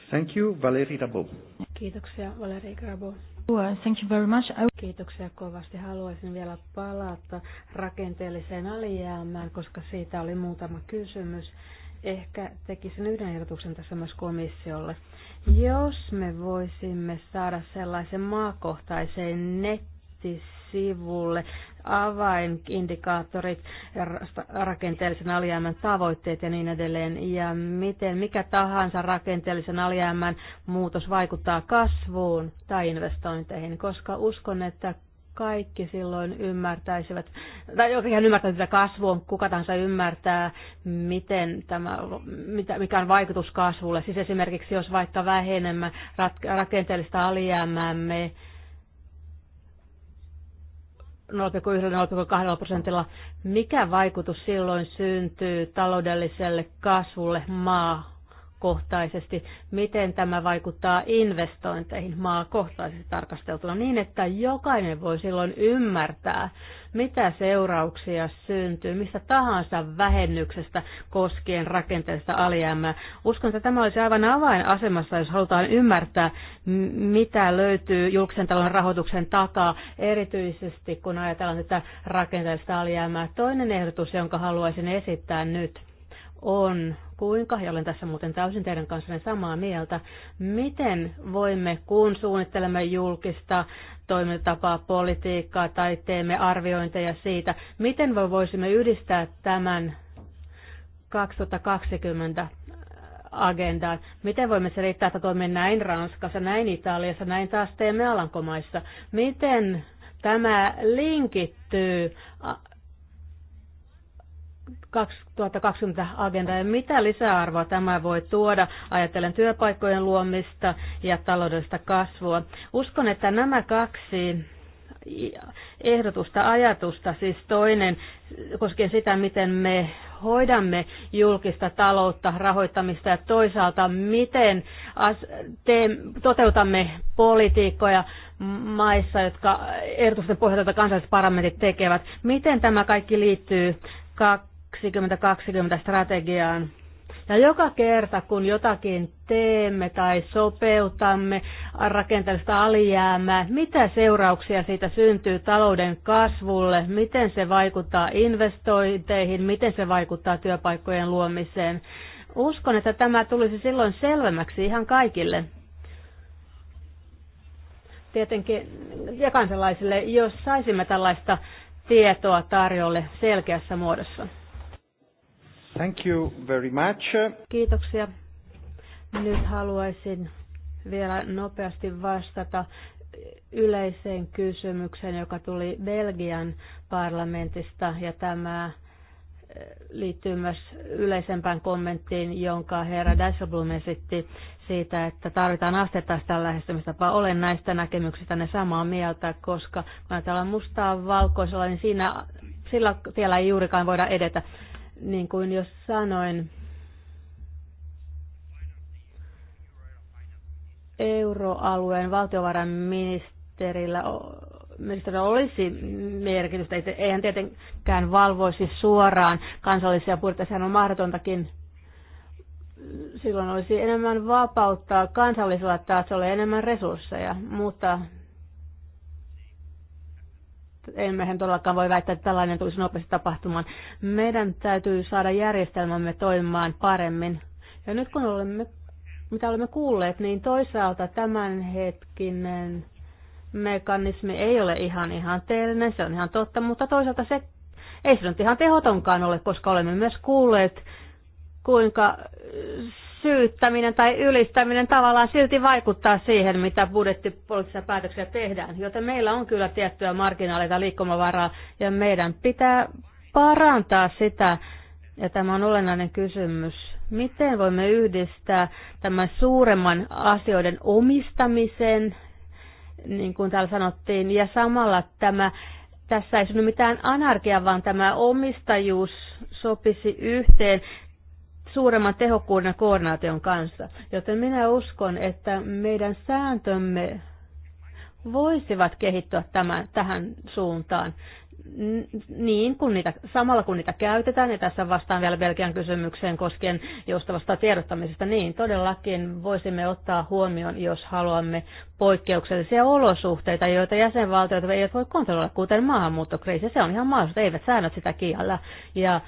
Thank you, Valeri Rabo. Kiitoksia, Valeri Rabo. Thank you very much. Kiitoksia kovasti. Haluaisin vielä palata rakenteelliseen alijäämään, koska siitä oli muutama kysymys. Ehkä tekisin yhden ehdotuksen tässä myös komissiolle. Jos me voisimme saada sellaisen maakohtaisen net nettisivulle avainindikaattorit, rakenteellisen alijäämän tavoitteet ja niin edelleen, ja miten mikä tahansa rakenteellisen alijäämän muutos vaikuttaa kasvuun tai investointeihin, koska uskon, että kaikki silloin ymmärtäisivät, tai oikein ymmärtäisivät, että kasvu on, kuka tahansa ymmärtää, miten tämä, mitä, mikä on vaikutus kasvulle. Siis esimerkiksi jos vaikka vähenemme rakenteellista alijäämäämme, 0,1-0,2 prosentilla. Mikä vaikutus silloin syntyy taloudelliselle kasvulle maa maakohtaisesti, miten tämä vaikuttaa investointeihin maakohtaisesti tarkasteltuna niin, että jokainen voi silloin ymmärtää, mitä seurauksia syntyy mistä tahansa vähennyksestä koskien rakenteellista alijäämää. Uskon, että tämä olisi aivan avainasemassa, jos halutaan ymmärtää, mitä löytyy julkisen talon rahoituksen takaa, erityisesti kun ajatellaan tätä rakenteellista alijäämää. Toinen ehdotus, jonka haluaisin esittää nyt, on kuinka, ja olen tässä muuten täysin teidän kanssanne samaa mieltä, miten voimme, kun suunnittelemme julkista toimintatapaa, politiikkaa tai teemme arviointeja siitä, miten me voisimme yhdistää tämän 2020 agendaan. Miten voimme selittää, että toimme näin Ranskassa, näin Italiassa, näin taas teemme Alankomaissa? Miten tämä linkittyy 2020 agenda ja mitä lisäarvoa tämä voi tuoda, ajatellen työpaikkojen luomista ja taloudellista kasvua. Uskon, että nämä kaksi ehdotusta, ajatusta, siis toinen koskien sitä, miten me hoidamme julkista taloutta, rahoittamista ja toisaalta miten as- te- toteutamme politiikkoja maissa, jotka ehdotusten pohjalta kansalliset parlamentit tekevät. Miten tämä kaikki liittyy 2020 strategiaan. Ja joka kerta, kun jotakin teemme tai sopeutamme rakenteellista alijäämää, mitä seurauksia siitä syntyy talouden kasvulle, miten se vaikuttaa investointeihin, miten se vaikuttaa työpaikkojen luomiseen. Uskon, että tämä tulisi silloin selvemmäksi ihan kaikille. Tietenkin ja kansalaisille, jos saisimme tällaista tietoa tarjolle selkeässä muodossa. Thank you very much. Kiitoksia. Nyt haluaisin vielä nopeasti vastata yleiseen kysymykseen, joka tuli Belgian parlamentista, ja tämä eh, liittyy myös yleisempään kommenttiin, jonka herra Dasselblom esitti siitä, että tarvitaan asteittaista lähestymistapaa. Olen näistä näkemyksistä ne samaa mieltä, koska kun ajatellaan mustaa valkoisella, niin siinä, sillä tiellä ei juurikaan voida edetä. Niin kuin jo sanoin, euroalueen valtiovarainministerillä ministerillä olisi merkitystä. Eihän tietenkään valvoisi suoraan kansallisia puitteita, sehän on mahdotontakin. Silloin olisi enemmän vapauttaa kansallisella tasolla enemmän resursseja, mutta emmehän todellakaan voi väittää, että tällainen tulisi nopeasti tapahtumaan. Meidän täytyy saada järjestelmämme toimimaan paremmin. Ja nyt kun olemme, mitä olemme kuulleet, niin toisaalta tämänhetkinen mekanismi ei ole ihan ihan teellinen, se on ihan totta, mutta toisaalta se ei se nyt ihan tehotonkaan ole, koska olemme myös kuulleet, kuinka syyttäminen tai ylistäminen tavallaan silti vaikuttaa siihen, mitä budjettipoliittisia päätöksiä tehdään. Joten meillä on kyllä tiettyä marginaaleita liikkumavaraa ja meidän pitää parantaa sitä, ja tämä on olennainen kysymys, miten voimme yhdistää tämän suuremman asioiden omistamisen, niin kuin täällä sanottiin, ja samalla tämä tässä ei synny mitään anarkia, vaan tämä omistajuus sopisi yhteen suuremman tehokkuuden ja koordinaation kanssa. Joten minä uskon, että meidän sääntömme voisivat kehittyä tämän, tähän suuntaan niin, kun niitä, samalla kun niitä käytetään, ja tässä vastaan vielä Belgian kysymykseen koskien joustavasta tiedottamisesta, niin todellakin voisimme ottaa huomioon, jos haluamme poikkeuksellisia olosuhteita, joita jäsenvaltiot eivät voi kontrolloida, kuten maahanmuuttokriisi. Se on ihan mahdollista, eivät säännöt sitä kiellä. Ja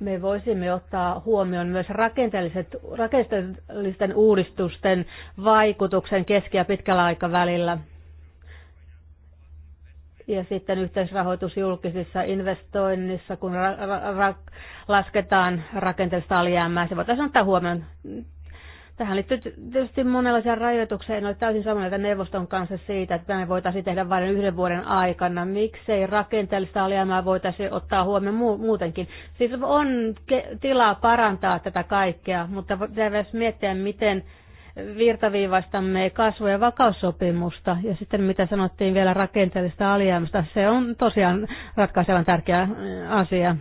me voisimme ottaa huomioon myös rakenteelliset, rakenteellisten uudistusten vaikutuksen keski- ja pitkällä aikavälillä. Ja sitten yhteisrahoitus julkisissa investoinnissa, kun ra- ra- ra- lasketaan rakenteellista alijäämää, se voitaisiin ottaa huomioon Tähän liittyy tietysti monenlaisia rajoituksia. En ole täysin samaa mieltä neuvoston kanssa siitä, että tämä voitaisiin tehdä vain yhden vuoden aikana. Miksei rakenteellista alijäämää voitaisiin ottaa huomioon muutenkin. Siis on tilaa parantaa tätä kaikkea, mutta pitäisi miettiä, miten virtaviivaistamme kasvu- ja vakaussopimusta ja sitten mitä sanottiin vielä rakenteellista alijäämästä, se on tosiaan ratkaisevan tärkeä asia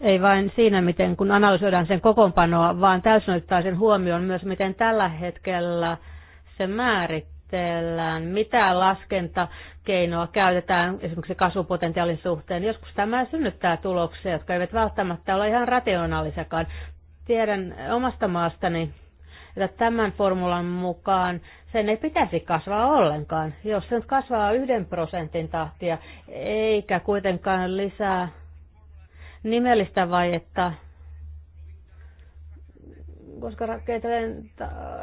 ei vain siinä, miten kun analysoidaan sen kokoonpanoa, vaan täysin ottaa sen huomioon myös, miten tällä hetkellä se määritellään, mitä laskentakeinoa käytetään esimerkiksi kasvupotentiaalin suhteen. Joskus tämä synnyttää tuloksia, jotka eivät välttämättä ole ihan rationaalisakaan. Tiedän omasta maastani, että tämän formulan mukaan sen ei pitäisi kasvaa ollenkaan. Jos se nyt kasvaa yhden prosentin tahtia, eikä kuitenkaan lisää nimellistä vajetta, koska rakkeiden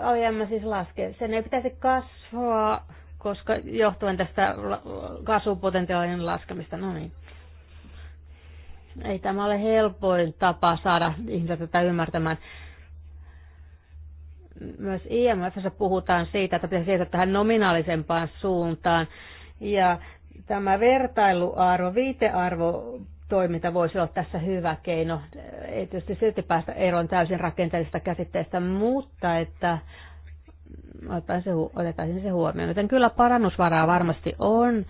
alijäämä siis laskee. Sen ei pitäisi kasvaa, koska johtuen tästä kasvupotentiaalin laskemista. No niin. Ei tämä ole helpoin tapa saada ihmiset tätä ymmärtämään myös IMFssä puhutaan siitä, että pitäisi siirtyä tähän nominaalisempaan suuntaan. Ja tämä vertailuarvo, viitearvo toiminta voisi olla tässä hyvä keino. Eh, ei tietysti silti päästä eroon täysin rakenteellisesta käsitteestä, mutta että otetaan se, se huomioon. Joten kyllä parannusvaraa varmasti on.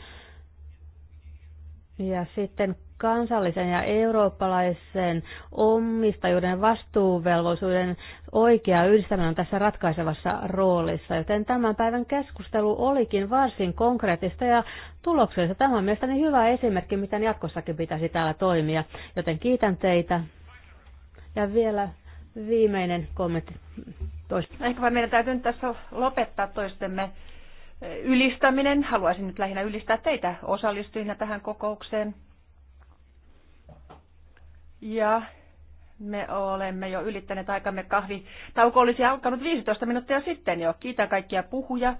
Ja sitten kansallisen ja eurooppalaisen omistajuuden vastuuvelvollisuuden oikea yhdistäminen on tässä ratkaisevassa roolissa, joten tämän päivän keskustelu olikin varsin konkreettista ja tuloksellista. Tämä on mielestäni hyvä esimerkki, miten jatkossakin pitäisi täällä toimia, joten kiitän teitä. Ja vielä viimeinen kommentti. Toista. Ehkä vaan meidän täytyy nyt tässä lopettaa toistemme ylistäminen. Haluaisin nyt lähinnä ylistää teitä osallistujina tähän kokoukseen. Ja me olemme jo ylittäneet aikamme kahvi. Tauko olisi alkanut 15 minuuttia sitten jo. Kiitän kaikkia puhuja.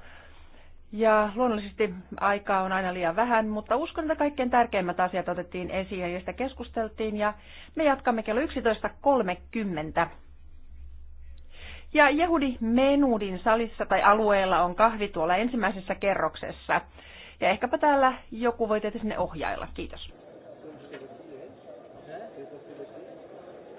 Ja luonnollisesti aikaa on aina liian vähän, mutta uskon, että kaikkein tärkeimmät asiat otettiin esiin ja niistä keskusteltiin. Ja me jatkamme kello 11.30. Ja Jehudi Menudin salissa tai alueella on kahvi tuolla ensimmäisessä kerroksessa. Ja ehkäpä täällä joku voi tietysti sinne ohjailla. Kiitos.